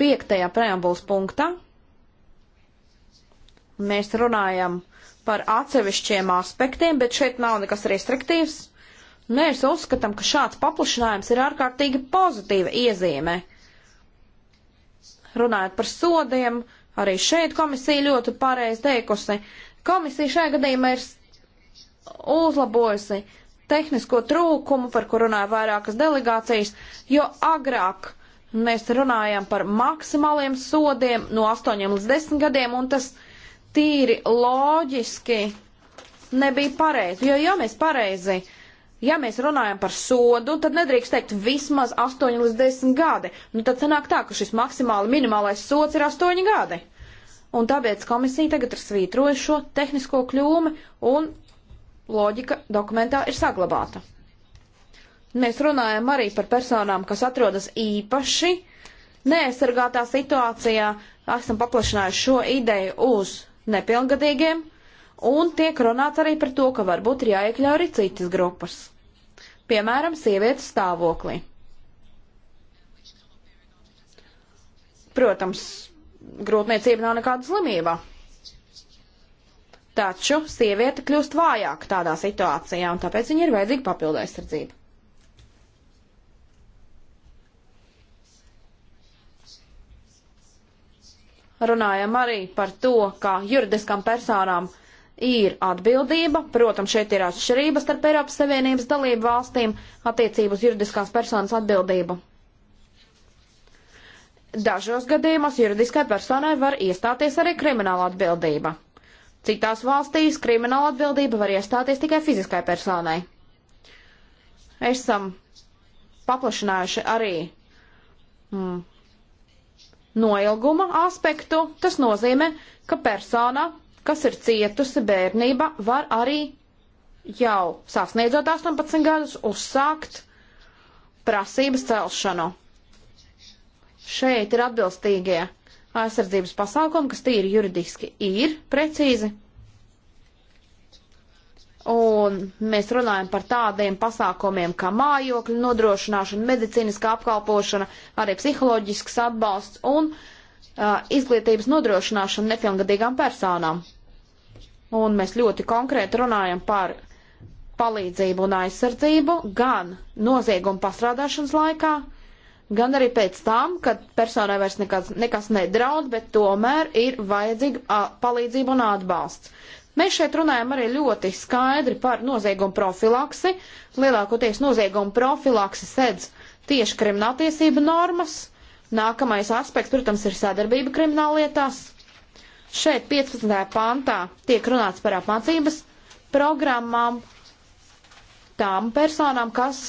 Piektajā preambulas punktā mēs runājam par atsevišķiem aspektiem, bet šeit nav nekas restriktīvs. Mēs uzskatām, ka šāds paplašinājums ir ārkārtīgi pozitīva iezīme. Runājot par sodiem, arī šeit komisija ļoti pareizi teikusi. Komisija šajā gadījumā ir uzlabojusi tehnisko trūkumu, par kur runāja vairākas delegācijas, jo agrāk mēs runājam par maksimāliem sodiem no 8 līdz 10 gadiem, un tas tīri loģiski nebija pareizi. Jo, ja mēs pareizi, ja mēs runājam par sodu, tad nedrīkst teikt vismaz 8 līdz 10 gadi. Nu, tad sanāk tā, ka šis maksimāli minimālais sods ir 8 gadi. Un tāpēc komisija tagad ir svītrojuši šo tehnisko kļūmi un loģika dokumentā ir saglabāta. Mēs runājam arī par personām, kas atrodas īpaši neaizsargātā situācijā. Esam paplašinājuši šo ideju uz nepilngadīgiem, un tiek runāts arī par to, ka varbūt ir jāiekļauj arī citas grupas. Piemēram, sievietes stāvoklī. Protams, grūtniecība nav nekāda slimība. Taču sieviete kļūst vājāka tādā situācijā, un tāpēc viņai ir vajadzīga papildu aizsardzība. Runājam arī par to, ka juridiskām personām ir atbildība. Protams, šeit ir atšķirības starp Eiropas Savienības dalību valstīm attiecību uz juridiskās personas atbildību. Dažos gadījumos juridiskai personai var iestāties arī krimināla atbildība. Citās valstīs krimināla atbildība var iestāties tikai fiziskai personai. Esam paplašinājuši arī mm, noilguma aspektu. Tas nozīmē, ka persona, kas ir cietusi bērnība, var arī jau sasniedzot 18 gadus uzsākt prasības celšanu. Šeit ir atbilstīgie aizsardzības pasākumi, kas tīri juridiski ir precīzi. Un mēs runājam par tādiem pasākumiem kā mājokļu nodrošināšana, medicīniskā apkalpošana, arī psiholoģisks atbalsts un uh, izglītības nodrošināšana nepilngadīgām personām. Un mēs ļoti konkrēti runājam par palīdzību un aizsardzību gan nozieguma pastrādāšanas laikā, gan arī pēc tam, kad personai vairs nekas, nekas nedraud, bet tomēr ir vajadzīga palīdzība un atbalsts. Mēs šeit runājam arī ļoti skaidri par noziegumu profilaksi. Lielākoties noziegumu profilaksi sedz tieši krimināltiesība normas. Nākamais aspekts, protams, ir sadarbība krimināllietās. Šeit 15. pantā tiek runāts par apmācības programmām tām personām, kas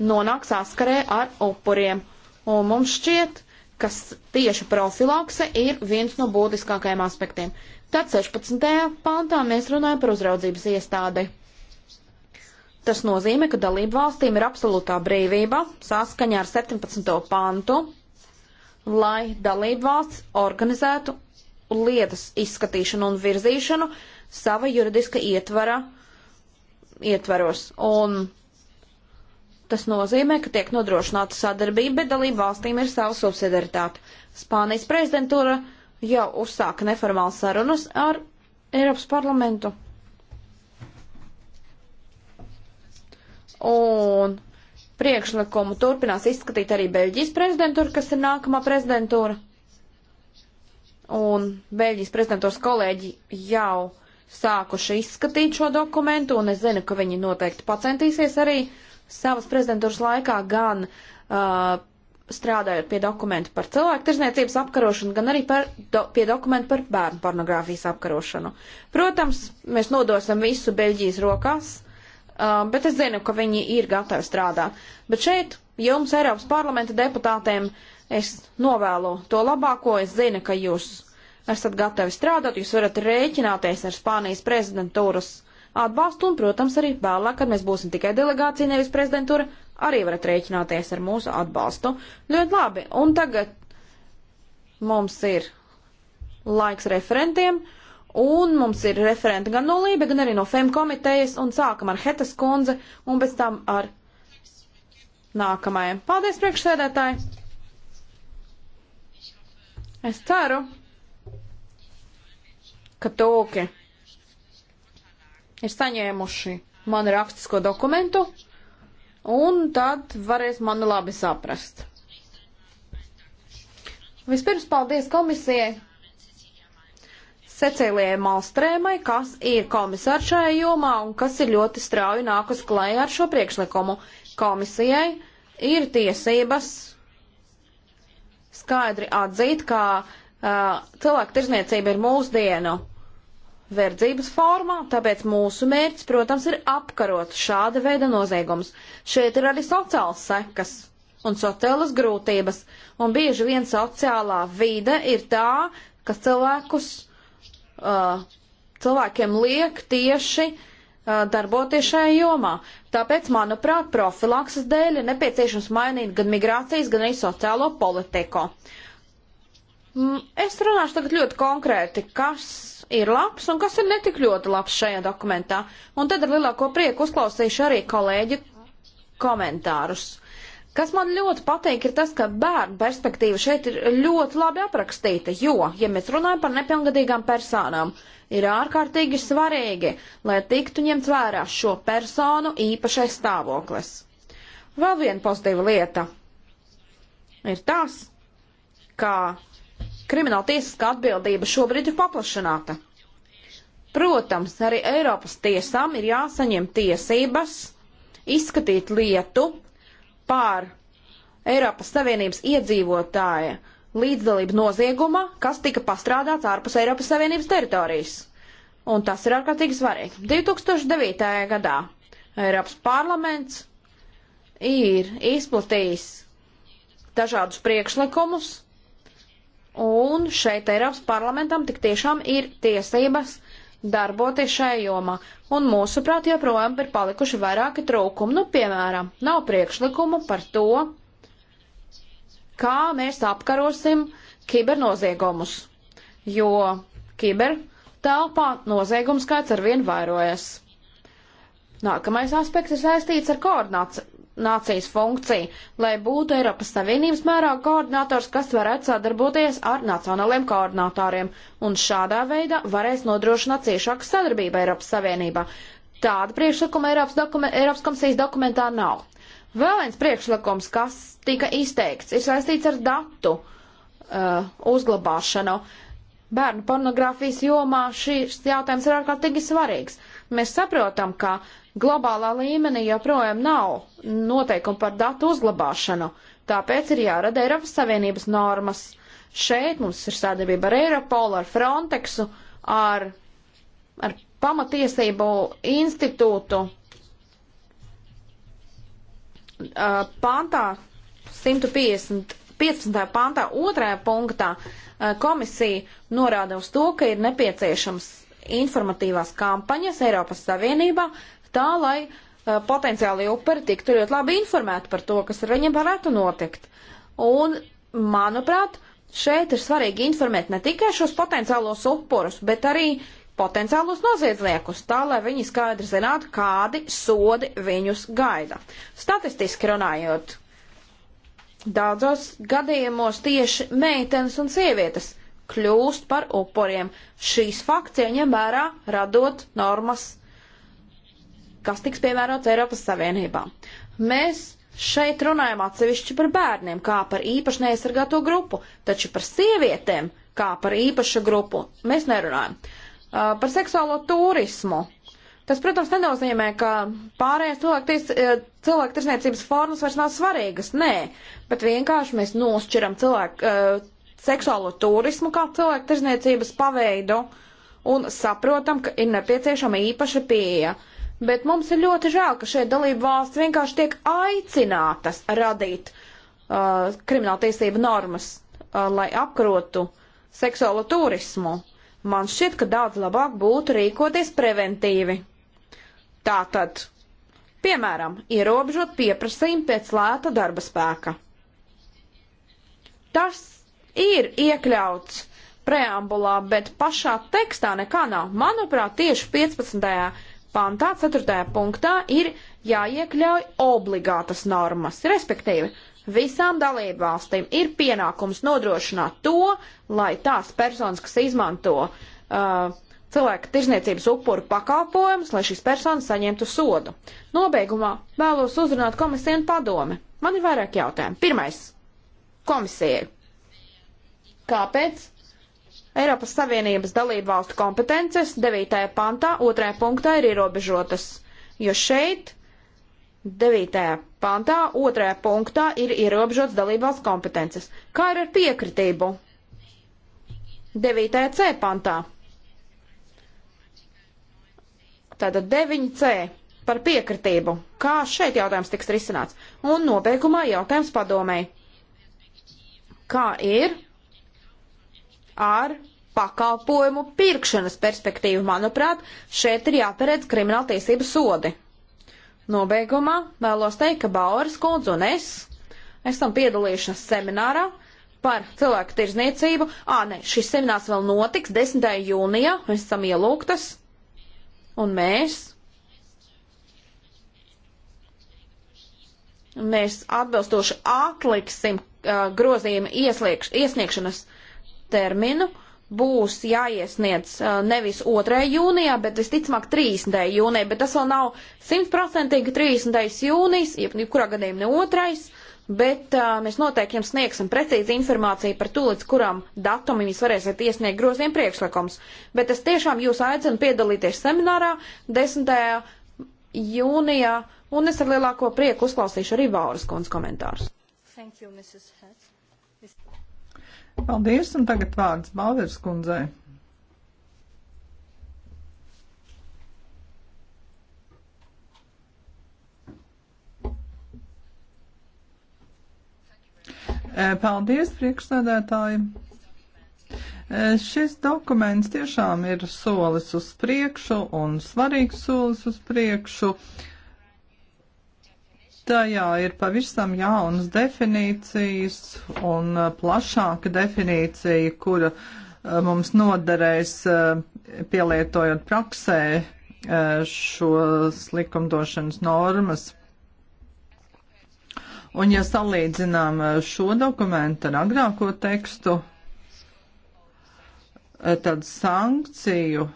nonāk saskarē ar upuriem. Un mums šķiet, ka tieši profilakse ir viens no būtiskākajiem aspektiem. Tad 16. pāntā mēs runājam par uzraudzības iestādi. Tas nozīmē, ka dalību valstīm ir absolūtā brīvība saskaņā ar 17. pantu, lai dalību valsts organizētu lietas izskatīšanu un virzīšanu sava juridiska ietvara ietvaros. Un Tas nozīmē, ka tiek nodrošināta sadarbība, bet dalību valstīm ir sava subsidiaritāte. Spānijas prezidentūra jau uzsāka neformālas sarunas ar Eiropas parlamentu. Un priekšlikumu turpinās izskatīt arī Beļģijas prezidentūra, kas ir nākamā prezidentūra. Un Beļģijas prezidentūras kolēģi jau sākuši izskatīt šo dokumentu, un es zinu, ka viņi noteikti pacentīsies arī uh, savas prezidentūras laikā gan uh, strādājot pie dokumentu par cilvēku tirzniecības apkarošanu, gan arī par, do, pie dokumentu par bērnu pornogrāfijas apkarošanu. Protams, mēs nodosim visu Beļģijas rokās, uh, bet es zinu, ka viņi ir gatavi strādāt. Bet šeit jums, Eiropas parlamenta deputātiem, es novēlu to labāko. Es zinu, ka jūs esat gatavi strādāt, jūs varat rēķināties ar Spānijas prezidentūras uh, atbalstu un, protams, arī vēlāk, kad mēs būsim tikai delegācija, nevis prezidentūra, arī varat rēķināties ar mūsu atbalstu. Ļoti labi, un tagad mums ir laiks referentiem, un mums ir referenti gan no Lībe, gan arī no FEM komitejas, un sākam ar Hetas kundze, un pēc tam ar nākamajiem. Paldies, priekšsēdētāji! Es ceru, ka tūki. Okay ir saņēmuši manu rakstisko dokumentu, un tad varēs mani labi saprast. Vispirms paldies komisijai Cecīlijai Malstrēmai, kas ir komisārs šajā jomā un kas ir ļoti strauji nākus klajā ar šo priekšlikumu. Komisijai ir tiesības skaidri atzīt, ka uh, cilvēku tirzniecība ir mūsdienu verdzības formā, tāpēc mūsu mērķis, protams, ir apkarot šāda veida noziegumus. Šeit ir arī sociāls sekas un sociālas grūtības, un bieži vien sociālā vide ir tā, kas cilvēkus, uh, cilvēkiem liek tieši uh, darboties šajā jomā. Tāpēc, manuprāt, profilakses dēļ ir nepieciešams mainīt gan migrācijas, gan arī sociālo politiku. Mm, es runāšu tagad ļoti konkrēti, kas ir labs un kas ir netik ļoti labs šajā dokumentā. Un tad ar lielāko prieku uzklausīšu arī kolēģi komentārus. Kas man ļoti patīk, ir tas, ka bērnu perspektīva šeit ir ļoti labi aprakstīta, jo, ja mēs runājam par nepilngadīgām personām, ir ārkārtīgi svarīgi, lai tiktu ņemts vērā šo personu īpašais stāvoklis. Vēl viena pozitīva lieta ir tas, ka krimināla tiesiskā atbildība šobrīd ir paplašināta. Protams, arī Eiropas tiesām ir jāsaņem tiesības izskatīt lietu pār Eiropas Savienības iedzīvotāja līdzdalību nozieguma, kas tika pastrādāts ārpus Eiropas Savienības teritorijas. Un tas ir ārkārtīgi svarīgi. 2009. gadā Eiropas parlaments ir izplatījis dažādus priekšlikumus, Un šeit Eiropas parlamentam tik tiešām ir tiesības darboties šajā jomā. Un mūsuprāt, joprojām ir palikuši vairāki trūkumi. Nu, piemēram, nav priekšlikumu par to, kā mēs apkarosim kibernoziegumus. Jo kiber telpā noziegums skaits arvien vairojas. Nākamais aspekts ir saistīts ar koordināciju, koordinācijas funkcija, lai būtu Eiropas Savienības mērā koordinators, kas varētu sadarboties ar nacionāliem koordinatoriem, un šādā veidā varēs nodrošināt ciešāku sadarbību Eiropas Savienībā. Tāda priekšlikuma Eiropas, dokumen, Eiropas komisijas dokumentā nav. Vēl viens priekšlikums, kas tika izteikts, ir saistīts ar datu uh, uzglabāšanu. Bērnu pornogrāfijas jomā šis jautājums ir ārkārtīgi svarīgs. Uh, Mēs saprotam, ka globālā līmenī joprojām nav noteikumu par datu uzglabāšanu, tāpēc ir jārada Eiropas Savienības normas. Šeit mums ir sadarbība ar Eiropolu, ar Frontexu, ar, ar pamatiesību institūtu. Pantā 150 15. pantā, 2. punktā komisija norāda uz to, ka ir nepieciešams informatīvās kampaņas Eiropas Savienībā, tā lai uh, potenciāli upuri tiktu ļoti labi informēti par to, kas ar viņiem varētu notikt. Un, manuprāt, šeit ir svarīgi informēt ne tikai šos potenciālos upurus, bet arī potenciālus noziedzniekus, tā lai viņi skaidri zinātu, kādi sodi viņus gaida. Statistiski runājot, daudzos gadījumos tieši meitenes un sievietes kļūst par upuriem. Šīs fakts ieņem vērā, radot normas, kas tiks piemērots Eiropas Savienībā. Mēs šeit runājam atsevišķi par bērniem, kā par īpaši neaizsargāto grupu, taču par sievietēm, kā par īpašu grupu, mēs nerunājam. Uh, par seksuālo turismu. Tas, protams, nenozīmē, ka pārējās uh, cilvēku tirsniecības formas vairs nav svarīgas. Nē, bet vienkārši mēs nošķiram cilvēku, uh, seksuālo turismu kā cilvēku tirzniecības paveidu un saprotam, ka ir nepieciešama īpaša pieeja. Bet mums ir ļoti žēl, ka šeit dalību valsts vienkārši tiek aicinātas radīt uh, krimināltiesību normas, uh, lai apkarotu seksuālo turismu. Man šķiet, ka daudz labāk būtu rīkoties preventīvi. Tātad, piemēram, ierobežot pieprasījumu pēc lēta darba spēka. Tas ir iekļauts preambulā, bet pašā tekstā nekā nav. Manuprāt, tieši 15. pantā, 4. punktā ir jāiekļauj obligātas normas, respektīvi. Visām dalībvalstīm ir pienākums nodrošināt to, lai tās personas, kas izmanto uh, cilvēka tirzniecības upuru pakalpojumus, lai šīs personas saņemtu sodu. Nobeigumā vēlos uzrunāt komisiju un padomi. Man ir vairāk jautājumu. Pirmais - komisijai. Kāpēc? Eiropas Savienības dalību valstu kompetences 9. pantā 2. punktā ir ierobežotas, jo šeit 9. pantā 2. punktā ir ierobežotas dalību valstu kompetences. Kā ir ar piekritību? 9. c pantā. Tātad 9c par piekritību. Kā šeit jautājums tiks risināts? Un nobeigumā jautājums padomēji. Kā ir ar pakalpojumu pirkšanas perspektīvu. Manuprāt, šeit ir jāparedz krimināla tiesība sodi. Nobeigumā vēlos teikt, ka Bauras kundze un es esam piedalījušies seminārā par cilvēku tirzniecību. Ā, ne, šis seminārs vēl notiks 10. jūnijā, mēs esam ielūgtas. Un mēs mēs atbilstoši atliksim uh, grozījuma iesniegšanas terminu būs jāiesniedz uh, nevis 2. jūnijā, bet visticamāk 30. jūnijā, bet tas vēl nav simtprocentīgi 30. jūnijas, jebkurā gadījumā ne 2. Bet uh, mēs noteikti jums sniegsim precīzi informāciju par to, līdz kuram datumam jūs varēsiet iesniegt grozījumu priekšlikums. Bet es tiešām jūs aicinu piedalīties seminārā 10. jūnijā, un es ar lielāko prieku uzklausīšu arī Vauras kundzes komentārus. Thank you, Mrs. Hetz. Paldies, un tagad vārds Balvers kundzei. Eh, paldies, priekšsēdētāji! Eh, šis dokuments tiešām ir solis uz priekšu un svarīgs solis uz priekšu. Uh, Tajā ir pavisam jaunas definīcijas un uh, plašāka definīcija, kura uh, mums noderēs uh, pielietojot praksē šos likumdošanas normas. Un ja salīdzinām šo dokumentu ar agrāko tekstu, tad sankciju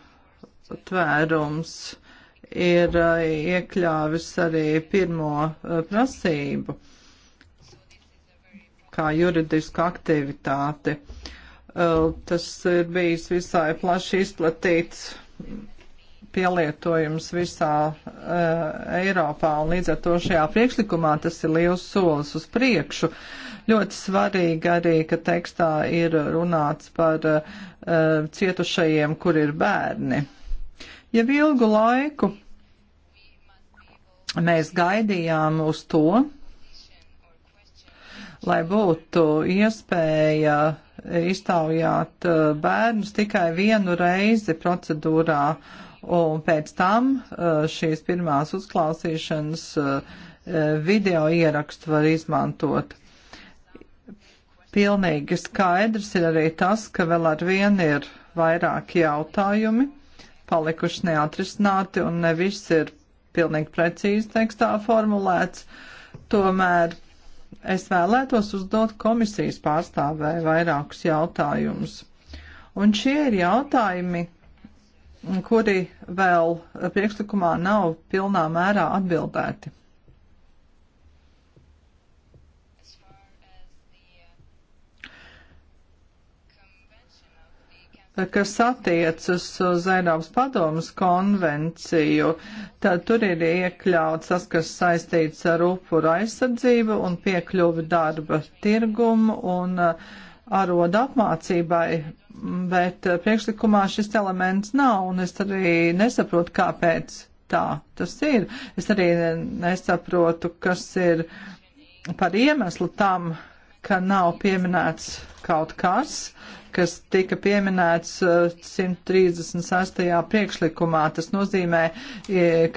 tvērums ir eh, iekļāvis arī pirmo eh, prasību kā juridisku aktivitāti. Eh, tas ir bijis visai plaši izplatīts pielietojums visā uh, Eiropā, un līdz ar to šajā priekšlikumā tas ir liels solis uz priekšu. Ļoti svarīgi arī, ka tekstā ir runāts par uh, cietušajiem, kur ir bērni. Jau ilgu laiku mēs gaidījām uz to, lai būtu iespēja iztaujāt uh, bērnus tikai vienu reizi procedūrā, un pēc tam uh, šīs pirmās uzklausīšanas uh, video ierakstu var izmantot. Pilnīgi skaidrs ir arī tas, ka vēl ar vienu ir vairāki jautājumi palikuši neatrisināti un ne viss ir pilnīgi precīzi tekstā formulēts. Tomēr es vēlētos uzdot komisijas pārstāvē vairākus jautājumus. Un šie ir jautājumi, kuri vēl priekšlikumā nav pilnā mērā atbildēti. kas attiecas uz Eiropas padomas konvenciju, tad tur ir iekļauts tas, kas saistīts ar upuru aizsardzību un piekļuvi darba tirgumu un uh, arodu apmācībai, bet priekšlikumā šis elements nav, un es arī nesaprotu, kāpēc tā tas ir. Es arī nesaprotu, kas ir par iemeslu tam, ka nav pieminēts kaut kas, kas tika pieminēts 136. Uh, priekšlikumā. Tas nozīmē,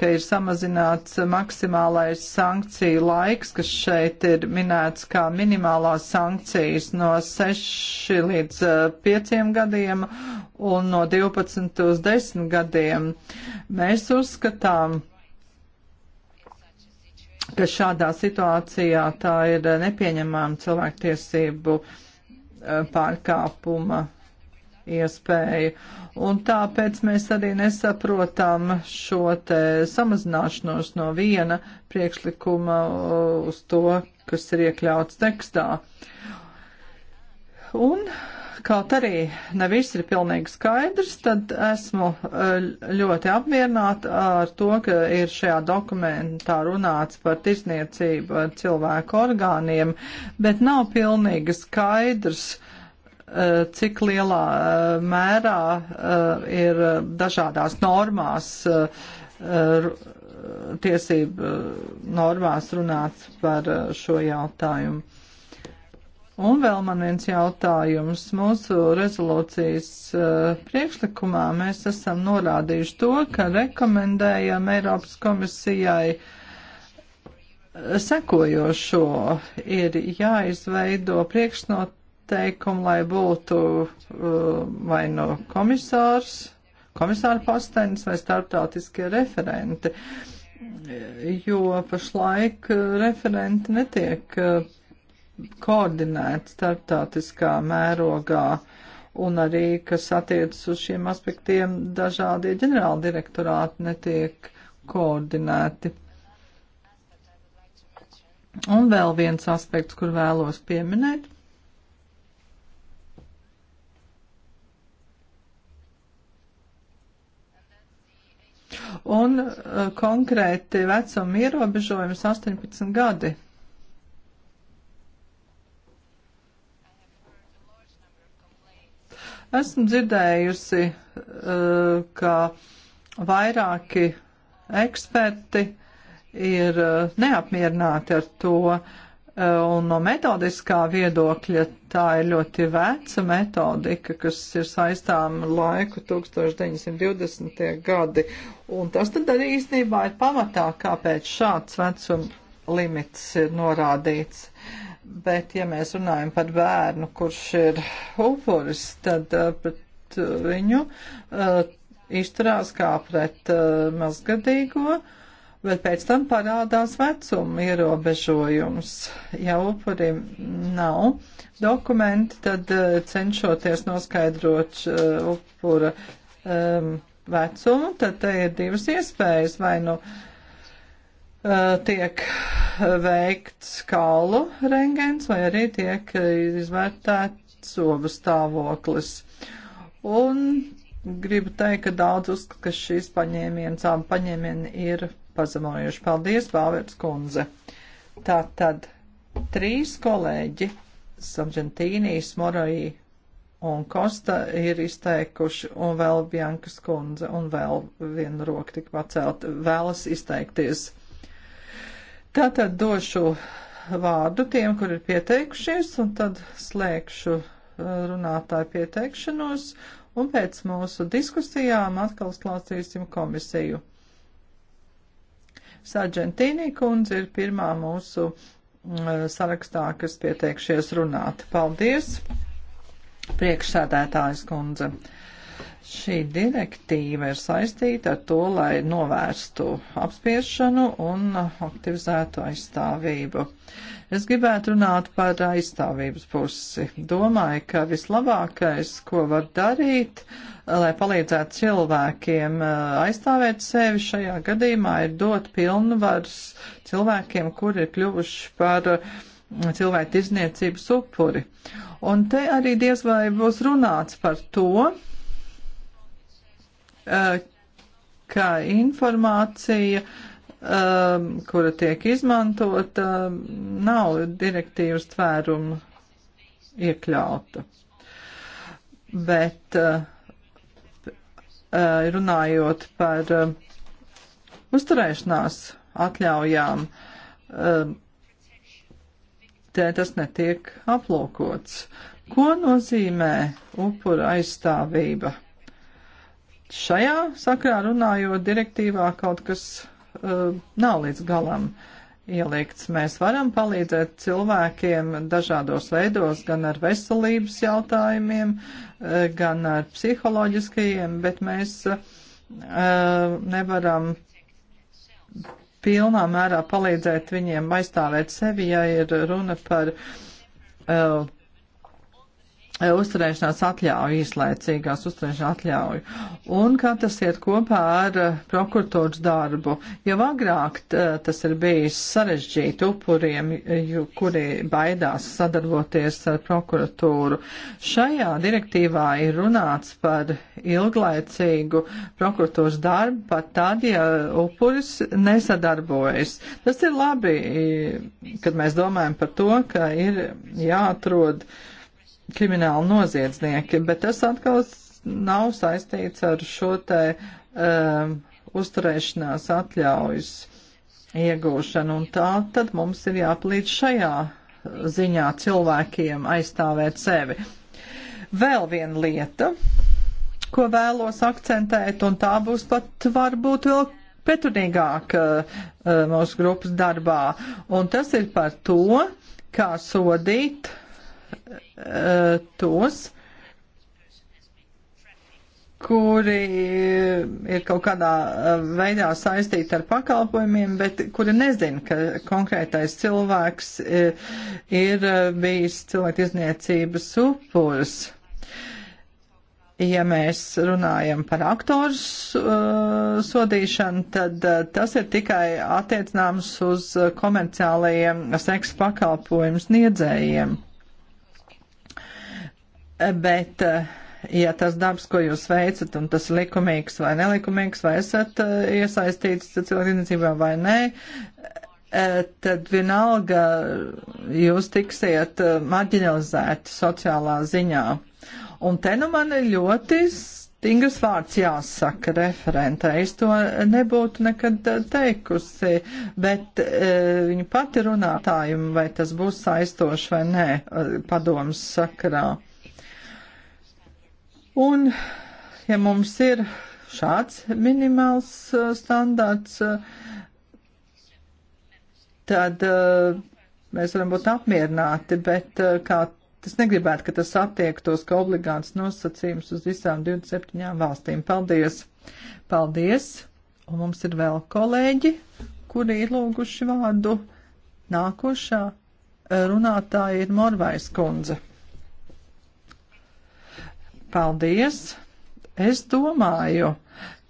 ka ir samazināts maksimālais sankciju laiks, kas šeit ir minēts kā minimālās sankcijas no 6 līdz 5 uh, gadiem un no 12 uz 10 gadiem. Mēs uzskatām, ka šādā situācijā tā ir nepieņemama cilvēktiesību uh, Eh, pārkāpuma iespēju. Un tāpēc mēs arī nesaprotam šo te samazināšanos no viena priekšlikuma eh, uz to, kas ir iekļauts tekstā. Un Kaut arī ne viss ir pilnīgi skaidrs, tad esmu eh, ļoti apmierināta ar to, ka ir šajā dokumentā runāts par tirzniecību ar cilvēku orgāniem, bet nav pilnīgi skaidrs, eh, cik lielā eh, mērā ir dažādās normās tiesību normās runāts par šo jautājumu. Un vēl man viens jautājums. Mūsu rezolūcijas uh, priekšlikumā mēs esam norādījuši to, ka rekomendējam Eiropas komisijai eh, sekojošo. Ir jāizveido priekšnoteikumu, lai būtu uh, vai no nu komisārs, komisāra postenis vai starptautiskie referenti, jo pašlaik referenti netiek koordinēt starptautiskā mērogā un arī, kas attiecas uz šiem aspektiem, dažādie ģenerāli direktorāti netiek koordinēti. Un vēl viens aspekts, kur vēlos pieminēt. Un uh, konkrēti vecuma ierobežojums 18 gadi. Esmu dzirdējusi, eh, ka vairāki eksperti ir eh, neapmierināti ar to, eh, un no metodiskā viedokļa tā ir ļoti veca metodika, kas ir saistām laiku 1920. gadi, un tas tad arī īstenībā ir pamatā, kāpēc šāds vecuma limits ir norādīts. Bet, ja mēs runājam par bērnu, kurš ir upuris, tad eh, pret eh, viņu uh, izturās kā pret uh, mazgadīgo, bet pēc tam parādās vecuma ierobežojums. Ja upurim nav dokumenti, tad uh, cenšoties noskaidrot upura um, vecumu, tad te ir divas iespējas vai nu. No Eh, tiek veikts kaulu rengens vai arī tiek izvērtēts sobu stāvoklis. Un gribu teikt, ka daudz uzskata, ka šīs paņēmienas, abi paņēmieni ir pazemojuši. Paldies, Bāvērts kundze. Tā tad trīs kolēģi, Sargentīnī, Smoroji un Kosta ir izteikuši, un vēl Bjankas kundze, un vēl viena roka tik pacelt, vēlas izteikties. Tātad došu vārdu tiem, kur ir pieteikušies, un tad slēgšu uh, runātāju pieteikšanos, un pēc mūsu diskusijām atkal slācīsim komisiju. Sargentīnī kundze ir pirmā mūsu uh, sarakstā, kas pieteikšies runāt. Paldies, priekšsēdētājs kundze. Uh, Šī direktīva ir saistīta ar to, lai novērstu apspiešanu un aktivizētu aizstāvību. Es gribētu runāt par aizstāvības pusi. Domāju, ka vislabākais, ko var darīt, lai palīdzētu cilvēkiem uh, aizstāvēt sevi šajā gadījumā, ir dot pilnvars cilvēkiem, kuri ir kļuvuši par uh, cilvēku izniecības upuri. Un te arī diez vai būs runāts par to, Eh, ka informācija, eh, kura tiek izmantota, nav direktīvas tvērumu iekļauta. Bet eh, runājot par uzturēšanās atļaujām, te tas netiek aplūkots. Ko nozīmē upura aizstāvība? šajā sakrā runājot direktīvā kaut kas uh, nav līdz galam ielikts. Mēs varam palīdzēt cilvēkiem dažādos veidos, gan ar veselības jautājumiem, uh, gan ar psiholoģiskajiem, bet mēs uh, nevaram pilnā mērā palīdzēt viņiem aizstāvēt sevi, ja ir runa par uh, uzturēšanās atļauju, īslaicīgās uzturēšanās atļauju, un kā tas iet kopā ar uh, prokuratūras darbu. Jau agrāk uh, tas ir bijis sarežģīti upuriem, ju, kuri baidās sadarboties ar prokuratūru. Šajā direktīvā ir runāts par ilglaicīgu prokuratūras darbu, pat tad, ja upuris nesadarbojas. Tas ir labi, kad mēs domājam par to, ka ir jāatrod uh, krimināli noziedznieki, bet tas atkal nav saistīts ar šo te um, uzturēšanās atļaujas iegūšanu, un tā tad mums ir jāpalīdz šajā ziņā cilvēkiem aizstāvēt sevi. Vēl viena lieta, ko vēlos akcentēt, un tā būs pat varbūt vēl pretrunīgāk uh, uh mūsu grupas darbā, un tas ir par to, kā sodīt tos, kuri ir kaut kādā veidā saistīti ar pakalpojumiem, bet kuri nezina, ka konkrētais cilvēks ir, e, ir bijis cilvēktiesniecības upurs. Ja mēs runājam par aktoru uh, sodīšanu, tad uh, tas ir tikai attiecināms uz komerciālajiem seksa pakalpojumu sniedzējiem. Mm bet eh, ja tas darbs, ko jūs veicat, un tas likumīgs vai nelikumīgs, vai esat eh, iesaistīts cilvēktiesībā vai nē, eh, tad vienalga jūs tiksiet marginalizēti sociālā ziņā. Un te nu man ir ļoti stingrs vārds jāsaka referentē. Es to nebūtu nekad teikusi, bet e, viņa pati runātājiem, vai tas būs saistoši vai nē, padomas sakarā. Un, ja mums ir šāds minimāls uh, standārts, uh, tad uh, mēs varam būt apmierināti, bet uh, kā tas negribētu, ka tas attiektos, ka obligāts nosacījums uz visām 27 valstīm. Paldies! Paldies! Un mums ir vēl kolēģi, kuri ir lūguši vārdu. Nākošā runātāja ir Morvais kundze. Paldies! Es domāju,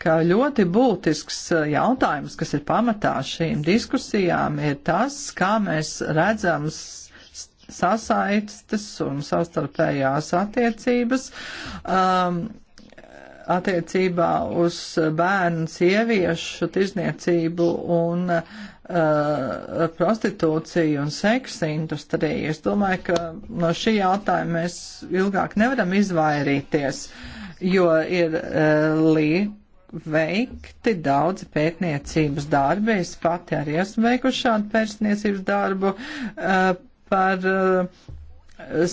ka ļoti būtisks eh, jautājums, kas ir pamatā šīm diskusijām, ir tas, kā mēs redzam sasaistes un savstarpējās attiecības. Um, attiecībā uz bērnu sieviešu tirzniecību un uh, Uh, prostitūciju un seksu industriju. Es domāju, ka no šī jautājuma mēs ilgāk nevaram izvairīties, jo ir uh, lī veikti daudzi pētniecības darbi. Es pati arī esmu veikuši šādu pētniecības darbu uh, par uh,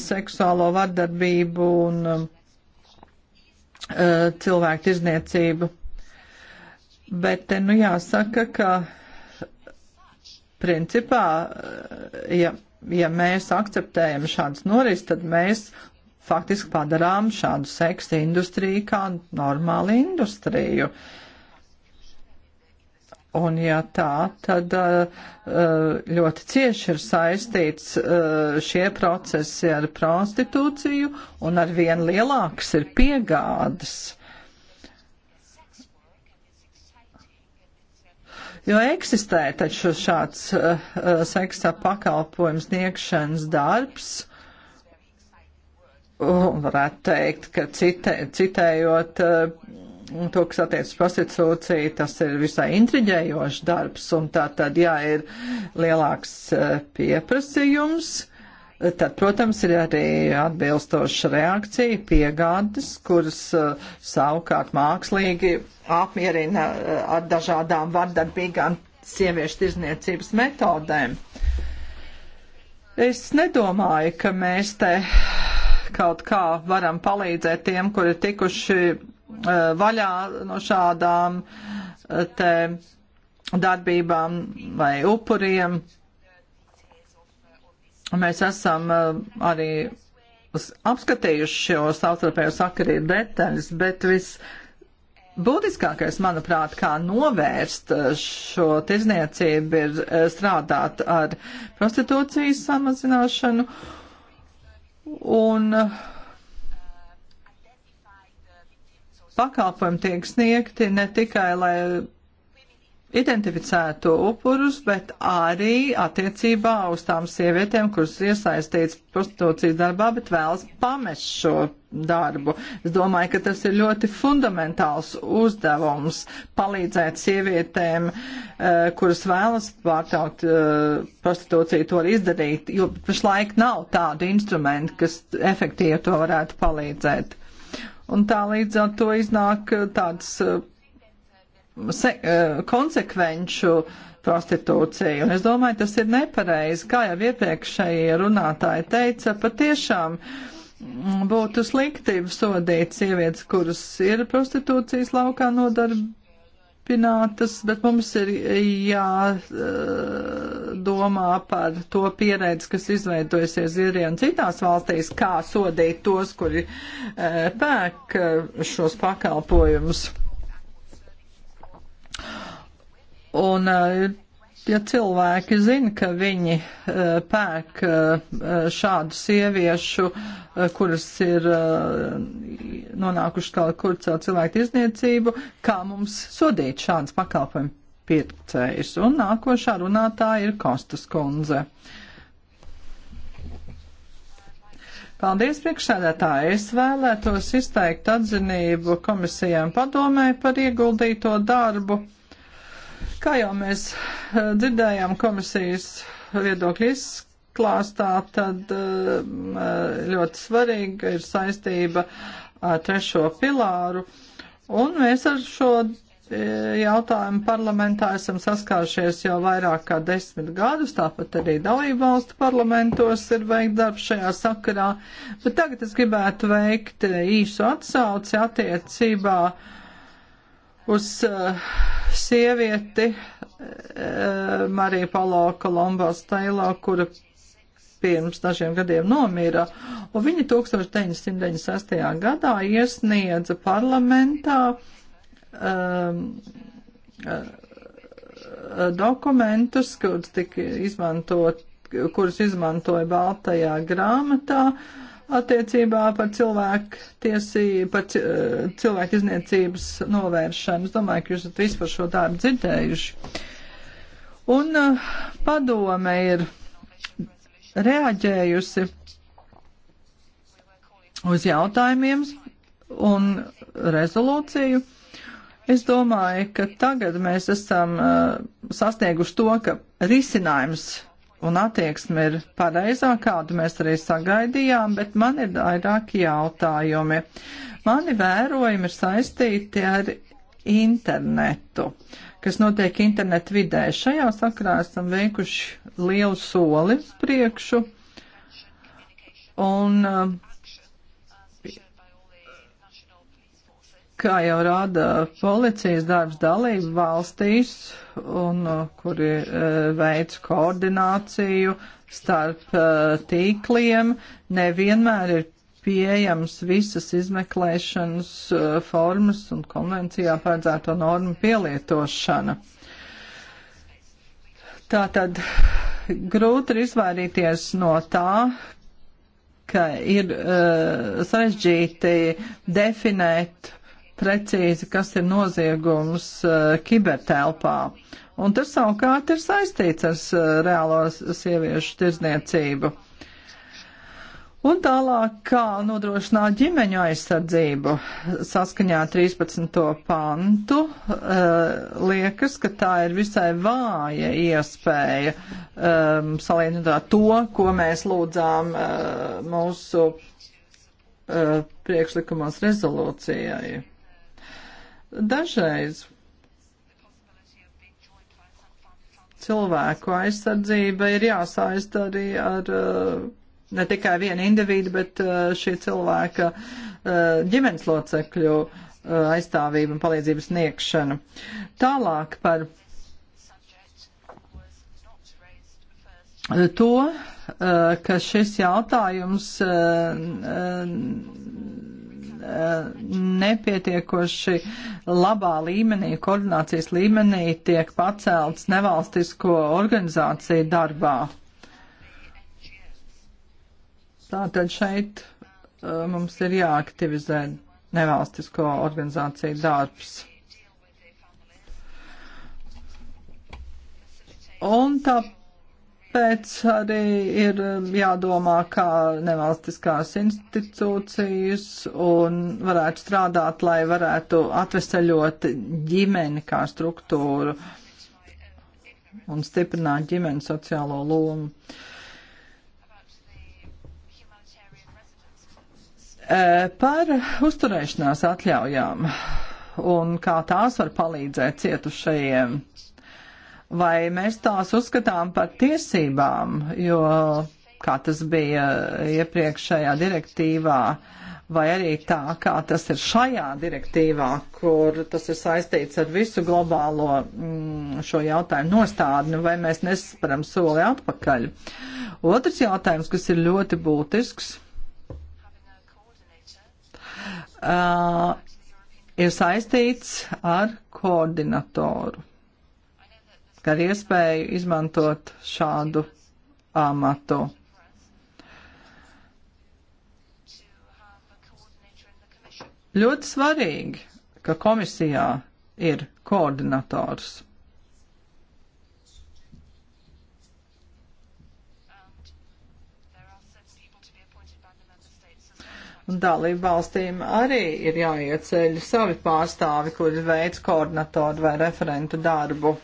seksuālo vardarbību un um, uh, cilvēku izniecību. Bet te uh, nu jāsaka, ka uh, Principā, eh, ja, ja mēs akceptējam šādas noris, tad mēs faktiski padarām šādu seksu industriju kā normālu industriju. Un ja tā, tad eh, eh, ļoti cieši ir saistīts šie procesi ar prostitūciju un ar vien lielāks ir piegādas. Jo eksistē taču šāds uh, seksa pakalpojums sniegšanas darbs. Un varētu teikt, ka citē, citējot uh, to, kas attiecas prostitūciju, tas ir visai intriģējošs darbs, un tā tad, jā, ir lielāks pieprasījums, Tad, protams, ir arī atbilstoša reakcija piegādes, kuras eh, savukārt mākslīgi apmierina eh, ar dažādām vardarbīgām sieviešu tirzniecības metodēm. Es nedomāju, ka mēs te kaut kā varam palīdzēt tiem, kuri ir tikuši eh, vaļā no šādām te darbībām vai upuriem. Mēs esam eh, arī apskatījuši šo savstarpējo sakarību detaļas, bet viss Būtiskākais, manuprāt, kā novērst eh, šo tirzniecību, ir eh, strādāt ar prostitūcijas samazināšanu un pakalpojumi tiek sniegti ne tikai, lai identificētu upurus, bet arī attiecībā uz tām sievietēm, kuras iesaistīts prostitūcijas darbā, bet vēlas pamest šo darbu. Es domāju, ka tas ir ļoti fundamentāls uzdevums palīdzēt sievietēm, eh, kuras vēlas pārtraukt eh, prostitūciju, to arī izdarīt, jo pašlaik nav tādu instrumentu, kas efektīvi to varētu palīdzēt. Un tā līdz ar to iznāk eh, tāds se, eh, konsekvenču prostitūciju. Un es domāju, tas ir nepareizi. Kā jau iepriekšēji runātāji teica, patiešām mm, būtu slikti sodīt sievietes, kuras ir prostitūcijas laukā nodarbinātas, bet mums ir jādomā eh, par to pieredzi, kas izveidojusies Irijā un citās valstīs, kā sodīt tos, kuri eh, pērk šos pakalpojumus. Un, eh, ja cilvēki zina, ka viņi eh, pērk eh, šādu sieviešu, kuras ir nonākušas kaut kur caur cilvēku izniecību, kā mums sodīt šādas pakalpojumu pircējus? Un nākošā runātāja ir Kostas kundze. Paldies, priekšsēdētāji! Es vēlētos izteikt atzinību komisijām padomē par ieguldīto darbu Kā jau mēs eh, dzirdējām komisijas viedokļu izklāstā, tad eh, ļoti svarīga ir saistība ar trešo pilāru. Un mēs ar šo eh, jautājumu parlamentā esam saskāršies jau vairāk kā desmit gadus, tāpat arī dalību valstu parlamentos ir veikt darbs šajā sakarā. Bet tagad es gribētu veikt īsu atsauci attiecībā uz eh, sievieti eh, Mariju Palo Kolombos Tailo, kura pirms dažiem gadiem nomira, un viņa 1996. gadā iesniedza parlamentā um, dokumentus, kurus tika izmantot, kurus izmantoja Baltajā grāmatā, uh, attiecībā par cilvēku tiesību, par cilvēku izniecības novēršanu. Es domāju, ka jūs esat visu par šo darbu dzirdējuši. Un uh, padome ir reaģējusi uz jautājumiem un rezolūciju. Es domāju, ka tagad mēs esam uh, sasnieguši to, ka risinājums un attieksme ir pareizā, kādu mēs arī sagaidījām, bet man ir vairāki jautājumi. Mani vērojumi ir saistīti ar internetu, kas notiek internetu vidē. Šajā sakrā esam veikuši lielu soli uz priekšu, un uh, kā jau rāda policijas darbs dalību valstīs, un uh, kuri uh, veids koordināciju starp uh, tīkliem, nevienmēr ir pieejams visas izmeklēšanas formas un konvencijā paredzēto normu pielietošana. Tātad grūti ir izvairīties no tā, ka ir uh, sarežģīti definēt uh, precīzi, kas ir noziegums uh, kibertelpā. Un tas savukārt ir saistīts ar uh, reālo sieviešu tirzniecību. Un tālāk, kā nodrošināt ģimeņu aizsardzību saskaņā 13. pantu, e, liekas, ka tā ir visai vāja iespēja e, salīdzinot ar to, ko mēs lūdzām e, mūsu priekšlikumos rezolūcijai. Dažreiz cilvēku aizsardzība ir jāsaista arī ar eh, ne tikai vienu individu, bet eh, šī cilvēka eh, ģimenes locekļu aizstāvību un palīdzības sniegšanu. Tālāk par to, ka šis jautājums nepietiekoši labā līmenī, koordinācijas līmenī tiek pacelts nevalstisko organizāciju darbā. Tātad šeit uh, mums ir jāaktivizē nevalstisko organizāciju darbs. Un tā Tāpēc arī ir um, jādomā, kā nevalstiskās institūcijas un varētu strādāt, lai varētu atveseļot ģimeni kā struktūru un stiprināt ģimenes sociālo lomu. E, par uzturēšanās atļaujām un kā tās var palīdzēt cietušajiem vai mēs tās uzskatām par tiesībām, jo kā tas bija iepriekšējā direktīvā, vai arī tā, kā tas ir šajā direktīvā, kur tas ir saistīts ar visu globālo mm, šo jautājumu nostādni, vai mēs nesparam soli atpakaļ. Otrs jautājums, kas ir ļoti būtisks, uh, ir saistīts ar koordinatoru skar iespēju izmantot šādu amatu. Ļoti svarīgi, ka komisijā ir koordinators. dalību valstīm arī ir jāieceļ savi pārstāvi, kuri veids koordinatoru vai referentu darbu.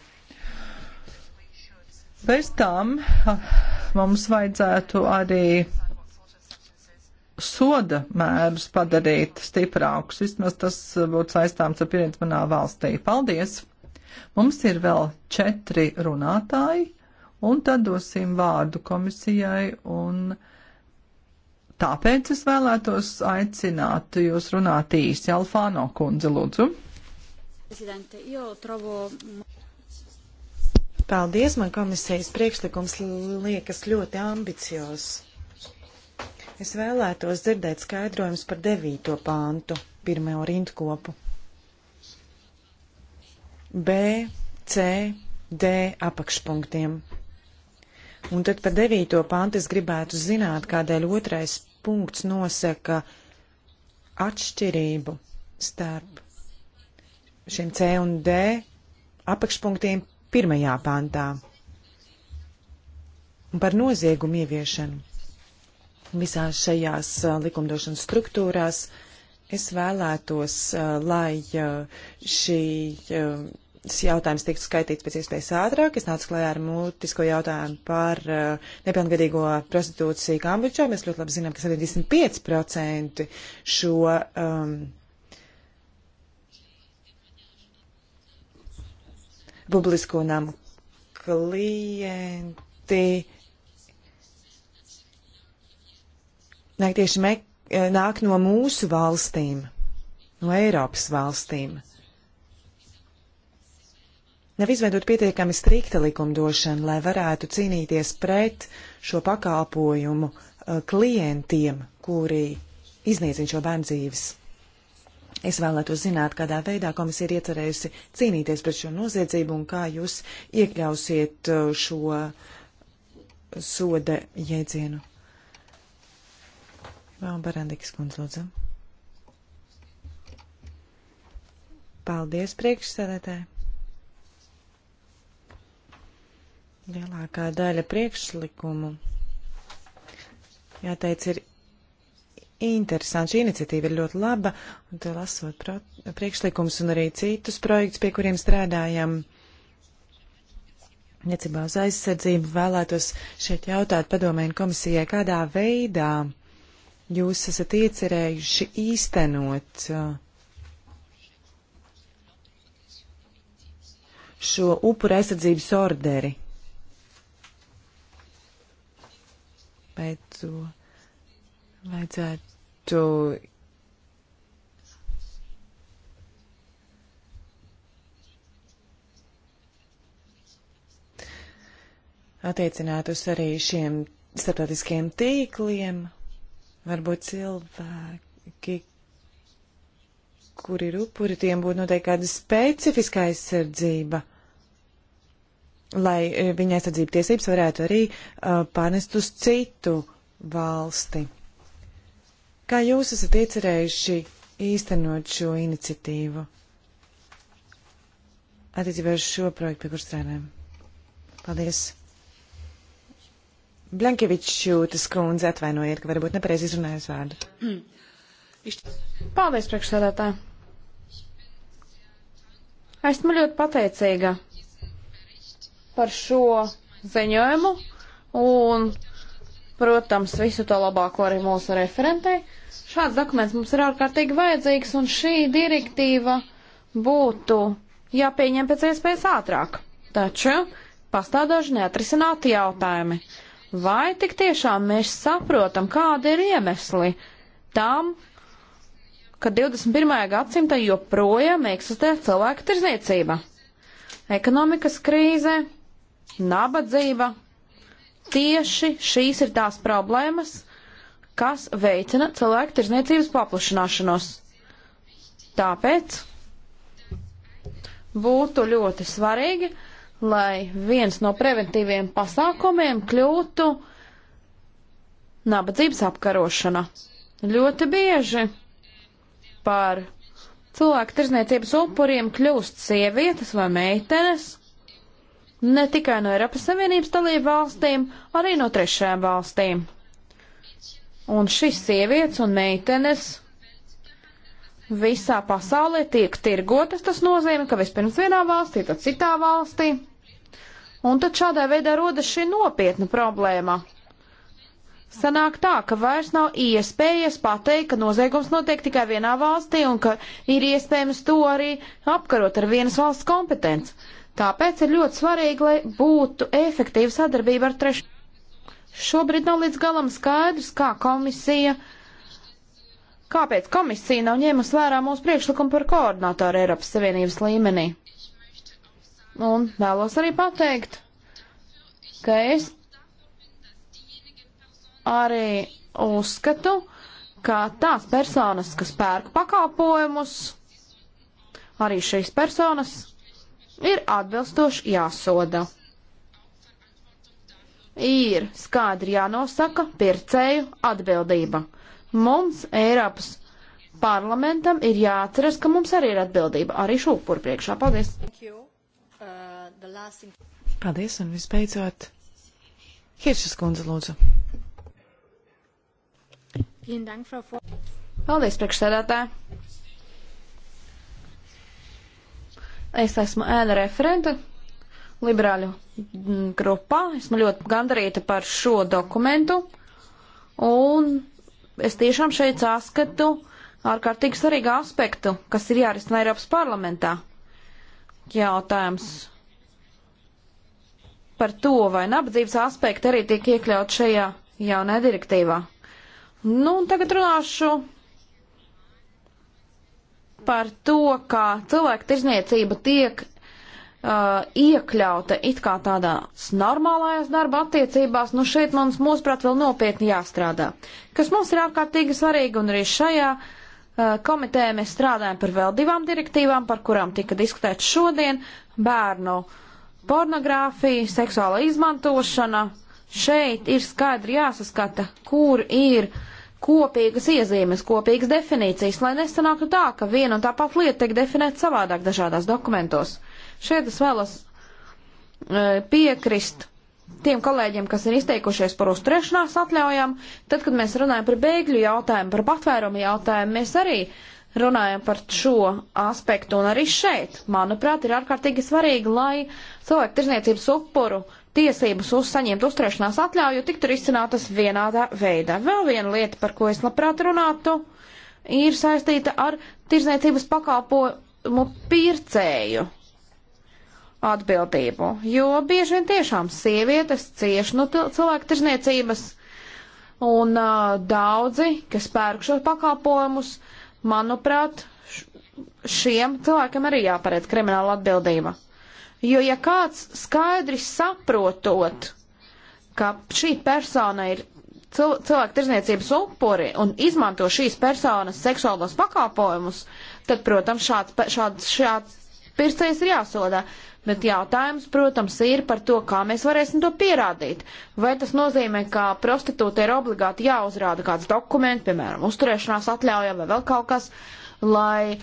Bez tam ah, mums vajadzētu arī soda mērus padarīt stiprākus. Vismaz tas būtu saistāms ar pieredzi manā valstī. Paldies! Mums ir vēl četri runātāji, un tad dosim vārdu komisijai, un tāpēc es vēlētos aicināt jūs runāt īsi. Alfāno kundze, lūdzu. Paldies, man komisijas priekšlikums liekas ļoti ambiciozs. Es vēlētos dzirdēt skaidrojums par devīto pāntu, pirmo rindkopu. B, C, D apakšpunktiem. Un tad par devīto pāntu es gribētu zināt, kādēļ otrais punkts nosaka atšķirību starp šiem C un D apakšpunktiem pirmajā pantā un par noziegumu ieviešanu. Visās šajās uh, likumdošanas struktūrās es vēlētos, uh, lai uh, šī šis jautājums tiktu skaitīts pēc iespējas ātrāk. Es nācu klajā ar mutisko jautājumu par uh, nepilngadīgo prostitūciju Kambodžā. Mēs ļoti labi zinām, ka 75% šo um, publisko namu klienti nāk tieši me, nāk no mūsu valstīm, no Eiropas valstīm. Nav izveidot pietiekami strikta likumdošana, lai varētu cīnīties pret šo pakalpojumu eh, klientiem, kuri iznīcina šo bērnu dzīves. Es vēlētos zināt, kādā veidā komisija ir iecerējusi cīnīties pret šo noziedzību un kā jūs iekļausiet uh, šo soda jēdzienu. Vēl Barandikas kundze, lūdzu. Paldies, priekšsēdētāji. Lielākā daļa priekšlikumu, jāteic, ir interesanti. Šī iniciatīva ir ļoti laba, un te lasot priekšlikums un arī citus projektus, pie kuriem strādājam. Niecībā uz aizsardzību vēlētos šeit jautāt padomēnu komisijai, kādā veidā jūs esat iecerējuši īstenot uh, šo upura aizsardzības orderi. Bet, uh, Vajadzētu attiecināt uz arī šiem starptautiskiem tīkliem. Varbūt cilvēki, kur ir upuri, tiem būtu noteikti kāda specifiska aizsardzība, lai eh, viņa aizsardzība tiesības varētu arī uh, pārnest uz citu valsti. Kā jūs esat iecerējuši īstenot šo iniciatīvu? Attiecībā uz šo projektu, pie kur strādājam. Paldies. Blankevičs jūtas kundze atvainojiet, ka varbūt nepareizi izrunājas vārdu. Paldies, priekšsēdētā. Esmu ļoti pateicīga par šo ziņojumu un protams, visu to labāko arī mūsu referentei. Šāds dokuments mums ir ārkārtīgi vajadzīgs, un šī direktīva būtu jāpieņem pēc iespējas ātrāk. Taču pastāv daži neatrisināti jautājumi. Vai tik tiešām mēs saprotam, kādi ir iemesli tam, ka 21. gadsimta joprojām eksistē cilvēka tirzniecība? Ekonomikas krīze, nabadzība, tieši šīs ir tās problēmas, kas veicina cilvēku tirzniecības paplašināšanos. Tāpēc būtu ļoti svarīgi, lai viens no preventīviem pasākumiem kļūtu nabadzības apkarošana. Ļoti bieži par cilvēku tirzniecības upuriem kļūst sievietes vai meitenes, ne tikai no Eiropas Savienības dalību valstīm, arī no trešajām valstīm. Un šīs sievietes un meitenes visā pasaulē tiek tirgotas, tas nozīmē, ka vispirms vienā valstī, tad citā valstī. Un tad šādā veidā rodas šī nopietna problēma. Sanāk tā, ka vairs nav iespējas pateikt, ka noziegums notiek tikai vienā valstī un ka ir iespējams to arī apkarot ar vienas valsts kompetenci. Tāpēc ir ļoti svarīgi, lai būtu efektīva sadarbība ar trešajiem. Šobrīd nav līdz galam skaidrs, kā komisija, kāpēc komisija nav ņēmusi vērā mūsu priekšlikumu par koordinātoru Eiropas Savienības līmenī. Un vēlos arī pateikt, ka es arī uzskatu, ka tās personas, kas pērk pakalpojumus, arī šīs personas ir atbilstoši jāsoda. Ir skaidri jānosaka pircēju atbildība. Mums, Eiropas parlamentam, ir jāatceras, ka mums arī ir atbildība arī šūpur priekšā. Paldies! Uh, Paldies, un visbeidzot, Hiršas kundze lūdzu. Paldies, priekšsēdētāji! Es esmu ēna referente liberāļu mm, grupā. Esmu ļoti gandarīta par šo dokumentu. Un es tiešām šeit saskatu ārkārtīgi svarīgu aspektu, kas ir jārisina Eiropas parlamentā. Jautājums par to, vai nabadzības aspekti arī tiek iekļaut šajā jaunajā direktīvā. Nu, tagad runāšu par to, ka cilvēku tirzniecība tiek uh, iekļauta it kā tādās normālajās darba attiecībās, nu šeit mums, mūsuprāt, vēl nopietni jāstrādā. Kas mums ir ārkārtīgi svarīgi, un arī šajā uh, komitē mēs strādājam par vēl divām direktīvām, par kurām tika diskutēts šodien - bērnu pornogrāfija, seksuāla izmantošana. Šeit ir skaidri jāsaskata, kur ir uh, kopīgas iezīmes, kopīgas definīcijas, lai nesanāktu tā, ka viena un tā pati lieta tiek definēta savādāk dažādās dokumentos. Šeit es vēlos e, piekrist tiem kolēģiem, kas ir izteikušies par uzturēšanās atļaujām. Tad, kad mēs runājam par bēgļu jautājumu, par patvērumu jautājumu, mēs arī runājam par šo aspektu. Un arī šeit, manuprāt, ir ārkārtīgi svarīgi, lai cilvēku tirzniecības upuru uh, tiesības uz saņemt uzturēšanās atļauju tiktu risinātas vienādā veidā. Vēl viena lieta, par ko es labprāt runātu, ir saistīta ar tirzniecības pakalpojumu pircēju atbildību, jo bieži vien tiešām sievietes cieš no cilvēku tirzniecības, un uh, daudzi, kas pērk šos pakalpojumus, manuprāt, šiem cilvēkiem arī jāparedz krimināla atbildība. Jo ja kāds skaidri saprotot, ka šī persona ir cil cilvēku tirzniecības upuri un izmanto šīs personas seksuālos pakāpojumus, tad, protams, šāds, šāds, šāds pircējs ir jāsodā. Bet jautājums, protams, ir par to, kā mēs varēsim to pierādīt. Vai tas nozīmē, ka prostitūte ir obligāti jāuzrāda kāds dokuments, piemēram, uzturēšanās atļauja vai vēl kaut kas, lai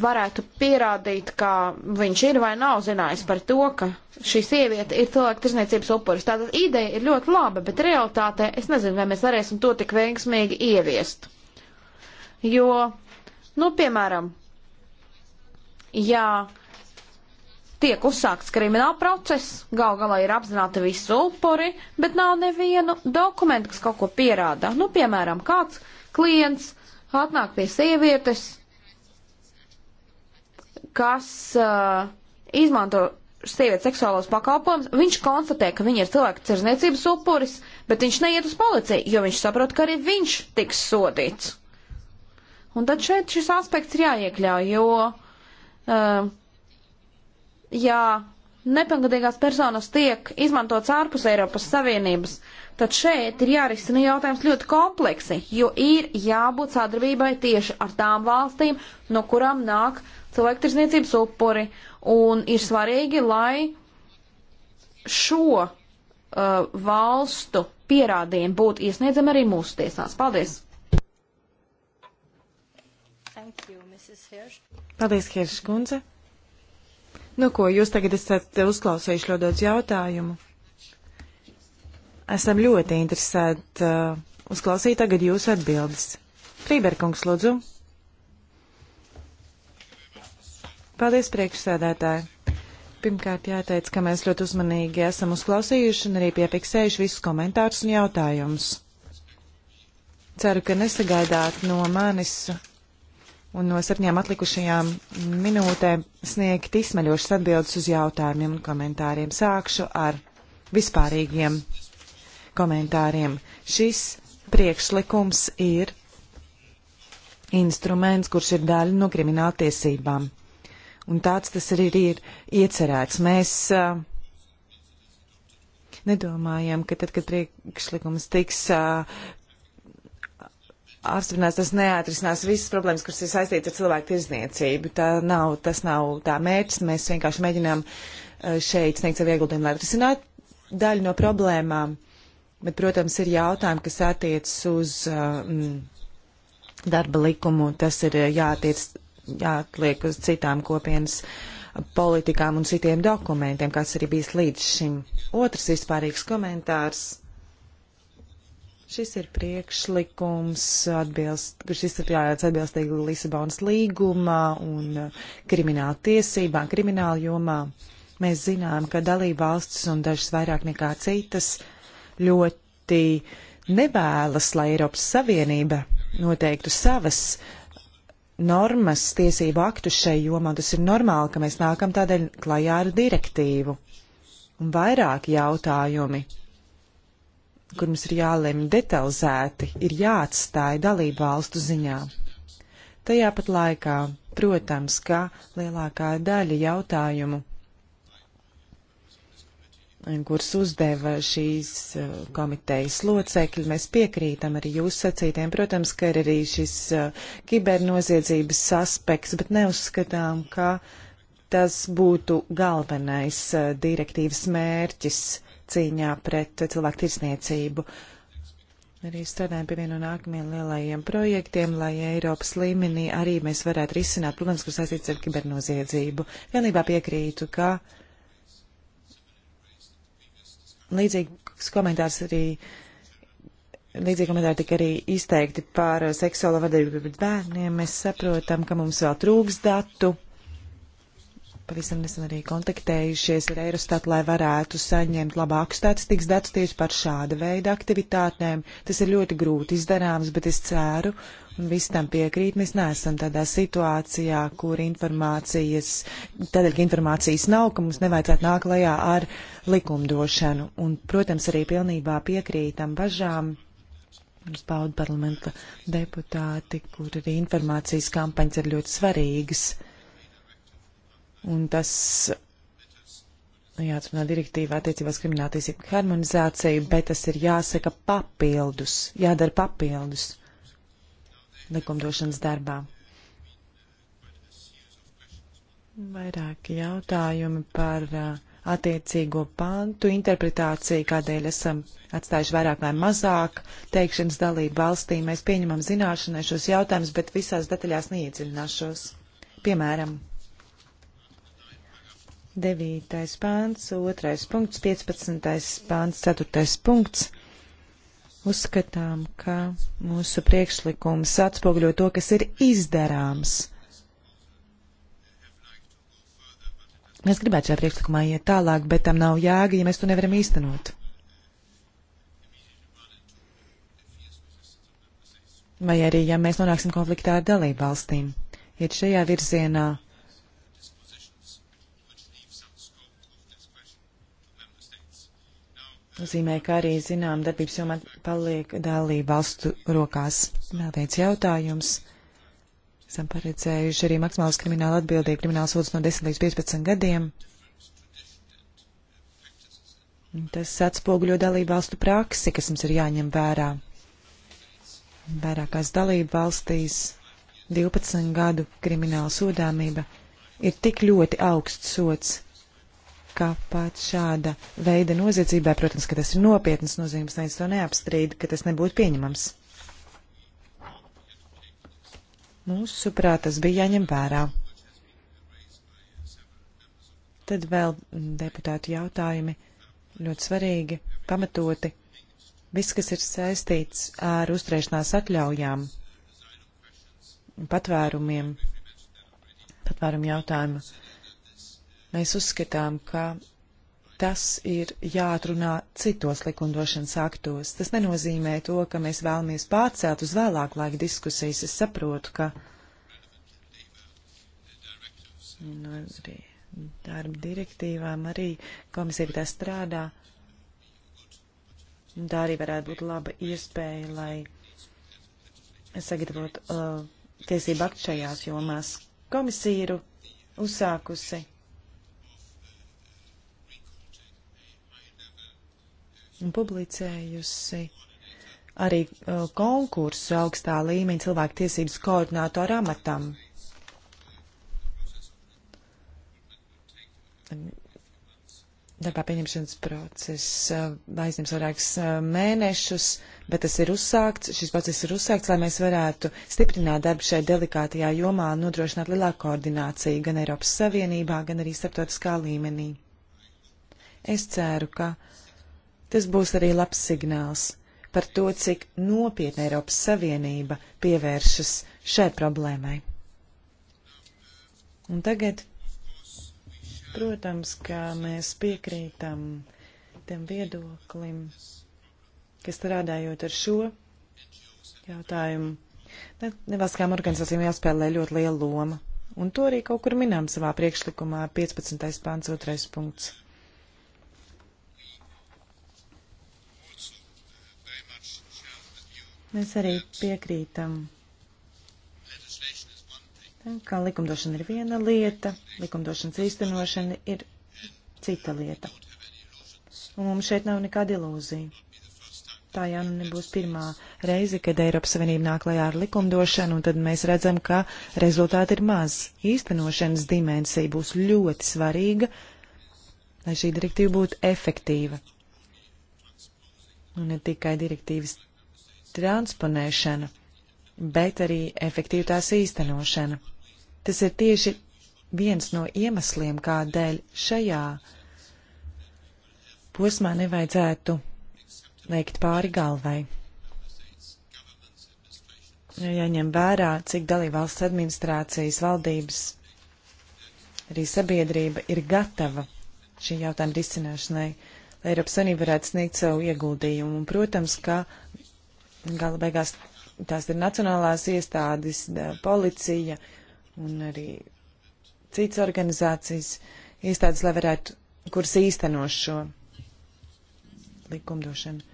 varētu pierādīt, ka viņš ir vai nav zinājis par to, ka šī sieviete ir cilvēka tirsniecības upuris. Tātad ideja ir ļoti laba, bet realitātē es nezinu, vai mēs varēsim to tik veiksmīgi ieviest. Jo, nu, piemēram, ja tiek uzsākts krimināla process, gal galā ir apzināti visi upuri, bet nav nevienu dokumentu, kas kaut ko pierāda. Nu, piemēram, kāds klients atnāk pie sievietes, kas uh, izmanto sievietes seksuālos pakalpojumus, viņš konstatē, ka viņa ir cilvēka cirzniecības upuris, bet viņš neiet uz policiju, jo viņš saprot, ka arī viņš tiks sodīts. Un tad šeit šis aspekts ir jāiekļauj, jo, uh, ja nepilngadīgās personas tiek izmantots ārpus Eiropas Savienības, tad šeit ir jārisina jautājums ļoti kompleksi, jo ir jābūt sadarbībai tieši ar tām valstīm, no kurām nāk uh, cilvēktirzniecības upuri, un ir svarīgi, lai šo uh, valstu pierādījumi būtu iesniedzami arī mūsu tiesās. Paldies! Thank you, Mrs. Hirsch. Paldies, Hirsch kundze. Nu ko, jūs tagad esat uzklausījuši ļoti daudz jautājumu. Esam ļoti interesēti uh, uzklausīt tagad jūsu atbildes. Frīberkungs, lūdzu. Paldies, priekšsēdētāji! Pirmkārt, jāteic, ka mēs ļoti uzmanīgi esam uzklausījuši un arī piefiksējuši visus komentārus un jautājumus. Ceru, ka nesagaidāt no manis un no septiņām atlikušajām minūtēm sniegt izsmeļošas atbildes uz jautājumiem un komentāriem. Sākšu ar vispārīgiem komentāriem. Šis priekšlikums ir instruments, kurš ir daļa no krimināla tiesībām. Un tāds tas arī ir iecerēts. Mēs uh, nedomājam, ka tad, kad priekšlikums tiks uh, apstiprinās, tas neatrisinās visas problēmas, kuras ir saistītas ar cilvēku tirzniecību. Tā nav, tas nav tā mērķis. Mēs vienkārši mēģinām uh, šeit sniegt savu ieguldījumu, lai atrisinātu daļu no problēmām. Bet, protams, ir jautājumi, kas attiecas uz um, darba likumu. Tas ir uh, jātiec jāatliek uz citām kopienas politikām un citiem dokumentiem, kas arī bijis līdz šim. Otrs vispārīgs komentārs. Šis ir priekšlikums, atbilst, kurš izstrādāts atbilstīgi Lisabonas līgumā un krimināla tiesībām, krimināla jomā. Mēs zinām, ka dalība valstis un dažas vairāk nekā citas ļoti nevēlas, lai Eiropas Savienība noteiktu savas uh, normas, tiesību aktus šai jomā. Tas ir normāli, ka mēs nākam tādēļ klajā ar direktīvu. Un vairāk jautājumi, kur mums ir jālemj detalizēti, ir jāatstāja dalību valstu ziņā. Tajā pat laikā, protams, ka lielākā daļa jautājumu kurus uzdeva šīs eh, komitejas locekļi. Mēs piekrītam arī jūsu sacītēm. Protams, ka ir arī šis eh, kibernoziedzības aspekts, bet neuzskatām, ka tas būtu galvenais eh, direktīvas mērķis cīņā pret cilvēku tirsniecību. Arī strādājam pie vienu nākamajiem lielajiem projektiem, lai Eiropas līmenī arī mēs varētu risināt, protams, kas saistīts ar kibernoziedzību. Vienībā piekrītu, ka uh, Līdzīgs komentārs arī, līdzīgi komentāri tika arī izteikti par seksuālo vadību pret bērniem. Mēs saprotam, ka mums vēl trūks datu. Pavisam nesen arī kontaktējušies ar Eirostat, lai varētu saņemt labāku statistikas datus tieši par šāda veida aktivitātēm. Tas ir ļoti grūti izdarāms, bet es ceru, uh, un viss tam piekrīt. Mēs neesam tādā situācijā, kur informācijas, tādēļ, ka informācijas nav, ka mums nevajadzētu nākt lajā ar likumdošanu. Un, protams, arī pilnībā piekrītam bažām. Mums pauda parlamenta deputāti, kur arī informācijas kampaņas ir ļoti svarīgas. Un tas nu, jāatcerās direktīvā attiecībās krimināltiesību harmonizāciju, bet tas ir jāsaka papildus, jādara papildus likumdošanas darbā. Vairāki jautājumi par uh, attiecīgo pantu interpretāciju, kādēļ esam atstājuši vairāk vai mazāk teikšanas dalību valstī. Mēs pieņemam zināšanai šos jautājumus, bet visās detaļās neiedziļināšos. Piemēram, 9. pāns, 2. punkts, 15. pāns, 4. punkts Uzskatām, ka mūsu priekšlikums atspoguļo to, kas ir izdarāms. Mēs gribētu šajā priekšlikumā iet tālāk, bet tam nav jēga, ja mēs to nevaram īstenot. Vai arī, ja mēs nonāksim konfliktā ar dalību valstīm, iet šajā virzienā nozīmē, ka arī zinām darbības jomā paliek dalība valstu rokās. Vēl viens jautājums. Esam paredzējuši arī maksimālas krimināla atbildību krimināla sodas no 10 līdz 15 gadiem. Tas atspoguļo dalību valstu praksi, kas mums ir jāņem vērā. Vairākās dalību valstīs 12 gadu krimināla sodāmība ir tik ļoti augsts sots ka pat šāda veida noziedzībai, protams, ka tas ir nopietnas nozīmes, neviens to neapstrīd, ka tas nebūtu pieņemams. Mūsuprāt, tas bija jāņem vērā. Tad vēl deputātu jautājumi ļoti svarīgi, pamatoti. Viss, kas ir saistīts ar uzturēšanās atļaujām, patvērumiem, patvērumu jautājumu. Mēs uzskatām, ka tas ir jāatrunā citos likumdošanas aktos. Tas nenozīmē to, ka mēs vēlamies pārcelt uz vēlāku laiku diskusijas. Es saprotu, ka nu, arī darba direktīvām arī komisija pie tā strādā. Tā arī varētu būt laba iespēja, lai sagatavot uh, tiesību aktu šajās jomās. Komisija ir uzsākusi un publicējusi arī uh, konkursu augstā līmeņa cilvēku tiesības koordinātoru amatam. Darbā pieņemšanas process uh, aizņems vairākus uh, mēnešus, bet tas ir uzsākts, šis process ir uzsākts, lai mēs varētu stiprināt darbu šajā delikātajā jomā un nodrošināt lielāku koordināciju gan Eiropas Savienībā, gan arī starptautiskā līmenī. Es ceru, ka uh, Tas būs arī labs signāls par to, cik nopietni Eiropas Savienība pievēršas šai problēmai. Un tagad, protams, kā mēs piekrītam tam viedoklim, kas strādājot ar šo jautājumu, nevalstiskām organizācijām jāspēlē ļoti liela loma. Un to arī kaut kur minām savā priekšlikumā 15. pāns 2. punkts. Mēs arī piekrītam ka likumdošana ir viena lieta, likumdošanas īstenošana ir cita lieta. Un mums šeit nav nekāda ilūzija. Tā jau nu nebūs pirmā reize, kad Eiropas Savienība nāk lajā ar likumdošanu, un tad mēs redzam, ka rezultāti ir maz. Īstenošanas dimensija būs ļoti svarīga, lai šī direktīva būtu efektīva. Un ne tikai direktīvas transponēšana, bet arī efektīva tās īstenošana. Tas ir tieši viens no iemesliem, kādēļ šajā posmā nevajadzētu liekt pāri galvai. Jaņem vērā, cik dalībvalsts administrācijas valdības arī sabiedrība ir gatava šī jautājuma risināšanai, lai Eiropas Savienība varētu sniegt savu ieguldījumu. Un, protams, ka uh, Gala beigās tās ir nacionālās iestādes, policija un arī citas organizācijas iestādes, lai varētu, kuras īsteno šo likumdošanu.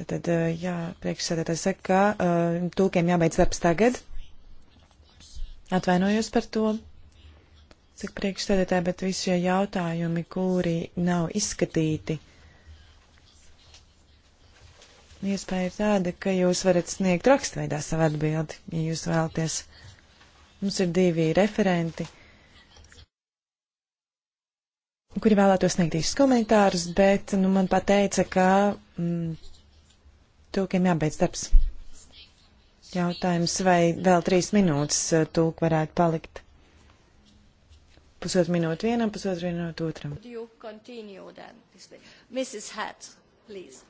Tātad, jā, priekšsēdētājs saka, ka uh, tūkiem jābeidz darbs tagad. Atvainojos par to, cik priekšsēdētāji, bet visi šie jautājumi, kuri nav izskatīti. Iespēja ir tāda, ka jūs varat sniegt rakstveidā savu atbildi, ja jūs vēlaties. Mums ir divi referenti, kuri vēlētos sniegt īsus komentārus, bet nu, man pateica, ka mm, tūkiem jābeidz darbs. Jautājums, vai vēl trīs minūtes eh, tūk varētu palikt? Pusotru minūtu vienam, pusotru minūtu otram. Mrs. Hat, please.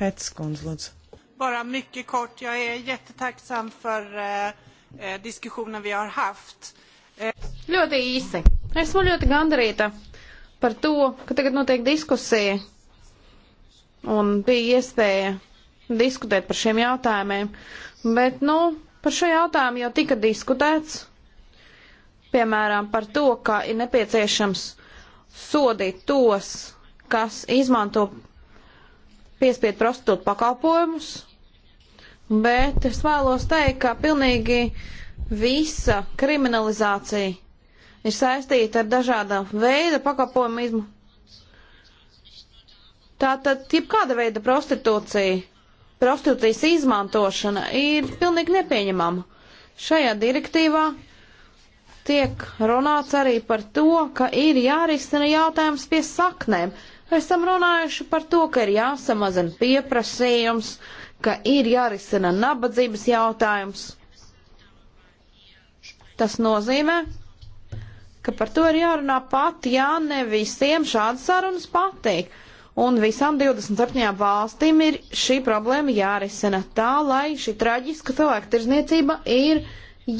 Hetskons, lūdzu. Bara mycket kort. Jag är jättetacksam för eh, eh diskussionen vi har haft. Eh. Ļoti īsi. Esmu ļoti gandarīta par to, ka tagad notiek diskusija un bija iespēja diskutēt par šiem jautājumiem. Bet, nu, par šo jautājumu jau tika diskutēts. Piemēram, par to, ka ir nepieciešams sodīt tos, kas izmanto piespied prostitūtu pakalpojumus, bet es vēlos teikt, ka pilnīgi visa kriminalizācija ir saistīta ar dažāda veida pakalpojumismu. Tātad, jebkāda veida prostitūcija, prostitūcijas izmantošana ir pilnīgi nepieņemama. Šajā direktīvā tiek runāts arī par to, ka ir jārisina jautājums pie saknēm esam runājuši par to, ka ir jāsamazina pieprasījums, ka ir jārisina nabadzības jautājums. Tas nozīmē, ka par to ir jārunā pat, ja ne visiem šādas sarunas patīk. Un visām 27 valstīm ir šī problēma jārisina tā, lai šī traģiska cilvēka tirzniecība ir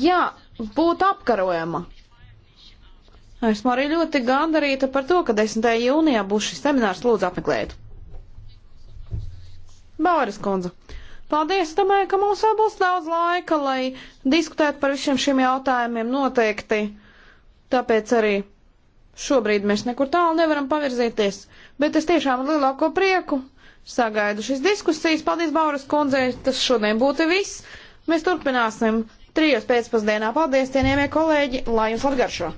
jā, būtu apkarojama. Esmu arī ļoti gandarīta par to, ka 10. jūnijā būs šis seminārs. Lūdzu, apmeklējiet! Bāris Kundze. Paldies, domāju, ka mums vēl būs daudz laika, lai diskutētu par visiem šiem jautājumiem noteikti. Tāpēc arī šobrīd mēs nekur tālu nevaram pavirzīties. Bet es tiešām ar lielāko prieku sagaidu šīs diskusijas. Paldies, Bāris Kundzei, tas šodien būtu viss. Mēs turpināsim trijos pēcpusdienā. Paldies, cienījamie kolēģi, lai jums atgaršo!